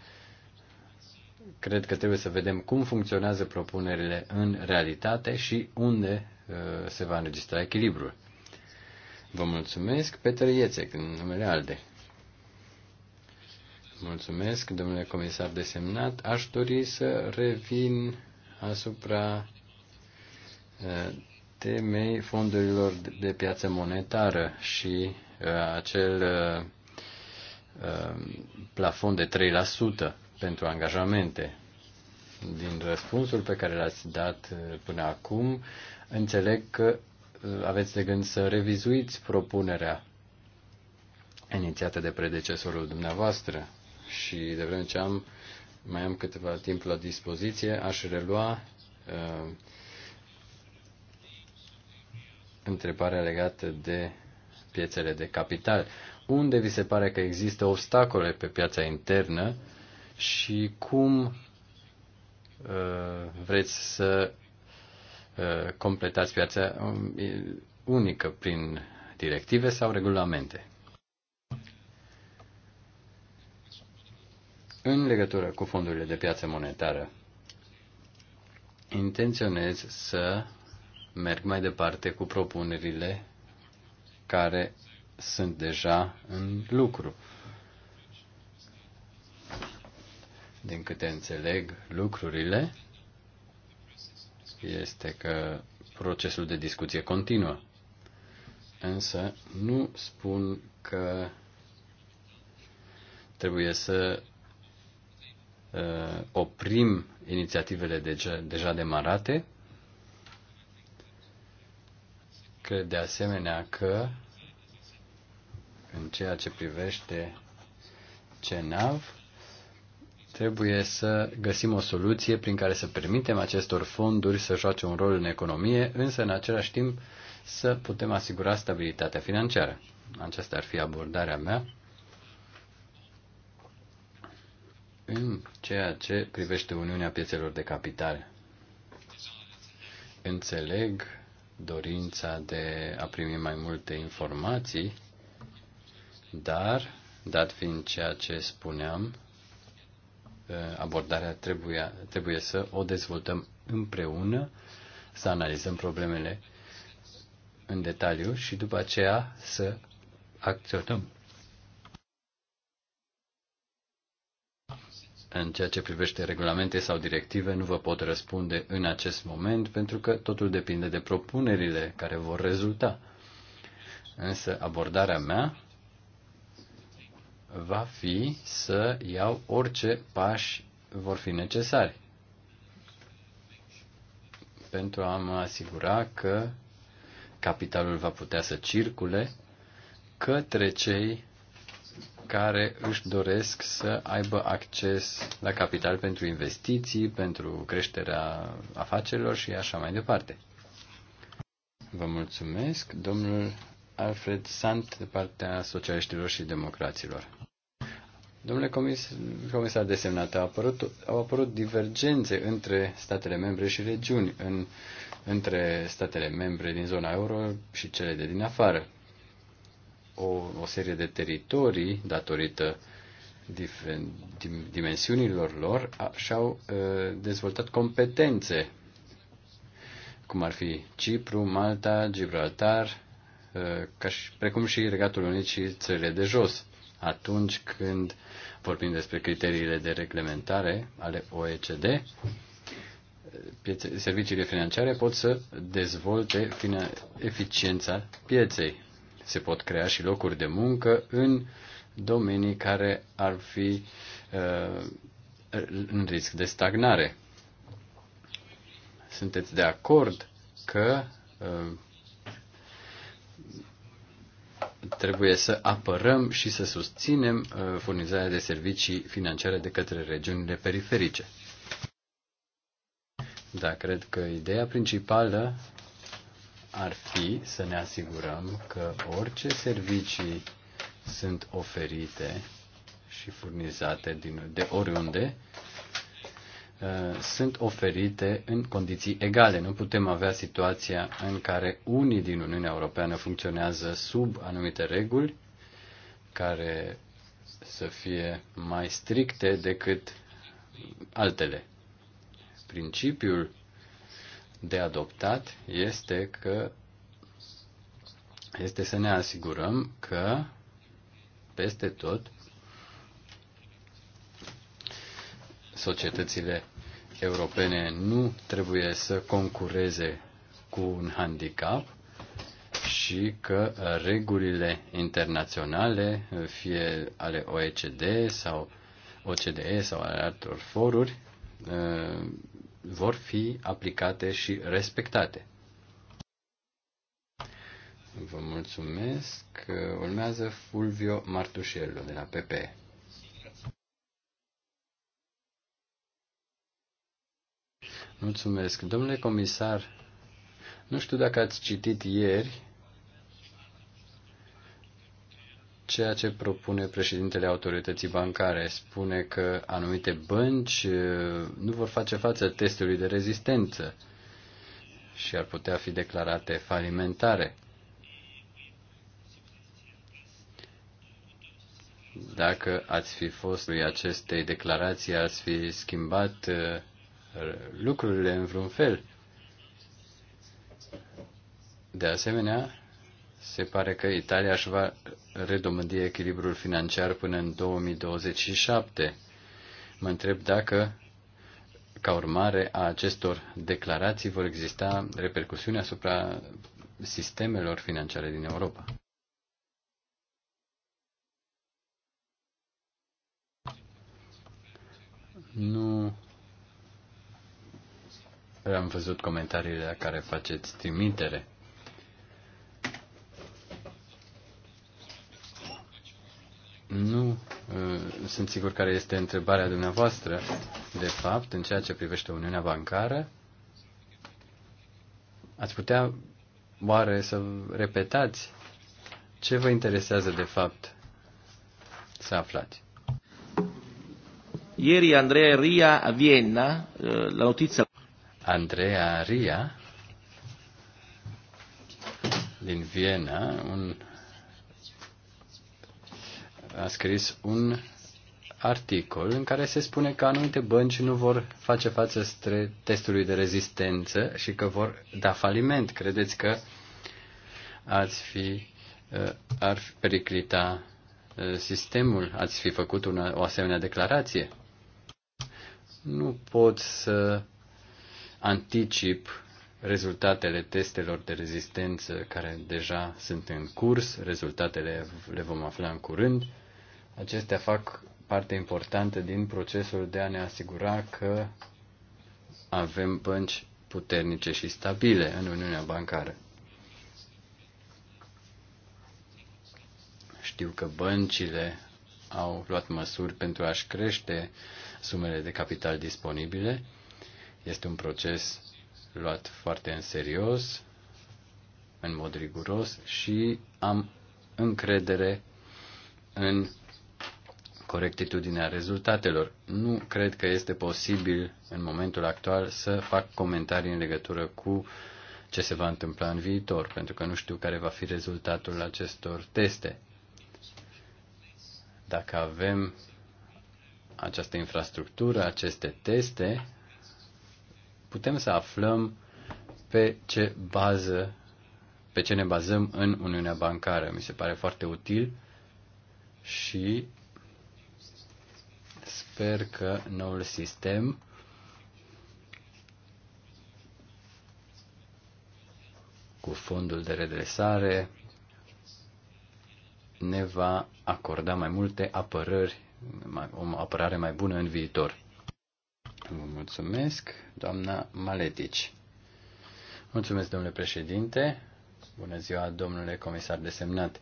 Cred că trebuie să vedem cum funcționează propunerile în realitate și unde uh, se va înregistra echilibrul. Vă mulțumesc, Peter Iețec, în numele ALDE. Mulțumesc, domnule comisar desemnat. Aș dori să revin asupra uh, temei fondurilor de piață monetară și uh, acel uh, plafon de 3% pentru angajamente. Din răspunsul pe care l-ați dat până acum, înțeleg că aveți de gând să revizuiți propunerea inițiată de predecesorul dumneavoastră și de vreme ce am, mai am câteva timp la dispoziție, aș relua uh, întrebarea legată de piețele de capital. Unde vi se pare că există obstacole pe piața internă și cum uh, vreți să uh, completați piața um, unică prin directive sau regulamente? În legătură cu fondurile de piață monetară, intenționez să merg mai departe cu propunerile care sunt deja în lucru. Din câte înțeleg lucrurile, este că procesul de discuție continuă. Însă nu spun că trebuie să Uh, oprim inițiativele deja, deja demarate. Cred de asemenea că în ceea ce privește CENAV, trebuie să găsim o soluție prin care să permitem acestor fonduri să joace un rol în economie, însă în același timp să putem asigura stabilitatea financiară. Aceasta ar fi abordarea mea în ceea ce privește Uniunea Piețelor de Capital. Înțeleg dorința de a primi mai multe informații, dar, dat fiind ceea ce spuneam, ă, abordarea trebuie, trebuie să o dezvoltăm împreună, să analizăm problemele în detaliu și după aceea să acționăm În ceea ce privește regulamente sau directive, nu vă pot răspunde în acest moment, pentru că totul depinde de propunerile care vor rezulta. Însă abordarea mea va fi să iau orice pași vor fi necesari pentru a mă asigura că capitalul va putea să circule către cei care își doresc să aibă acces la capital pentru investiții, pentru creșterea afacerilor și așa mai departe. Vă mulțumesc, domnul Alfred Sant, de partea socialiștilor și democraților. Domnule comis, comisar desemnat, au apărut, au apărut divergențe între statele membre și regiuni, în, între statele membre din zona euro și cele de din afară o, o serie de teritorii, datorită dimensiunilor lor, și-au dezvoltat competențe, cum ar fi Cipru, Malta, Gibraltar, ca și, precum și Regatul Unit și țările de jos. Atunci când vorbim despre criteriile de reglementare ale OECD, serviciile financiare pot să dezvolte eficiența pieței. Se pot crea și locuri de muncă în domenii care ar fi uh, în risc de stagnare. Sunteți de acord că uh, trebuie să apărăm și să susținem uh, furnizarea de servicii financiare de către regiunile periferice. Da, cred că ideea principală ar fi să ne asigurăm că orice servicii sunt oferite și furnizate din, de oriunde, uh, sunt oferite în condiții egale. Nu putem avea situația în care unii din Uniunea Europeană funcționează sub anumite reguli care să fie mai stricte decât altele. Principiul de adoptat este că este să ne asigurăm că peste tot societățile europene nu trebuie să concureze cu un handicap și că regulile internaționale, fie ale OECD sau OCDE sau ale altor foruri, vor fi aplicate și respectate. Vă mulțumesc. Urmează Fulvio Martușello de la PP. Mulțumesc. Domnule comisar, nu știu dacă ați citit ieri ceea ce propune președintele autorității bancare. Spune că anumite bănci nu vor face față testului de rezistență și ar putea fi declarate falimentare. Dacă ați fi fost lui acestei declarații, ați fi schimbat lucrurile în vreun fel. De asemenea, se pare că Italia își va redomândi echilibrul financiar până în 2027. Mă întreb dacă, ca urmare a acestor declarații, vor exista repercusiuni asupra sistemelor financiare din Europa. Nu am văzut comentariile la care faceți trimitere. Nu ă, sunt sigur care este întrebarea dumneavoastră, de fapt, în ceea ce privește Uniunea Bancară. Ați putea oare să repetați ce vă interesează de fapt să aflați? Ieri Andreea Ria a Vienna, ă, la notiță... Andreea Ria din Viena, un a scris un articol în care se spune că anumite bănci nu vor face față testului de rezistență și că vor da faliment. Credeți că ați fi, uh, ar periclita uh, sistemul? Ați fi făcut una, o asemenea declarație? Nu pot să anticip rezultatele testelor de rezistență care deja sunt în curs, rezultatele le vom afla în curând Acestea fac parte importantă din procesul de a ne asigura că avem bănci puternice și stabile în Uniunea Bancară. Știu că băncile au luat măsuri pentru a-și crește sumele de capital disponibile. Este un proces luat foarte în serios, în mod riguros și am încredere în corectitudinea rezultatelor. Nu cred că este posibil în momentul actual să fac comentarii în legătură cu ce se va întâmpla în viitor, pentru că nu știu care va fi rezultatul acestor teste. Dacă avem această infrastructură, aceste teste, putem să aflăm pe ce bază, pe ce ne bazăm în Uniunea Bancară. Mi se pare foarte util și sper că noul sistem cu fondul de redresare ne va acorda mai multe apărări, o apărare mai bună în viitor. Vă mulțumesc, doamna Maletici. Mulțumesc, domnule președinte. Bună ziua, domnule comisar desemnat.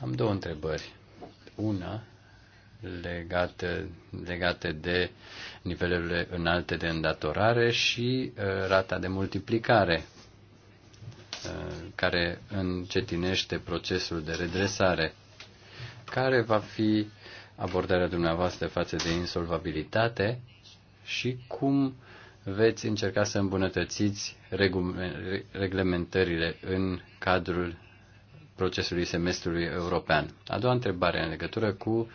Am două întrebări. Una legate, legate de nivelurile înalte de îndatorare și uh, rata de multiplicare uh, care încetinește procesul de redresare. Care va fi abordarea dumneavoastră față de insolvabilitate și cum veți încerca să îmbunătățiți reglementările în cadrul procesului semestrului european. A doua întrebare în legătură cu uh,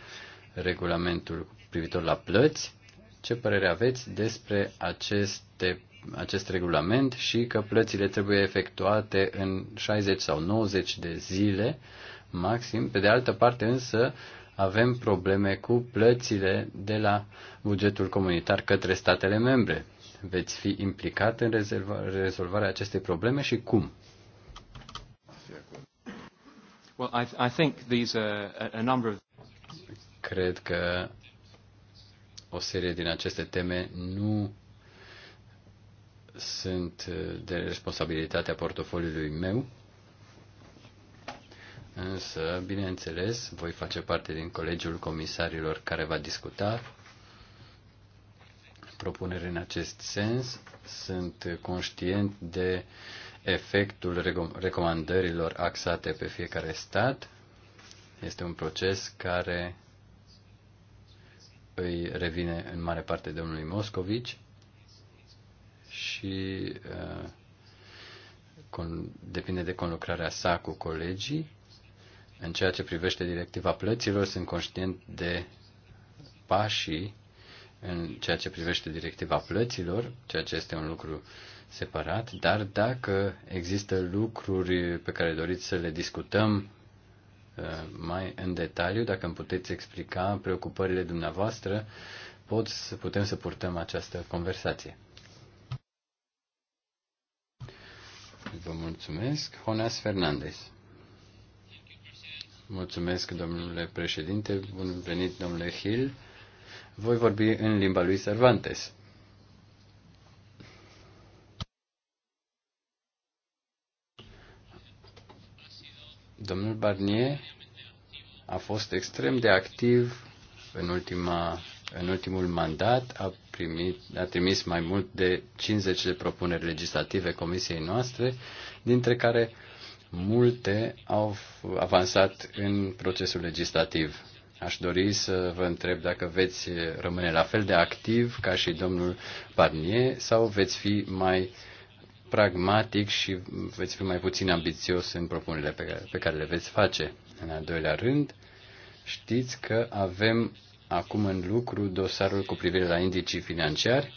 regulamentul privitor la plăți. Ce părere aveți despre aceste, acest regulament și că plățile trebuie efectuate în 60 sau 90 de zile maxim? Pe de altă parte însă avem probleme cu plățile de la bugetul comunitar către statele membre. Veți fi implicat în rezolvarea acestei probleme și cum? Well, I, I think these are a number of cred că o serie din aceste teme nu sunt de responsabilitatea portofoliului meu, însă, bineînțeles, voi face parte din colegiul comisarilor care va discuta propunere în acest sens. Sunt conștient de efectul recomandărilor axate pe fiecare stat. Este un proces care îi revine în mare parte domnului Moscovici și uh, depinde de conlucrarea sa cu colegii. În ceea ce privește directiva plăților, sunt conștient de pașii în ceea ce privește directiva plăților, ceea ce este un lucru separat, dar dacă există lucruri pe care doriți să le discutăm Uh, mai în detaliu, dacă îmi puteți explica preocupările dumneavoastră, pot, putem să purtăm această conversație. Vă mulțumesc. Honas Fernandez. Mulțumesc, domnule președinte. Bun venit, domnule Hill. Voi vorbi în limba lui Cervantes. Domnul Barnier a fost extrem de activ în, ultima, în ultimul mandat, a, primit, a trimis mai mult de 50 de propuneri legislative comisiei noastre, dintre care multe au avansat în procesul legislativ. Aș dori să vă întreb dacă veți rămâne la fel de activ ca și domnul Barnier sau veți fi mai pragmatic și veți fi mai puțin ambițios în propunerile pe care, pe care le veți face. În al doilea rând, știți că avem acum în lucru dosarul cu privire la indicii financiari.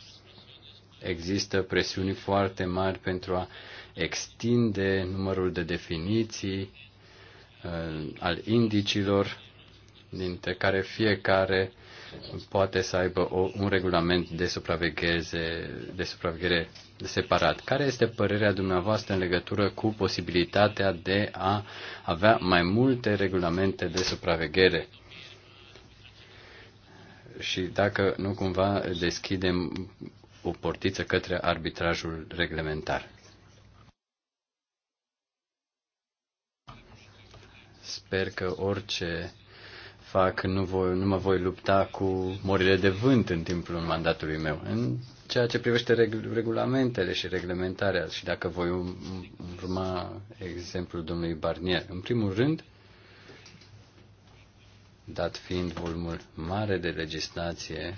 Există presiuni foarte mari pentru a extinde numărul de definiții uh, al indicilor, dintre care fiecare poate să aibă o, un regulament de supraveghere, de supraveghere separat. Care este părerea dumneavoastră în legătură cu posibilitatea de a avea mai multe regulamente de supraveghere? Și dacă nu cumva deschidem o portiță către arbitrajul reglementar. Sper că orice fac, nu, voi, nu mă voi lupta cu morile de vânt în timpul mandatului meu. În ceea ce privește reg- regulamentele și reglementarea și dacă voi um-, urma exemplul domnului Barnier. În primul rând, dat fiind volumul mare de legislație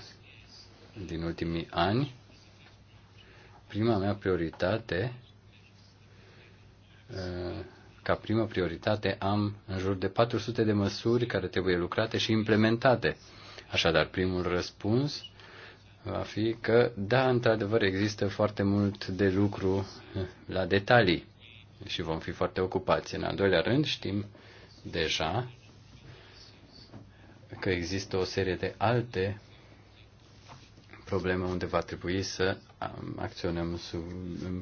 din ultimii ani, prima mea prioritate, uh, ca prima prioritate am în jur de 400 de măsuri care trebuie lucrate și implementate. Așadar, primul răspuns va fi că, da, într-adevăr, există foarte mult de lucru la detalii și vom fi foarte ocupați. În al doilea rând, știm deja că există o serie de alte probleme unde va trebui să acționăm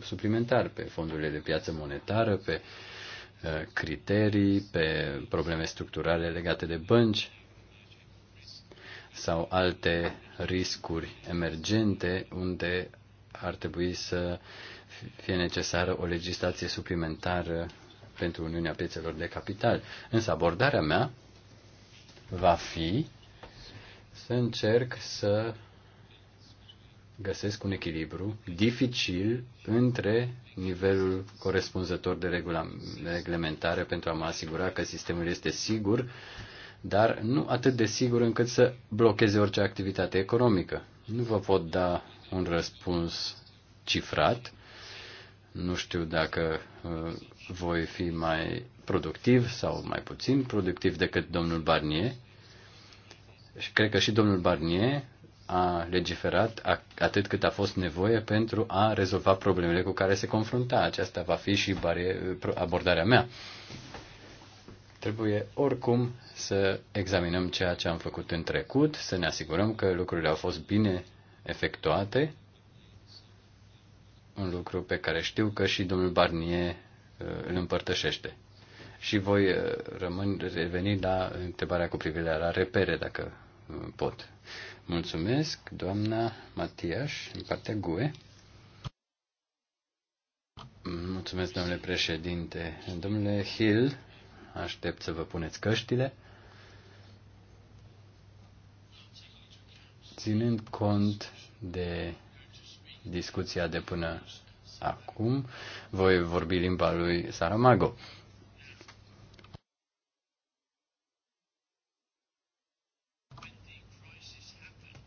suplimentar pe fondurile de piață monetară, pe uh, criterii, pe probleme structurale legate de bănci sau alte riscuri emergente unde ar trebui să fie necesară o legislație suplimentară pentru Uniunea Piețelor de Capital. Însă abordarea mea va fi să încerc să găsesc un echilibru dificil între nivelul corespunzător de reglementare pentru a mă asigura că sistemul este sigur dar nu atât de sigur încât să blocheze orice activitate economică. Nu vă pot da un răspuns cifrat. Nu știu dacă uh, voi fi mai productiv sau mai puțin productiv decât domnul Barnier. Și cred că și domnul Barnier a legiferat atât cât a fost nevoie pentru a rezolva problemele cu care se confrunta. Aceasta va fi și abordarea mea. Trebuie oricum să examinăm ceea ce am făcut în trecut, să ne asigurăm că lucrurile au fost bine efectuate, un lucru pe care știu că și domnul Barnier uh, îl împărtășește. Și voi uh, rămân, reveni la întrebarea cu privire la repere, dacă uh, pot. Mulțumesc, doamna Matias, în partea GUE. Mulțumesc, domnule președinte. Domnule Hill, Aștept să vă puneți căștile. Ținând cont de discuția de până acum, voi vorbi limba lui Saramago.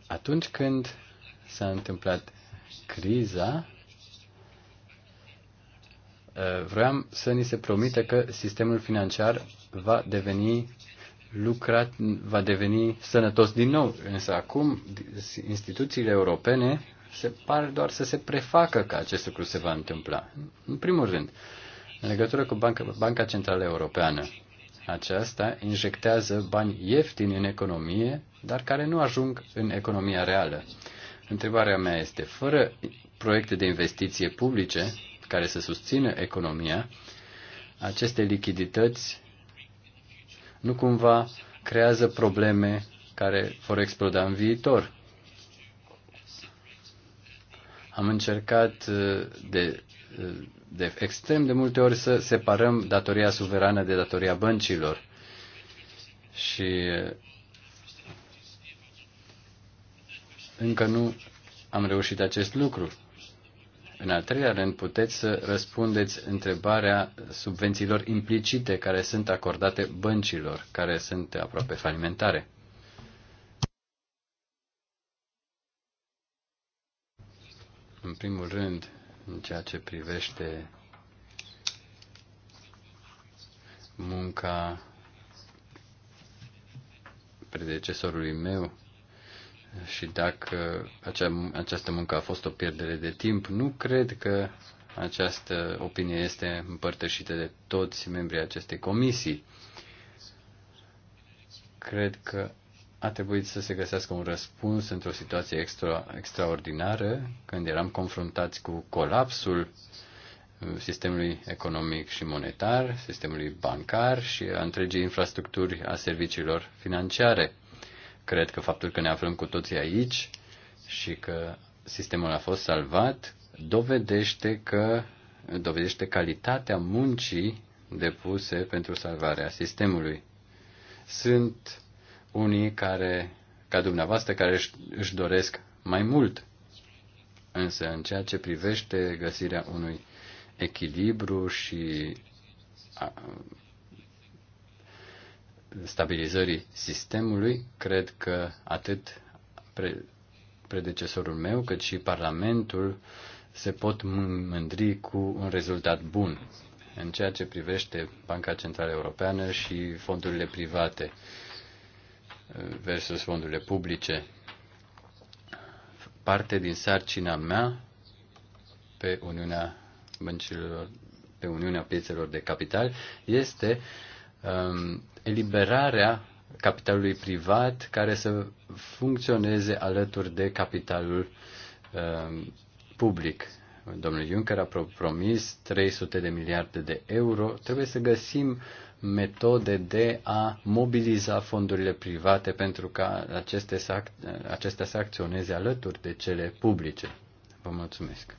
Atunci când s-a întâmplat criza, Eh, vroiam să ni se promite că sistemul financiar va deveni lucrat, va deveni sănătos din nou. Însă acum instituțiile europene se pare doar să se prefacă că acest lucru se va întâmpla. În primul rând, în legătură cu Banca, Banca Centrală Europeană, aceasta injectează bani ieftini în economie, dar care nu ajung în economia reală. Întrebarea mea este, fără proiecte de investiție publice, care să susțină economia, aceste lichidități nu cumva creează probleme care vor exploda în viitor. Am încercat uh, de, uh, de extrem de multe ori să separăm datoria suverană de datoria băncilor. Și uh, încă nu am reușit acest lucru. În al treilea rând, puteți să răspundeți întrebarea subvențiilor implicite care sunt acordate băncilor, care sunt aproape falimentare. În primul rând, în ceea ce privește munca predecesorului meu, și dacă acea, această muncă a fost o pierdere de timp, nu cred că această opinie este împărtășită de toți membrii acestei comisii. Cred că a trebuit să se găsească un răspuns într-o situație extra, extraordinară, când eram confruntați cu colapsul sistemului economic și monetar, sistemului bancar și a întregii infrastructuri a serviciilor financiare. Cred că faptul că ne aflăm cu toții aici și că sistemul a fost salvat dovedește că dovedește calitatea muncii depuse pentru salvarea sistemului. Sunt unii care, ca dumneavoastră, care își doresc mai mult, însă în ceea ce privește găsirea unui echilibru și stabilizării sistemului, cred că atât pre- predecesorul meu, cât și Parlamentul se pot mândri cu un rezultat bun în ceea ce privește Banca Centrală Europeană și fondurile private eh, versus fondurile publice. Parte din sarcina mea pe Uniunea Băncilor, pe Uniunea Piețelor de Capital este uh, Um, eliberarea capitalului privat care să funcționeze alături de capitalul um, public. Domnul Juncker a promis 300 de miliarde de euro. Trebuie să găsim metode de a mobiliza fondurile private pentru ca acestea să acționeze alături de cele publice. Vă mulțumesc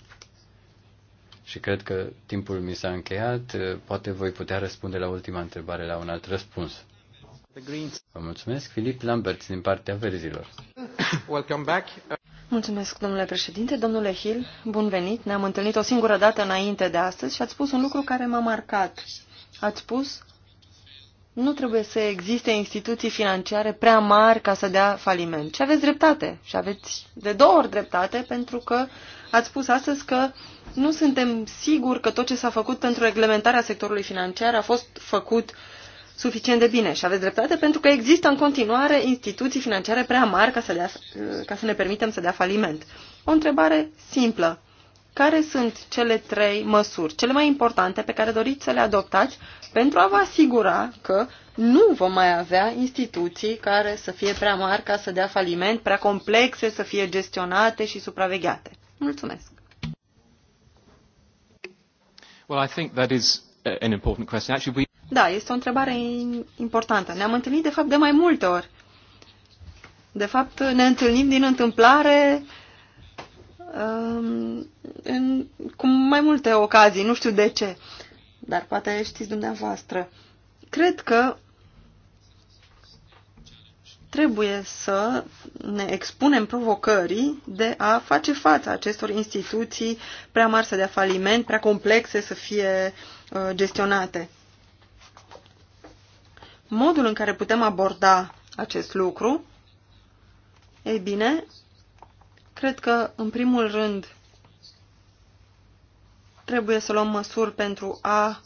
și cred că timpul mi s-a încheiat. Poate voi putea răspunde la ultima întrebare la un alt răspuns. Vă mulțumesc, Filip Lambert, din partea verzilor. Welcome back. Mulțumesc, domnule președinte. Domnule Hill, bun venit. Ne-am întâlnit o singură dată înainte de astăzi și ați spus un lucru care m-a marcat. Ați spus nu trebuie să existe instituții financiare prea mari ca să dea faliment. Și aveți dreptate. Și aveți de două ori dreptate pentru că ați spus astăzi că nu suntem siguri că tot ce s-a făcut pentru reglementarea sectorului financiar a fost făcut suficient de bine. Și aveți dreptate pentru că există în continuare instituții financiare prea mari ca să, dea, ca să ne permitem să dea faliment. O întrebare simplă care sunt cele trei măsuri, cele mai importante pe care doriți să le adoptați pentru a vă asigura că nu vom mai avea instituții care să fie prea mari ca să dea faliment, prea complexe să fie gestionate și supravegheate. Mulțumesc. Well, I think that is uh, an important question. Actually, we... Da, este o întrebare importantă. Ne-am întâlnit, de fapt, de mai multe ori. De fapt, ne întâlnim din întâmplare um, în, cu mai multe ocazii, nu știu de ce, dar poate știți dumneavoastră. Cred că trebuie să ne expunem provocării de a face față acestor instituții prea mari să dea faliment, prea complexe să fie uh, gestionate. Modul în care putem aborda acest lucru, ei bine, cred că, în primul rând, Trebuie să luăm măsuri pentru a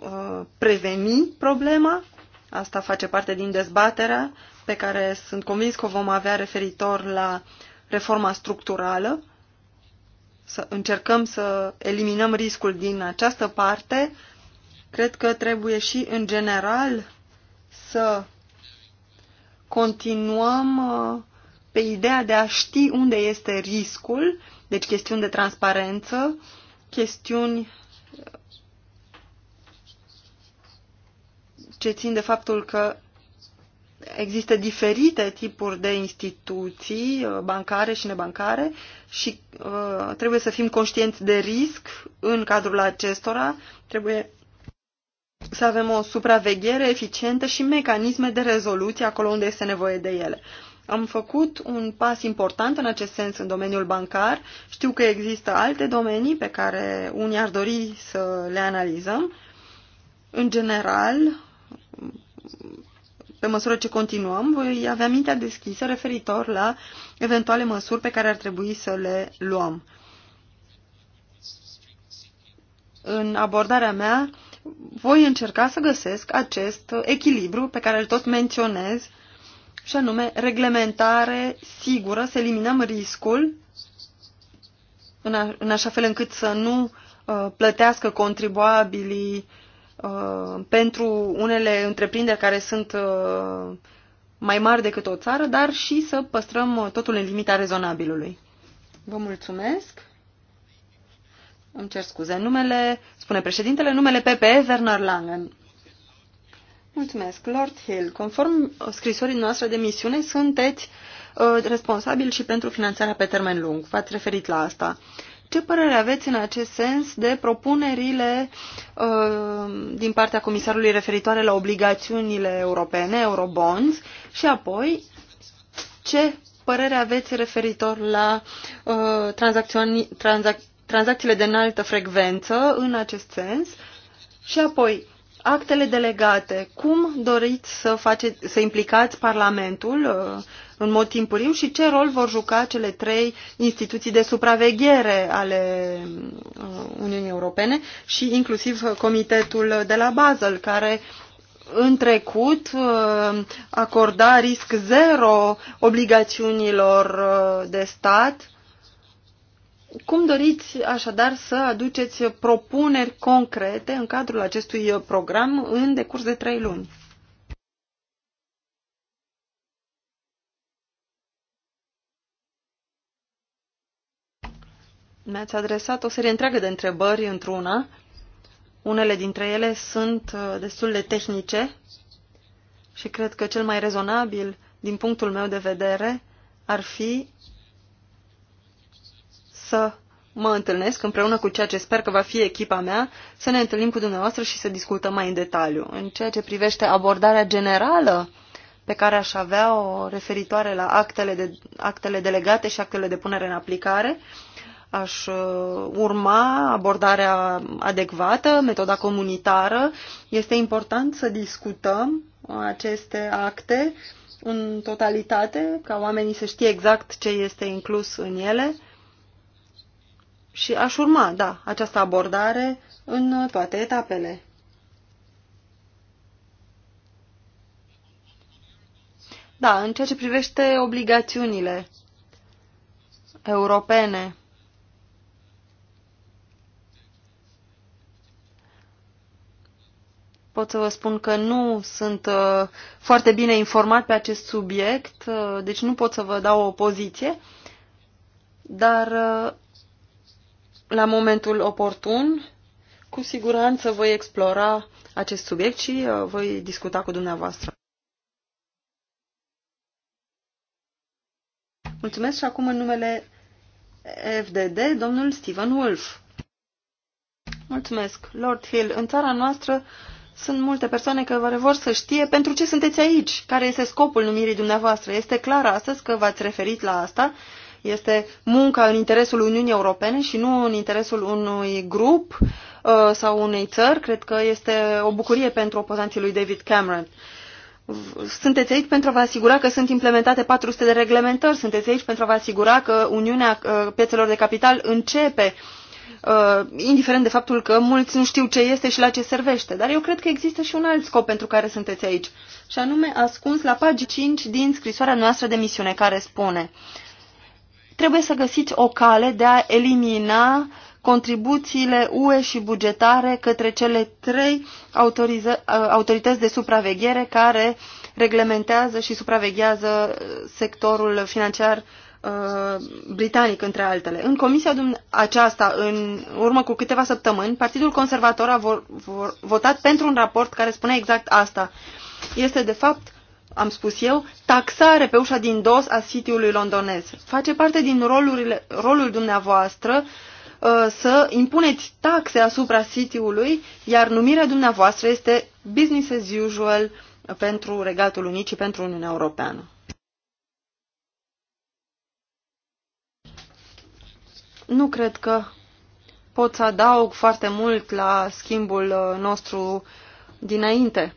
uh, preveni problema. Asta face parte din dezbaterea pe care sunt convins că o vom avea referitor la reforma structurală. Să încercăm să eliminăm riscul din această parte. Cred că trebuie și în general să continuăm uh, pe ideea de a ști unde este riscul, deci chestiuni de transparență, uh, chestiuni ce țin de faptul că există diferite tipuri de instituții uh, bancare și nebancare și uh, trebuie să fim conștienți de risc în cadrul acestora. Trebuie să avem o supraveghere eficientă și mecanisme de rezoluție acolo unde este nevoie de ele. Uh, am făcut un pas important în acest sens în domeniul bancar. Știu că există alte domenii pe care unii ar dori să le analizăm. În general, pe măsură ce continuăm, voi avea mintea deschisă referitor la eventuale măsuri pe care ar trebui să le luăm. În abordarea mea, voi încerca să găsesc acest echilibru pe care îl tot menționez și anume reglementare sigură, să eliminăm riscul în, a, în așa fel încât să nu uh, plătească contribuabilii uh, pentru unele întreprinderi care sunt uh, mai mari decât o țară, dar și să păstrăm totul în limita rezonabilului. Vă mulțumesc. Îmi cer scuze. Numele, spune președintele, numele PPE Werner Langen. Mulțumesc. Lord Hill, conform scrisorii noastre de misiune, sunteți uh, responsabil și pentru finanțarea pe termen lung. V-ați referit la asta. Ce părere aveți în acest sens de propunerile uh, din partea comisarului referitoare la obligațiunile europene, eurobonds, și apoi ce părere aveți referitor la uh, tranzacțiile de înaltă frecvență în acest sens? Și apoi, Actele delegate. Cum doriți să, face, să implicați Parlamentul uh, în mod timpuriu și ce rol vor juca cele trei instituții de supraveghere ale uh, Uniunii Europene și inclusiv uh, Comitetul de la Basel, care în trecut acorda risc zero obligațiunilor de stat cum doriți așadar să aduceți propuneri concrete în cadrul acestui program în decurs de trei luni? Mi-ați adresat o serie întreagă de întrebări într-una. Unele dintre ele sunt uh, destul de tehnice și cred că cel mai rezonabil, din punctul meu de vedere, ar fi să mă întâlnesc împreună cu ceea ce sper că va fi echipa mea, să ne întâlnim cu dumneavoastră și să discutăm mai în detaliu. În ceea ce privește abordarea generală pe care aș avea o referitoare la actele, de, actele delegate și actele de punere în aplicare, aș uh, urma abordarea adecvată, metoda comunitară. Este important să discutăm aceste acte în totalitate, ca oamenii să știe exact ce este inclus în ele și aș urma, da, această abordare în toate etapele. Da, în ceea ce privește obligațiunile europene, pot să vă spun că nu sunt uh, foarte bine informat pe acest subiect, uh, deci nu pot să vă dau o poziție, dar uh, la momentul oportun. Cu siguranță voi explora acest subiect și uh, voi discuta cu dumneavoastră. Mulțumesc și acum în numele FDD, domnul Steven Wolf. Mulțumesc, Lord Hill. În țara noastră sunt multe persoane care vor să știe pentru ce sunteți aici, care este scopul numirii dumneavoastră. Este clar astăzi că v-ați referit la asta este munca în interesul Uniunii Europene și nu în interesul unui grup uh, sau unei țări. Cred că este o bucurie pentru opozanții lui David Cameron. Sunteți aici pentru a vă asigura că sunt implementate 400 de reglementări, sunteți aici pentru a vă asigura că Uniunea uh, Piețelor de Capital începe Uh, indiferent de faptul că mulți nu știu ce este și la ce servește. Dar eu cred că există și un alt scop pentru care sunteți aici, și anume ascuns la pagina 5 din scrisoarea noastră de misiune, care spune trebuie să găsiți o cale de a elimina contribuțiile UE și bugetare către cele trei uh, autorități de supraveghere care reglementează și supraveghează uh, sectorul financiar uh, britanic, între altele. În comisia aceasta, în urmă cu câteva săptămâni, Partidul Conservator a vor, vor, votat pentru un raport care spune exact asta. Este, de fapt, am spus eu, taxare pe ușa din dos a sitiului londonez. Face parte din rolurile, rolul dumneavoastră uh, să impuneți taxe asupra sitiului, iar numirea dumneavoastră este business as usual pentru Regatul Unit și pentru Uniunea Europeană. Nu cred că pot să adaug foarte mult la schimbul uh, nostru dinainte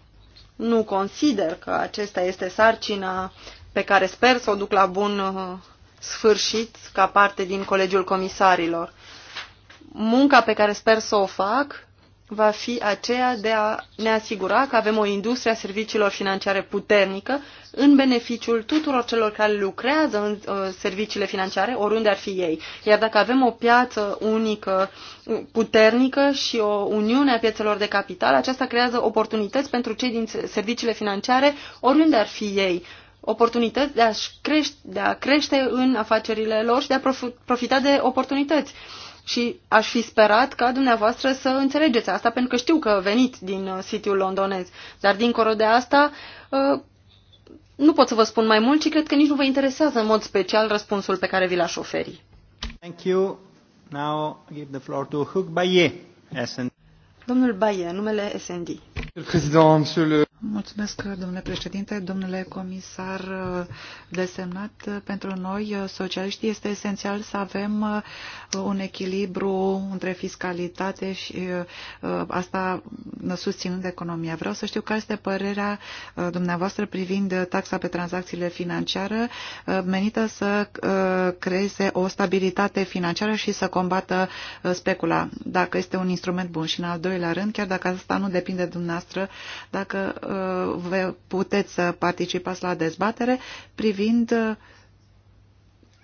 nu consider că acesta este sarcina pe care sper să o duc la bun uh, sfârșit ca parte din Colegiul Comisarilor. Munca pe care sper să o fac va fi aceea de a ne asigura că avem o industrie a serviciilor financiare puternică în beneficiul tuturor celor care lucrează în uh, serviciile financiare, oriunde ar fi ei. Iar dacă avem o piață unică uh, puternică și o uniune a piețelor de capital, aceasta creează oportunități pentru cei din serviciile financiare, oriunde ar fi ei oportunități de a, crește, de a crește în afacerile lor și de a profita de oportunități și aș fi sperat ca dumneavoastră să înțelegeți asta, pentru că știu că veniți din uh, sitiul londonez. Dar dincolo de asta, uh, nu pot să vă spun mai mult și cred că nici nu vă interesează în mod special răspunsul pe care vi l-aș oferi. Thank you. Now give the floor to Hugh Bayet, SND. Domnul Baie, numele SND. Mulțumesc, domnule președinte, domnule comisar uh, desemnat. Uh, pentru noi, uh, socialiștii, este esențial să avem un echilibru între fiscalitate și asta susținând economia. Vreau să știu care este părerea dumneavoastră privind taxa pe tranzacțiile financiare menită să creeze o stabilitate financiară și să combată specula, dacă este un instrument bun. Și în al doilea rând, chiar dacă asta nu depinde de dumneavoastră, dacă Uh, puteți să participați la dezbatere privind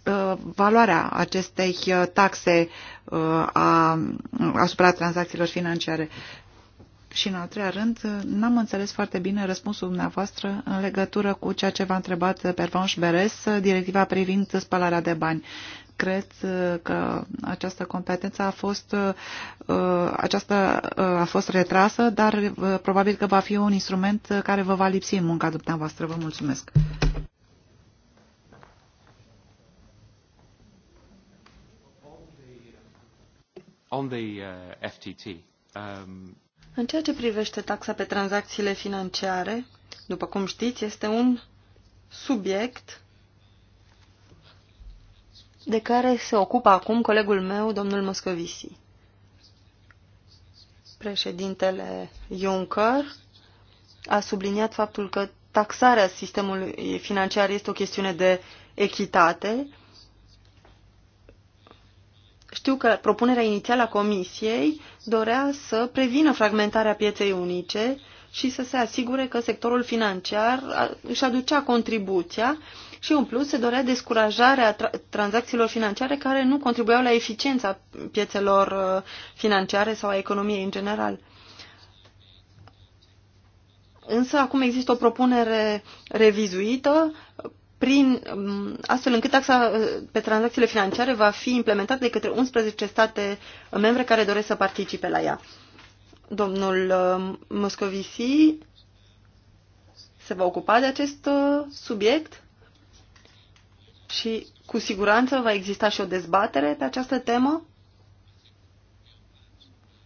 uh, valoarea acestei uh, taxe asupra tranzacțiilor financiare. Și în al treia rând, n-am înțeles foarte bine răspunsul dumneavoastră în legătură cu ceea ce v-a întrebat Pervanș Beres, directiva privind spălarea de bani cred uh, că această competență a fost, uh, aceasta uh, a fost retrasă, dar probabil că va fi un instrument care vă va lipsi în munca dumneavoastră. Vă mulțumesc! On the uh, FTT, um... În ceea ce privește taxa pe tranzacțiile financiare, după cum știți, este un subiect de care se ocupă acum colegul meu, domnul Moscovici. Președintele Juncker a subliniat faptul că taxarea sistemului financiar este o chestiune de echitate. Știu că propunerea inițială a Comisiei dorea să prevină fragmentarea pieței unice și să se asigure că sectorul financiar își aducea contribuția și, în plus, se dorea descurajarea tra tranzacțiilor financiare care nu contribuiau la eficiența piețelor uh, financiare sau a economiei în general. Însă acum există o propunere revizuită prin, um, astfel încât taxa uh, pe tranzacțiile financiare va fi implementată de către 11 state membre care doresc să participe la ea. Domnul uh, Moscovici se va ocupa de acest subiect și cu siguranță va exista și o dezbatere pe această temă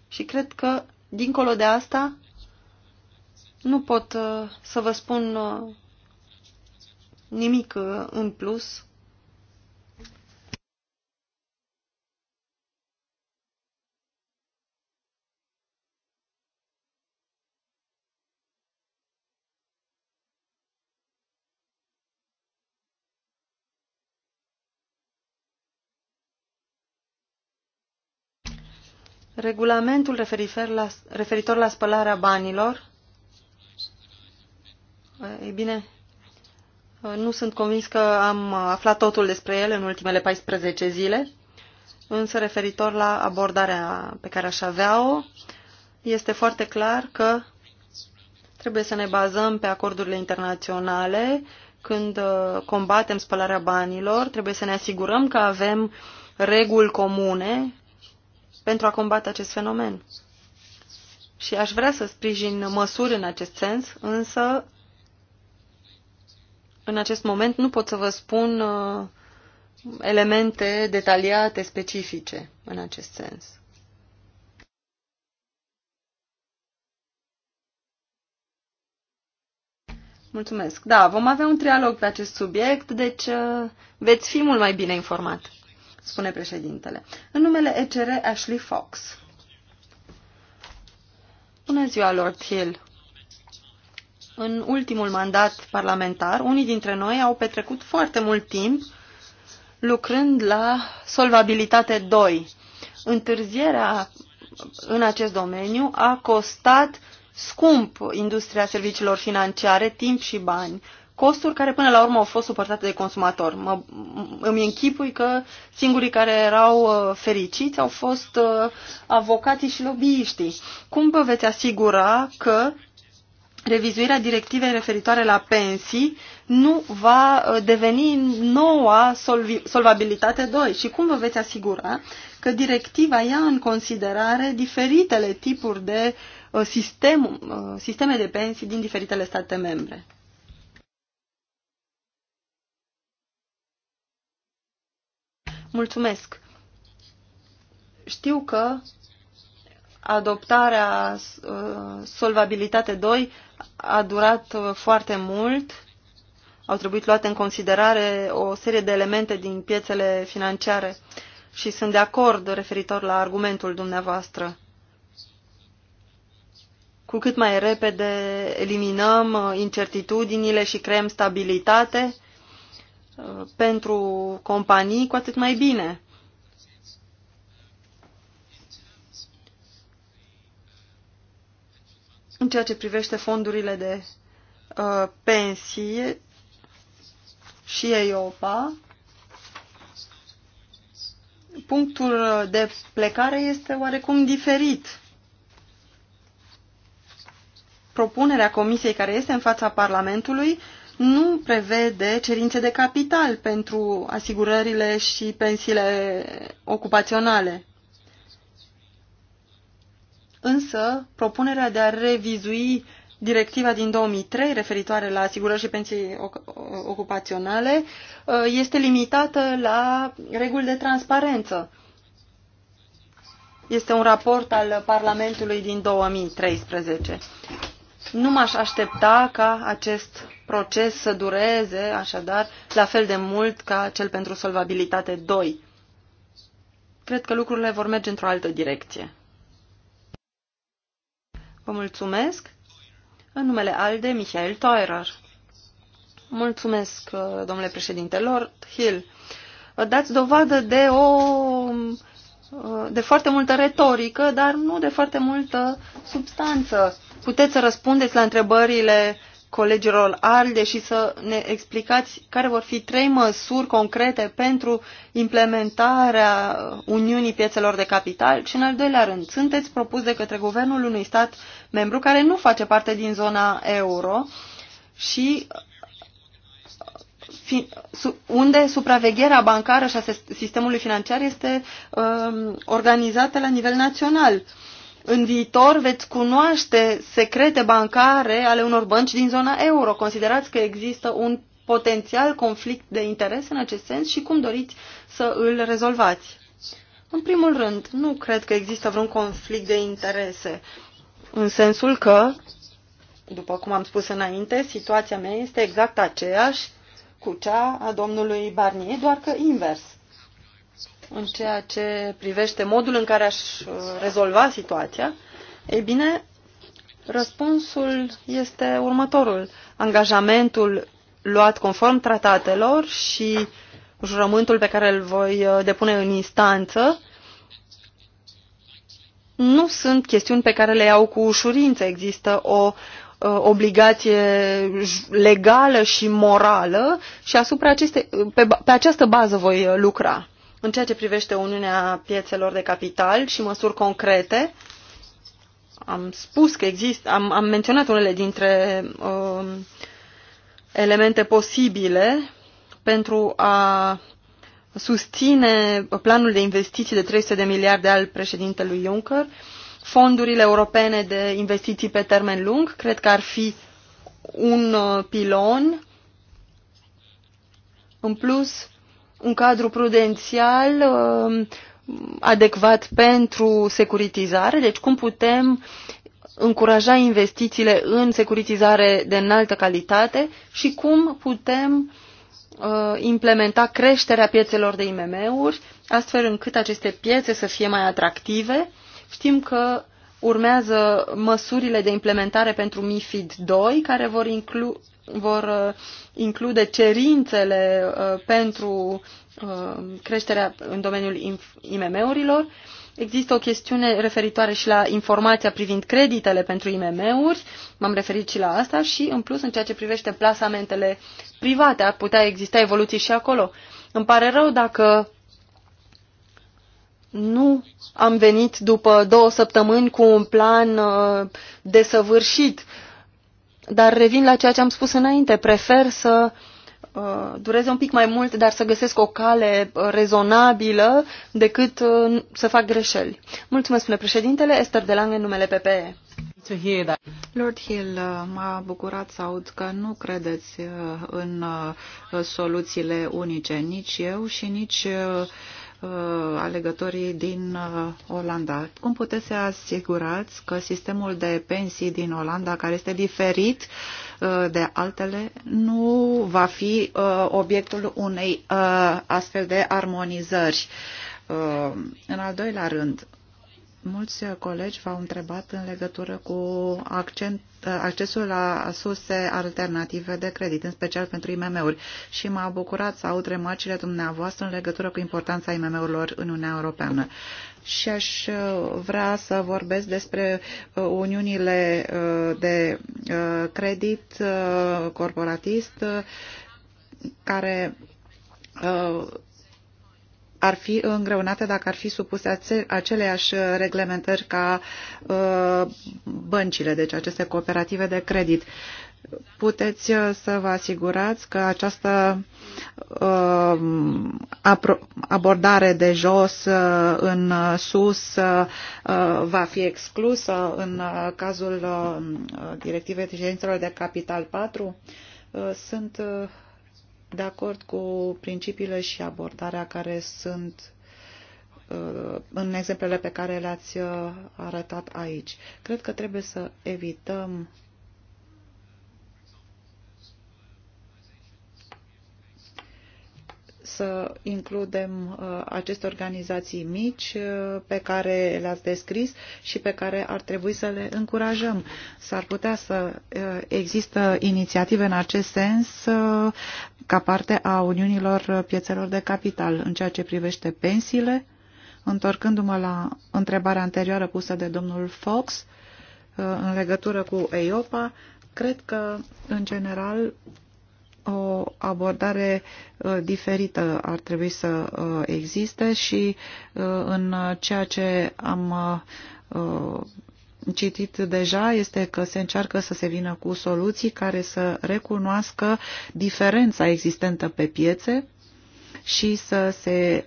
și cred că, dincolo de asta, nu pot uh, să vă spun uh, nimic uh, în plus Regulamentul referitor la, referitor la spălarea banilor, ei bine, nu sunt convins că am aflat totul despre el în ultimele 14 zile, însă referitor la abordarea pe care aș avea-o, este foarte clar că trebuie să ne bazăm pe acordurile internaționale când uh, combatem spălarea banilor, trebuie să ne asigurăm că avem reguli comune pentru a combate acest fenomen. Și aș vrea să sprijin măsuri în acest sens, însă în acest moment nu pot să vă spun uh, elemente detaliate, specifice în acest sens. Mulțumesc. Da, vom avea un trialog pe acest subiect, deci uh, veți fi mult mai bine informat spune președintele. În numele ECR, Ashley Fox. Bună ziua, Lord Hill. În ultimul mandat parlamentar, unii dintre noi au petrecut foarte mult timp lucrând la solvabilitate 2. Întârzierea în acest domeniu a costat scump industria serviciilor financiare, timp și bani costuri care până la urmă au fost suportate de consumator. Mă, îmi închipui că singurii care erau uh, fericiți au fost uh, avocații și lobbyiștii. Cum vă veți asigura că revizuirea directivei referitoare la pensii nu va uh, deveni noua solvabilitate 2 și cum vă veți asigura că directiva ia în considerare diferitele tipuri de sistem, sisteme de pensii din diferitele state membre. Mulțumesc! Știu că adoptarea uh, Solvabilitate 2 a durat uh, foarte mult. Au trebuit luate în considerare o serie de elemente din piețele financiare și sunt de acord referitor la argumentul dumneavoastră. Cu cât mai repede eliminăm uh, incertitudinile și creăm stabilitate, pentru companii, cu atât mai bine. În ceea ce privește fondurile de uh, pensii și EIOPA, punctul de plecare este oarecum diferit. Propunerea comisiei care este în fața Parlamentului nu prevede cerințe de capital pentru asigurările și pensiile ocupaționale. Însă, propunerea de a revizui directiva din 2003 referitoare la asigurări și pensii ocupaționale uh, este limitată la reguli de transparență. Este un raport al Parlamentului din 2013. Nu m-aș aștepta ca acest proces să dureze, așadar, la fel de mult ca cel pentru solvabilitate 2. Cred că lucrurile vor merge într-o altă direcție. Vă mulțumesc. În numele ALDE, Michael Teurer. Mulțumesc, uh, domnule președinte. Lord Hill, dați dovadă de o uh, de foarte multă retorică, dar nu de foarte multă substanță. Puteți să răspundeți la întrebările colegilor ALDE și să ne explicați care vor fi trei măsuri concrete pentru implementarea Uniunii Piețelor de Capital și, în al doilea rând, sunteți propus de către guvernul unui stat membru care nu face parte din zona euro și fi, unde supravegherea bancară și a sistemului financiar este um, organizată la nivel național. Uh, în viitor veți cunoaște secrete bancare ale unor bănci din zona euro. Considerați că există un potențial conflict de interes în acest sens și cum doriți să îl rezolvați? În primul rând, nu cred că există vreun conflict de interese, în sensul că, după cum am spus înainte, situația mea este exact aceeași cu cea a domnului Barnier, doar că invers în ceea ce privește modul în care aș uh, rezolva situația, ei bine, răspunsul este următorul. Angajamentul luat conform tratatelor și jurământul pe care îl voi uh, depune în instanță nu sunt chestiuni pe care le iau cu ușurință. Există o uh, obligație legală și morală și asupra aceste, pe, pe această bază voi lucra în ceea ce privește Uniunea Piețelor de Capital și măsuri concrete. Am spus că există, am, am menționat unele dintre uh, elemente posibile pentru a susține planul de investiții de 300 de miliarde al președintelui Juncker, fondurile europene de investiții pe termen lung, cred că ar fi un uh, pilon. În plus, un cadru prudențial uh, adecvat pentru securitizare, deci cum putem încuraja investițiile în securitizare de înaltă calitate și cum putem uh, implementa creșterea piețelor de IMM-uri, astfel încât aceste piețe să fie mai atractive. Știm că urmează măsurile de implementare pentru MIFID 2, care vor, inclu vor uh, include cerințele uh, pentru uh, creșterea în domeniul IMM-urilor. Există o chestiune referitoare și la informația privind creditele pentru IMM-uri, m-am referit și la asta și, în plus, în ceea ce privește plasamentele private, ar putea exista evoluții și acolo. Îmi pare rău dacă nu am venit după două săptămâni cu un plan uh, desăvârșit, dar revin la ceea ce am spus înainte. Prefer să uh, dureze un pic mai mult, dar să găsesc o cale uh, rezonabilă decât să fac greșeli. Mulțumesc, spune președintele, Esther de Lange, numele PPE. Lord Hill, m-a bucurat să aud că nu credeți în soluțiile unice, nici eu și nici Uh, alegătorii din uh, Olanda. Cum puteți să asigurați că sistemul de pensii din Olanda, care este diferit uh, de altele, nu va fi obiectul unei astfel de armonizări? În al doilea rând, Mulți colegi v-au întrebat în legătură cu accent, accesul la surse alternative de credit, în special pentru IMM-uri. Și m-a bucurat să aud remarcile dumneavoastră în legătură cu importanța IMM-urilor în Uniunea Europeană. Și aș uh, vrea să vorbesc despre uh, uniunile uh, de credit corporatist care ar fi îngreunate dacă ar fi supuse aceleași reglementări ca uh, băncile, deci aceste cooperative de credit. Puteți uh, să vă asigurați că această uh, abordare de jos în sus va fi exclusă în cazul directivei eficiențelor de capital 4? Sunt de acord cu principiile și abordarea care sunt uh, în exemplele pe care le-ați uh, arătat aici. Cred că trebuie să evităm să includem uh, aceste organizații mici uh, pe care le-ați descris și pe care ar trebui să le încurajăm. S-ar putea să uh, există inițiative în acest sens ca parte a Uniunilor Piețelor de Capital în ceea ce privește pensiile. Întorcându-mă la întrebarea anterioară pusă de domnul Fox în legătură cu EIOPA, cred că, în general, o abordare uh, diferită ar trebui să uh, existe și uh, în ceea ce am citit deja este că se încearcă să se vină cu soluții care să recunoască diferența existentă pe piețe și să se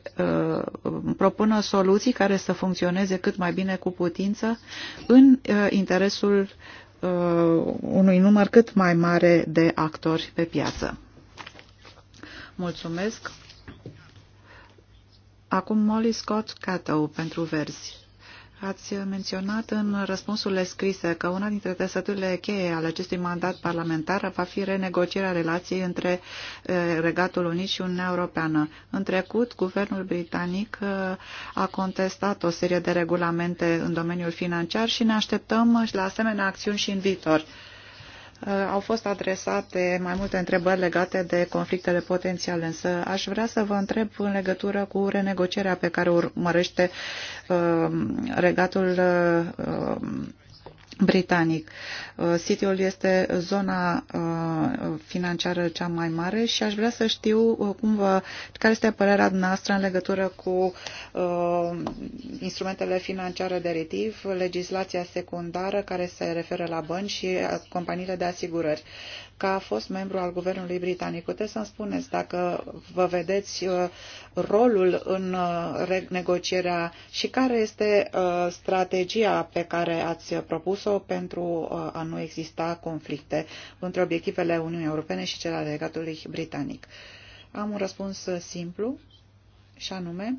propună soluții care să funcționeze cât mai bine cu putință în interesul Uh, unui număr cât mai mare de actori pe piață. Mulțumesc. Acum Molly Scott Cato pentru versi. Ați menționat în răspunsurile scrise că una dintre trăsăturile cheie ale acestui mandat parlamentar va fi renegocierea relației între Regatul Unit și Uniunea Europeană. În trecut, guvernul britanic a contestat o serie de regulamente în domeniul financiar și ne așteptăm la asemenea acțiuni și în viitor. Uh, au fost adresate mai multe întrebări legate de conflictele potențiale, însă aș vrea să vă întreb în legătură cu renegocierea pe care urmărește uh, Regatul uh, britanic. Uh, City-ul este zona uh, financiară cea mai mare și aș vrea să știu uh, cum vă, care este părerea noastră în legătură cu instrumentele financiare de retiv, legislația secundară care se referă la bănci și companiile de asigurări. Ca a fost membru al guvernului britanic, puteți să-mi spuneți dacă vă vedeți rolul în uh, negocierea și care este uh, strategia pe care ați propus-o pentru uh, a nu exista conflicte între obiectivele Uniunii Europene și cele ale legatului britanic. Am un răspuns simplu și anume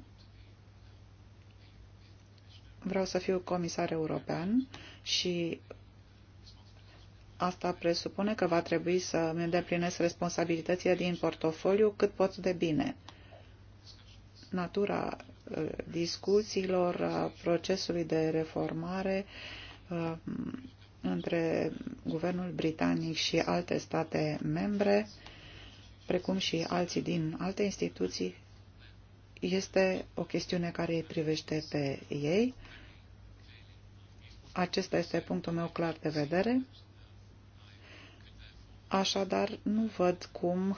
vreau să fiu comisar european și Asta presupune că va trebui să îmi îndeplinesc responsabilitățile din portofoliu cât pot de bine natura uh, discuțiilor, a procesului de reformare uh, între guvernul britanic și alte state membre, precum și alții din alte instituții, este o chestiune care îi privește pe ei. Acesta este punctul meu clar de vedere. Așadar, nu văd cum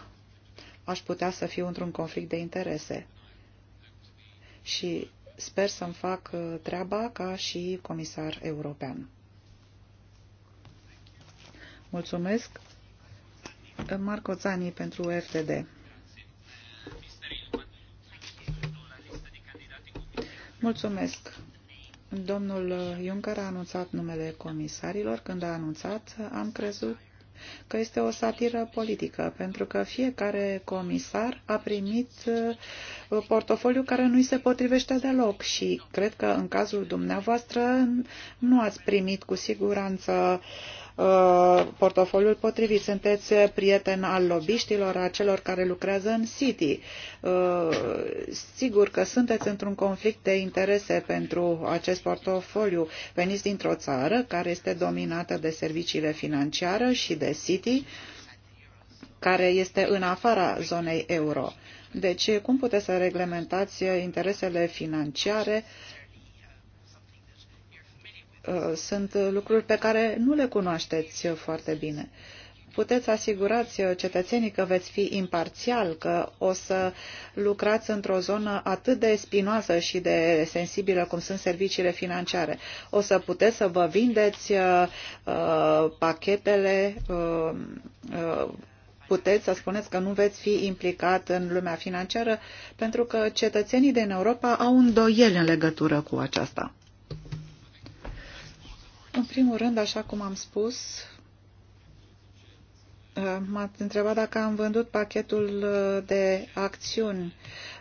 aș putea să fiu într-un conflict de interese și sper să-mi fac uh, treaba ca și comisar european. Mulțumesc, uh, Marco Zani, pentru FTD. Mulțumesc. Domnul Juncker a anunțat numele comisarilor. Când a anunțat, am crezut că este o satiră politică, pentru că fiecare comisar a primit uh, portofoliu care nu îi se potrivește deloc și cred că în cazul dumneavoastră nu ați primit cu siguranță uh, Uh, portofoliul potrivit. Sunteți prieten al lobiștilor, a celor care lucrează în City. Uh, sigur că sunteți într-un conflict de interese pentru acest portofoliu. Veniți dintr-o țară care este dominată de serviciile financiare și de City, care este în afara zonei euro. Deci, cum puteți să reglementați interesele financiare uh, Uh, sunt lucruri pe care nu le cunoașteți foarte bine. Puteți asigurați cetățenii că veți fi imparțial, că o să lucrați într-o zonă atât de spinoasă și de sensibilă cum sunt serviciile financiare. O să puteți să vă vindeți uh, uh pachetele, uh, uh, puteți să spuneți că nu veți fi implicat în lumea financiară, pentru că cetățenii din Europa au îndoieli în legătură cu aceasta. În primul rând, așa cum am spus, uh, m-ați întrebat dacă am vândut pachetul uh, de acțiuni.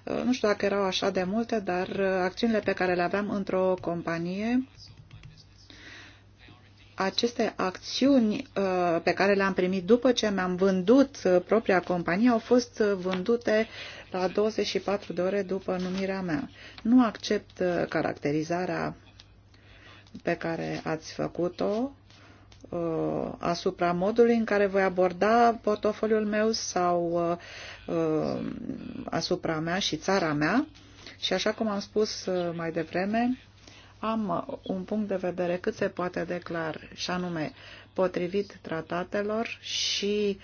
Uh, nu știu dacă erau așa de multe, dar acțiunile pe care le aveam într-o companie, aceste acțiuni pe care le-am primit după ce mi-am vândut propria companie au fost vândute la 24 de ore după numirea mea. Nu accept caracterizarea pe care ați făcut-o uh, asupra modului în care voi aborda portofoliul meu sau uh, uh, asupra mea și țara mea. Și așa cum am spus mai devreme, am un punct de vedere cât se poate de clar, și anume potrivit tratatelor și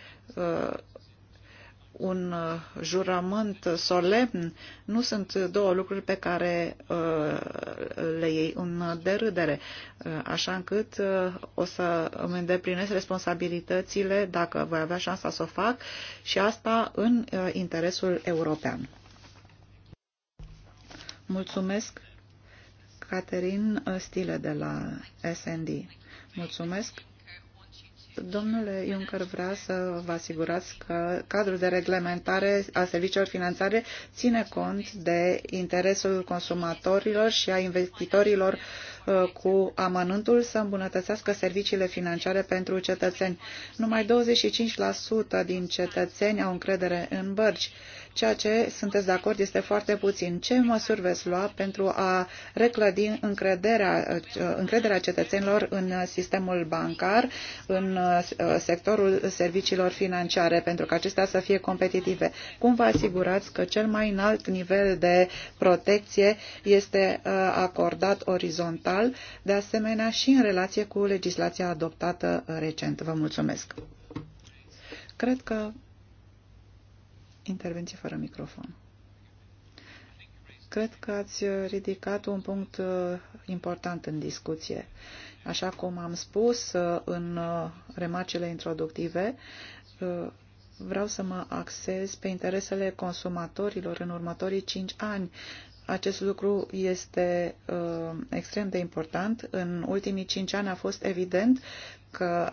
un uh, jurământ solemn nu sunt două lucruri pe care uh, le iei în derâdere, uh, așa încât o să îmi îndeplinesc responsabilitățile dacă voi avea șansa să o fac și asta în interesul european. Mulțumesc, Caterin Stile de la SND. Mulțumesc. Domnule Juncker vrea să vă asigurați că cadrul de reglementare a serviciilor financiare ține cont de interesul consumatorilor și a investitorilor Uh, cu amănântul să îmbunătățească serviciile financiare pentru cetățeni. Numai 25% din cetățeni au încredere în bărci. Ceea ce sunteți de acord este foarte puțin. Ce măsuri veți lua pentru a reclădi încrederea, uh, încrederea cetățenilor în sistemul bancar, în uh, sectorul serviciilor financiare, pentru că acestea să fie competitive? Cum vă asigurați că cel mai înalt nivel de protecție este acordat orizontal fiscal, de asemenea și în relație cu legislația adoptată recent. Vă mulțumesc. Cred că intervenție fără microfon. Cred că ați ridicat un punct uh, important în discuție. Așa cum am spus uh, în uh, remarcele introductive, vreau să mă axez pe interesele consumatorilor în următorii cinci ani acest lucru este uh, extrem de important. În ultimii cinci ani a fost evident că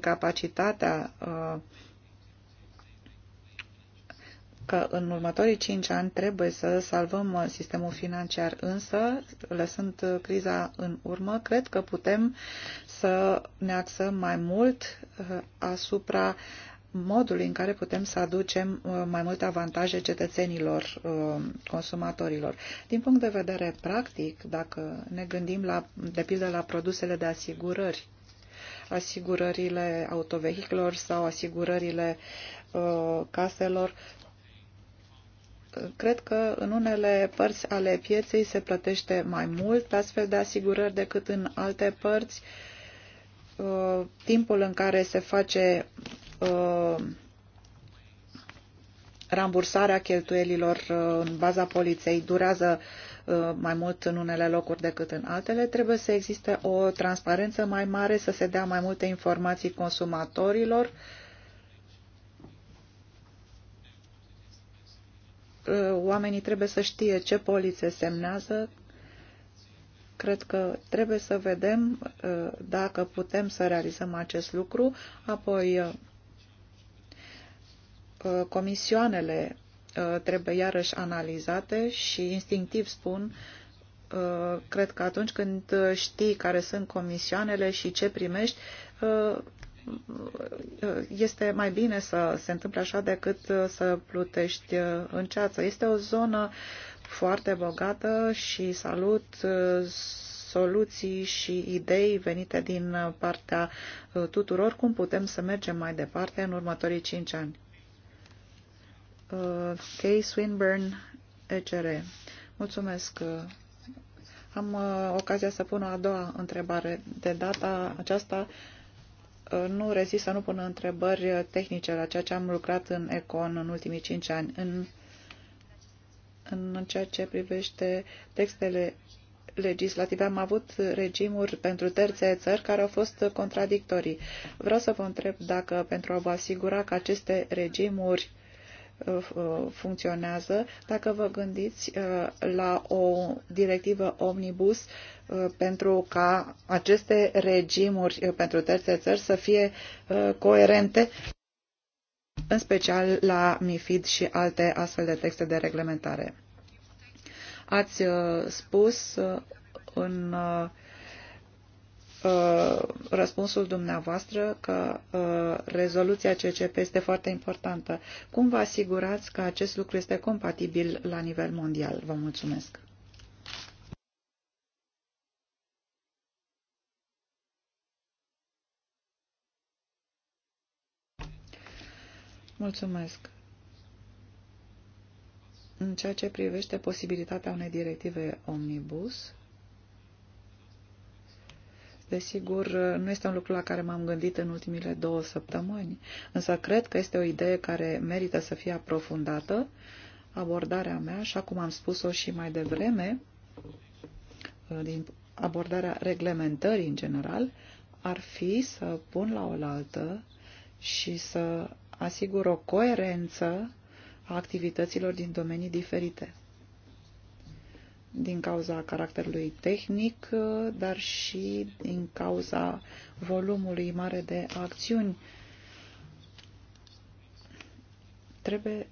capacitatea uh, că în următorii cinci ani trebuie să salvăm uh, sistemul financiar, însă, lăsând uh, criza în urmă, cred că putem să ne axăm mai mult uh, asupra uh, modului în care putem să aducem uh, mai multe avantaje cetățenilor, uh, consumatorilor. Din punct de vedere practic, dacă ne gândim la, de pildă la produsele de asigurări, asigurările autovehiclor sau asigurările uh, caselor, cred că în unele părți ale pieței se plătește mai mult astfel de asigurări decât în alte părți. Timpul în care se face Uh, rambursarea cheltuielilor uh, în baza poliției durează uh, mai mult în unele locuri decât în altele, trebuie să existe o transparență mai mare, să se dea mai multe informații consumatorilor. Oamenii trebuie să știe ce polițe semnează. Cred că trebuie să vedem dacă putem să realizăm acest lucru. Apoi, Uh, comisioanele uh, trebuie iarăși analizate și instinctiv spun, uh, cred că atunci când știi care sunt comisioanele și ce primești, este mai bine să se întâmple așa decât să plutești în ceață. Este o zonă foarte bogată și salut soluții și idei venite din partea tuturor cum putem să mergem mai departe în următorii cinci ani. Uh, K. Swinburne, ECR. Mulțumesc. Uh, am uh, ocazia să pun o a doua întrebare. De data aceasta nu rezist să nu pun întrebări tehnice la ceea ce am lucrat în Econ în ultimii cinci ani. În, în ceea ce privește textele legislative am avut regimuri pentru terțe țări care au fost contradictorii. Vreau să vă întreb dacă pentru a vă asigura că aceste regimuri uh, funcționează. Dacă vă gândiți uh, la o directivă omnibus uh, pentru ca aceste regimuri uh, pentru terțe țări să fie coerente, în special la MIFID și alte astfel de texte de reglementare. Ați spus în Uh, răspunsul dumneavoastră că uh, rezoluția CCP este foarte importantă. Cum vă asigurați că acest lucru este compatibil la nivel mondial? Vă mulțumesc. Mulțumesc. În ceea ce privește posibilitatea unei directive omnibus, Desigur, nu este un lucru la care m-am gândit în ultimile două săptămâni, însă cred că este o idee care merită să fie aprofundată. Abordarea mea, așa cum am spus-o și mai devreme, din abordarea reglementării în general, ar fi să pun la oaltă și să asigur o coerență a activităților din domenii diferite din cauza caracterului tehnic, dar și din cauza volumului mare de acțiuni. Trebuie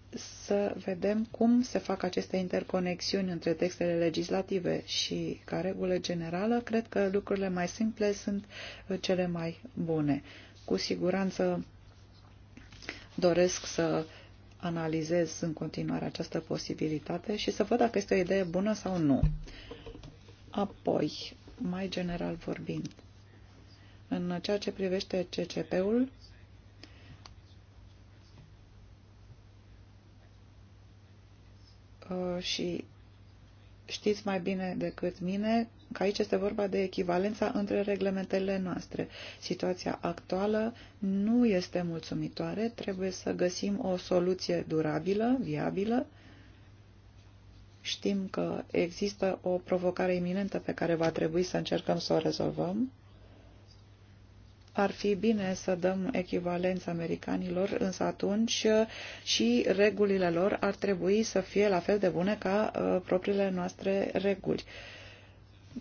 să vedem cum se fac aceste interconexiuni între textele legislative și, ca regulă generală, cred că lucrurile mai simple sunt uh, cele mai bune. Cu siguranță doresc să analizez în continuare această posibilitate și să văd dacă este o idee bună sau nu. Apoi, mai general vorbind, în ceea ce privește CCP-ul, uh, și știți mai bine decât mine că aici este vorba de echivalența între reglementele noastre. Situația actuală nu este mulțumitoare, trebuie să găsim o soluție durabilă, viabilă. Știm că există o provocare iminentă pe care va trebui să încercăm să o rezolvăm ar fi bine să dăm echivalența americanilor, însă atunci și regulile lor ar trebui să fie la fel de bune ca uh, propriile noastre reguli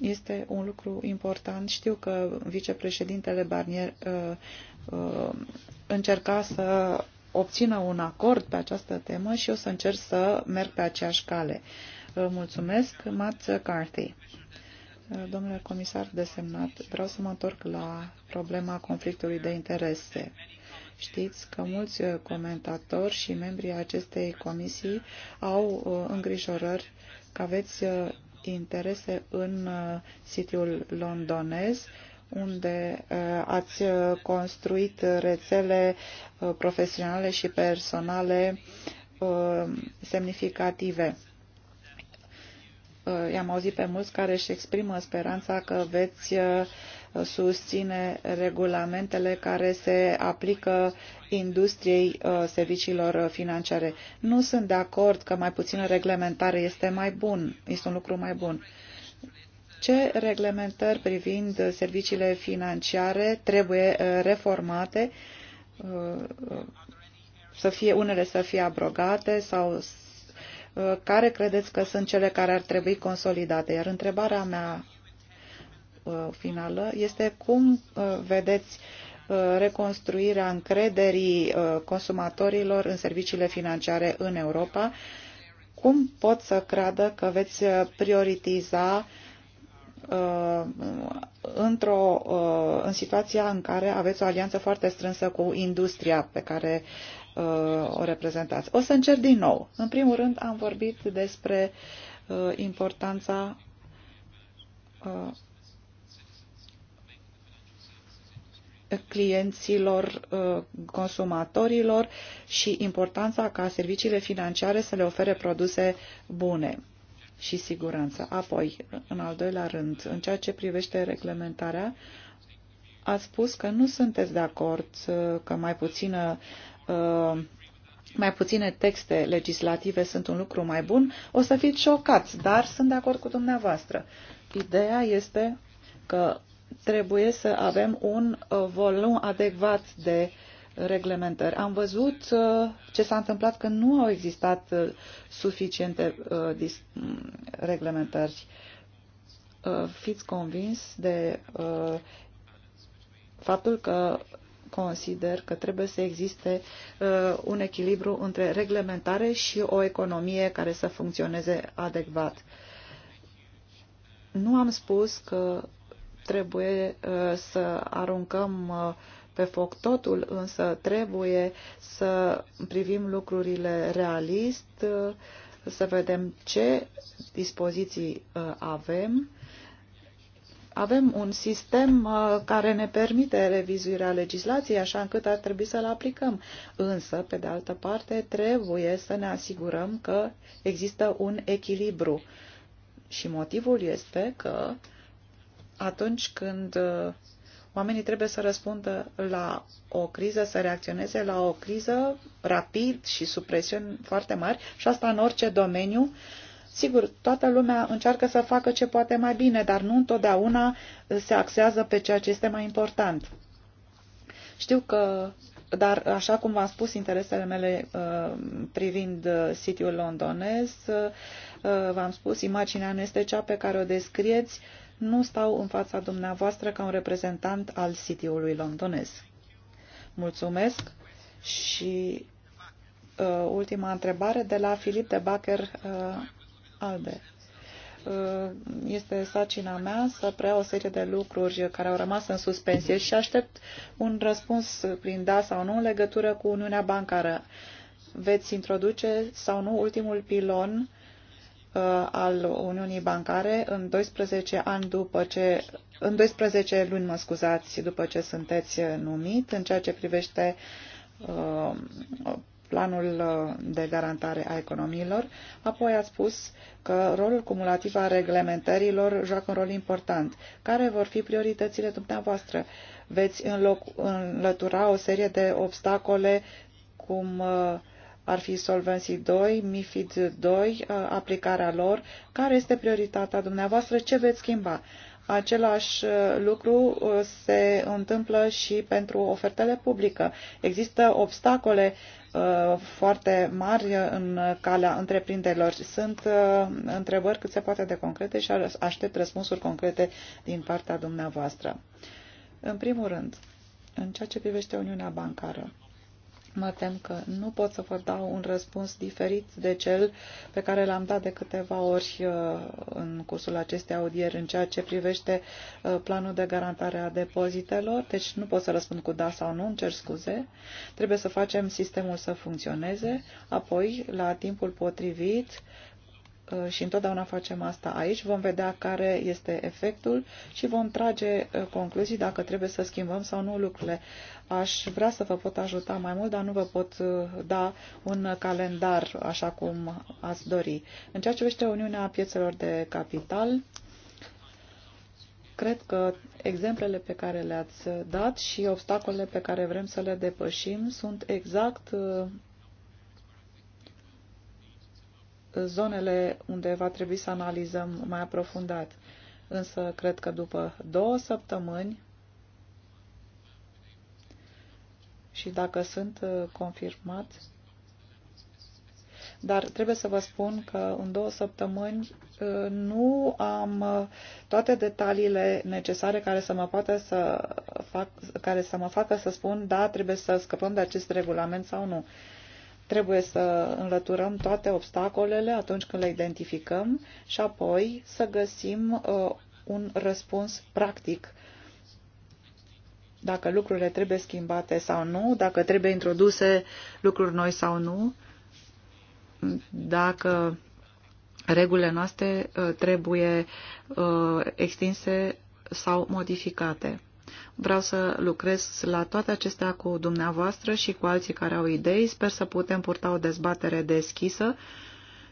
este un lucru important. Știu că vicepreședintele Barnier uh, uh, încerca să obțină un acord pe această temă și o să încerc să merg pe aceeași cale. Uh, mulțumesc, Matt Carthy. Domnule comisar desemnat, vreau să mă întorc la problema conflictului de interese. Știți că mulți uh, comentatori și membrii acestei comisii au uh, îngrijorări că aveți uh, interese în sitiul londonez, unde ați construit rețele profesionale și personale semnificative i-am auzit pe mulți care își exprimă speranța că veți uh, susține regulamentele care se aplică industriei uh, serviciilor financiare. Nu sunt de acord că mai puțină reglementare este mai bun, este un lucru mai bun. Ce reglementări privind serviciile financiare trebuie uh, reformate, să fie unele să fie abrogate sau Uh, care credeți că sunt cele care ar trebui consolidate? Iar întrebarea mea uh, finală este cum uh, vedeți reconstruirea încrederii consumatorilor în serviciile financiare în Europa? Cum pot să creadă că veți prioritiza într-o, în situația în care aveți o alianță foarte strânsă cu industria pe care Uh, o reprezentați. O să încerc din nou. În primul rând am vorbit despre uh, importanța uh, clienților, consumatorilor și importanța ca serviciile financiare să le ofere produse bune și siguranță. Apoi, în al doilea rând, în ceea ce privește reglementarea, ați spus că nu sunteți de acord că mai puțină Uh, mai puține texte legislative sunt un lucru mai bun, o să fiți șocați, dar sunt de acord cu dumneavoastră. Ideea este că trebuie să avem un uh, volum adecvat de reglementări. Am văzut uh, ce s-a întâmplat că nu au existat suficiente mm, reglementări. Fiți convins de faptul că consider că trebuie să existe uh, un echilibru între reglementare și o economie care să funcționeze adecvat. Nu am spus că trebuie uh, să aruncăm uh, pe foc totul, însă trebuie să privim lucrurile realist, să vedem ce dispoziții avem avem un sistem uh, care ne permite revizuirea legislației, așa încât ar trebui să-l aplicăm. Însă, pe de altă parte, trebuie să ne asigurăm că există un echilibru. Și motivul este că atunci când uh, oamenii trebuie să răspundă la o criză, să reacționeze la o criză rapid și sub presiuni foarte mari și asta în orice domeniu, Sigur, toată lumea încearcă să facă ce poate mai bine, dar nu întotdeauna se axează pe ceea ce este mai important. Știu că, dar așa cum v-am spus, interesele mele uh, privind uh, sitiul londonez, uh, v-am spus, imaginea nu este cea pe care o descrieți, nu stau în fața dumneavoastră ca un reprezentant al sitiului londonez. Mulțumesc și uh, ultima întrebare de la Filip de Bacher uh, albe. Uh, este sacina mea să preia o serie de lucruri care au rămas în suspensie și aștept un răspuns prin da sau nu în legătură cu Uniunea Bancară. Veți introduce sau nu ultimul pilon uh, al Uniunii Bancare în 12 ani după ce în 12 luni, mă scuzați, după ce sunteți numit în ceea ce privește uh, planul uh, de garantare a economiilor. Apoi a spus că rolul cumulativ al reglementărilor joacă un rol important. Care vor fi prioritățile dumneavoastră? Veți înloc, înlătura o serie de obstacole cum uh, ar fi Solvency 2, MIFID 2, uh, aplicarea lor. Care este prioritatea dumneavoastră? Ce veți schimba? Același uh, lucru uh, se întâmplă și pentru ofertele publică. Există obstacole uh, foarte mari în calea întreprinderilor. Sunt întrebări cât se poate de concrete și aștept răspunsuri concrete din partea dumneavoastră. În primul rând, în ceea ce privește Uniunea Bancară, Mă tem că nu pot să vă dau un răspuns diferit de cel pe care l-am dat de câteva ori uh, în cursul acestei audieri în ceea ce privește uh, planul de garantare a depozitelor. Deci nu pot să răspund cu da sau nu, îmi cer scuze. Trebuie să facem sistemul să funcționeze, apoi, la timpul potrivit, uh, și întotdeauna facem asta aici, vom vedea care este efectul și vom trage concluzii dacă trebuie să schimbăm sau nu lucrurile. Aș vrea să vă pot ajuta mai mult, dar nu vă pot uh, da un calendar așa cum ați dori. În ceea ce privește Uniunea Piețelor de Capital, cred că exemplele pe care le-ați dat și obstacolele pe care vrem să le depășim sunt exact uh, zonele unde va trebui să analizăm mai aprofundat. Însă cred că după două săptămâni și dacă sunt uh, confirmat. Dar trebuie să vă spun că în două săptămâni uh, nu am uh, toate detaliile necesare care să mă poată să fac, care să mă facă să spun da, trebuie să scăpăm de acest regulament sau nu. Trebuie să înlăturăm toate obstacolele atunci când le identificăm și apoi să găsim un răspuns practic dacă lucrurile trebuie schimbate sau nu, dacă trebuie introduse lucruri noi sau nu, dacă regulile noastre uh, trebuie uh, extinse sau modificate. Vreau să lucrez la toate acestea cu dumneavoastră și cu alții care au idei. Sper să putem purta o dezbatere deschisă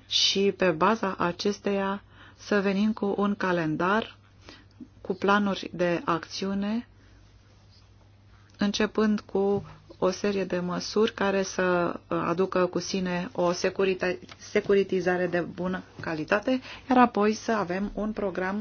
și pe baza acesteia să venim cu un calendar, cu planuri de acțiune începând cu o serie de măsuri care să uh, aducă cu sine o securitizare de bună calitate, iar apoi să avem un program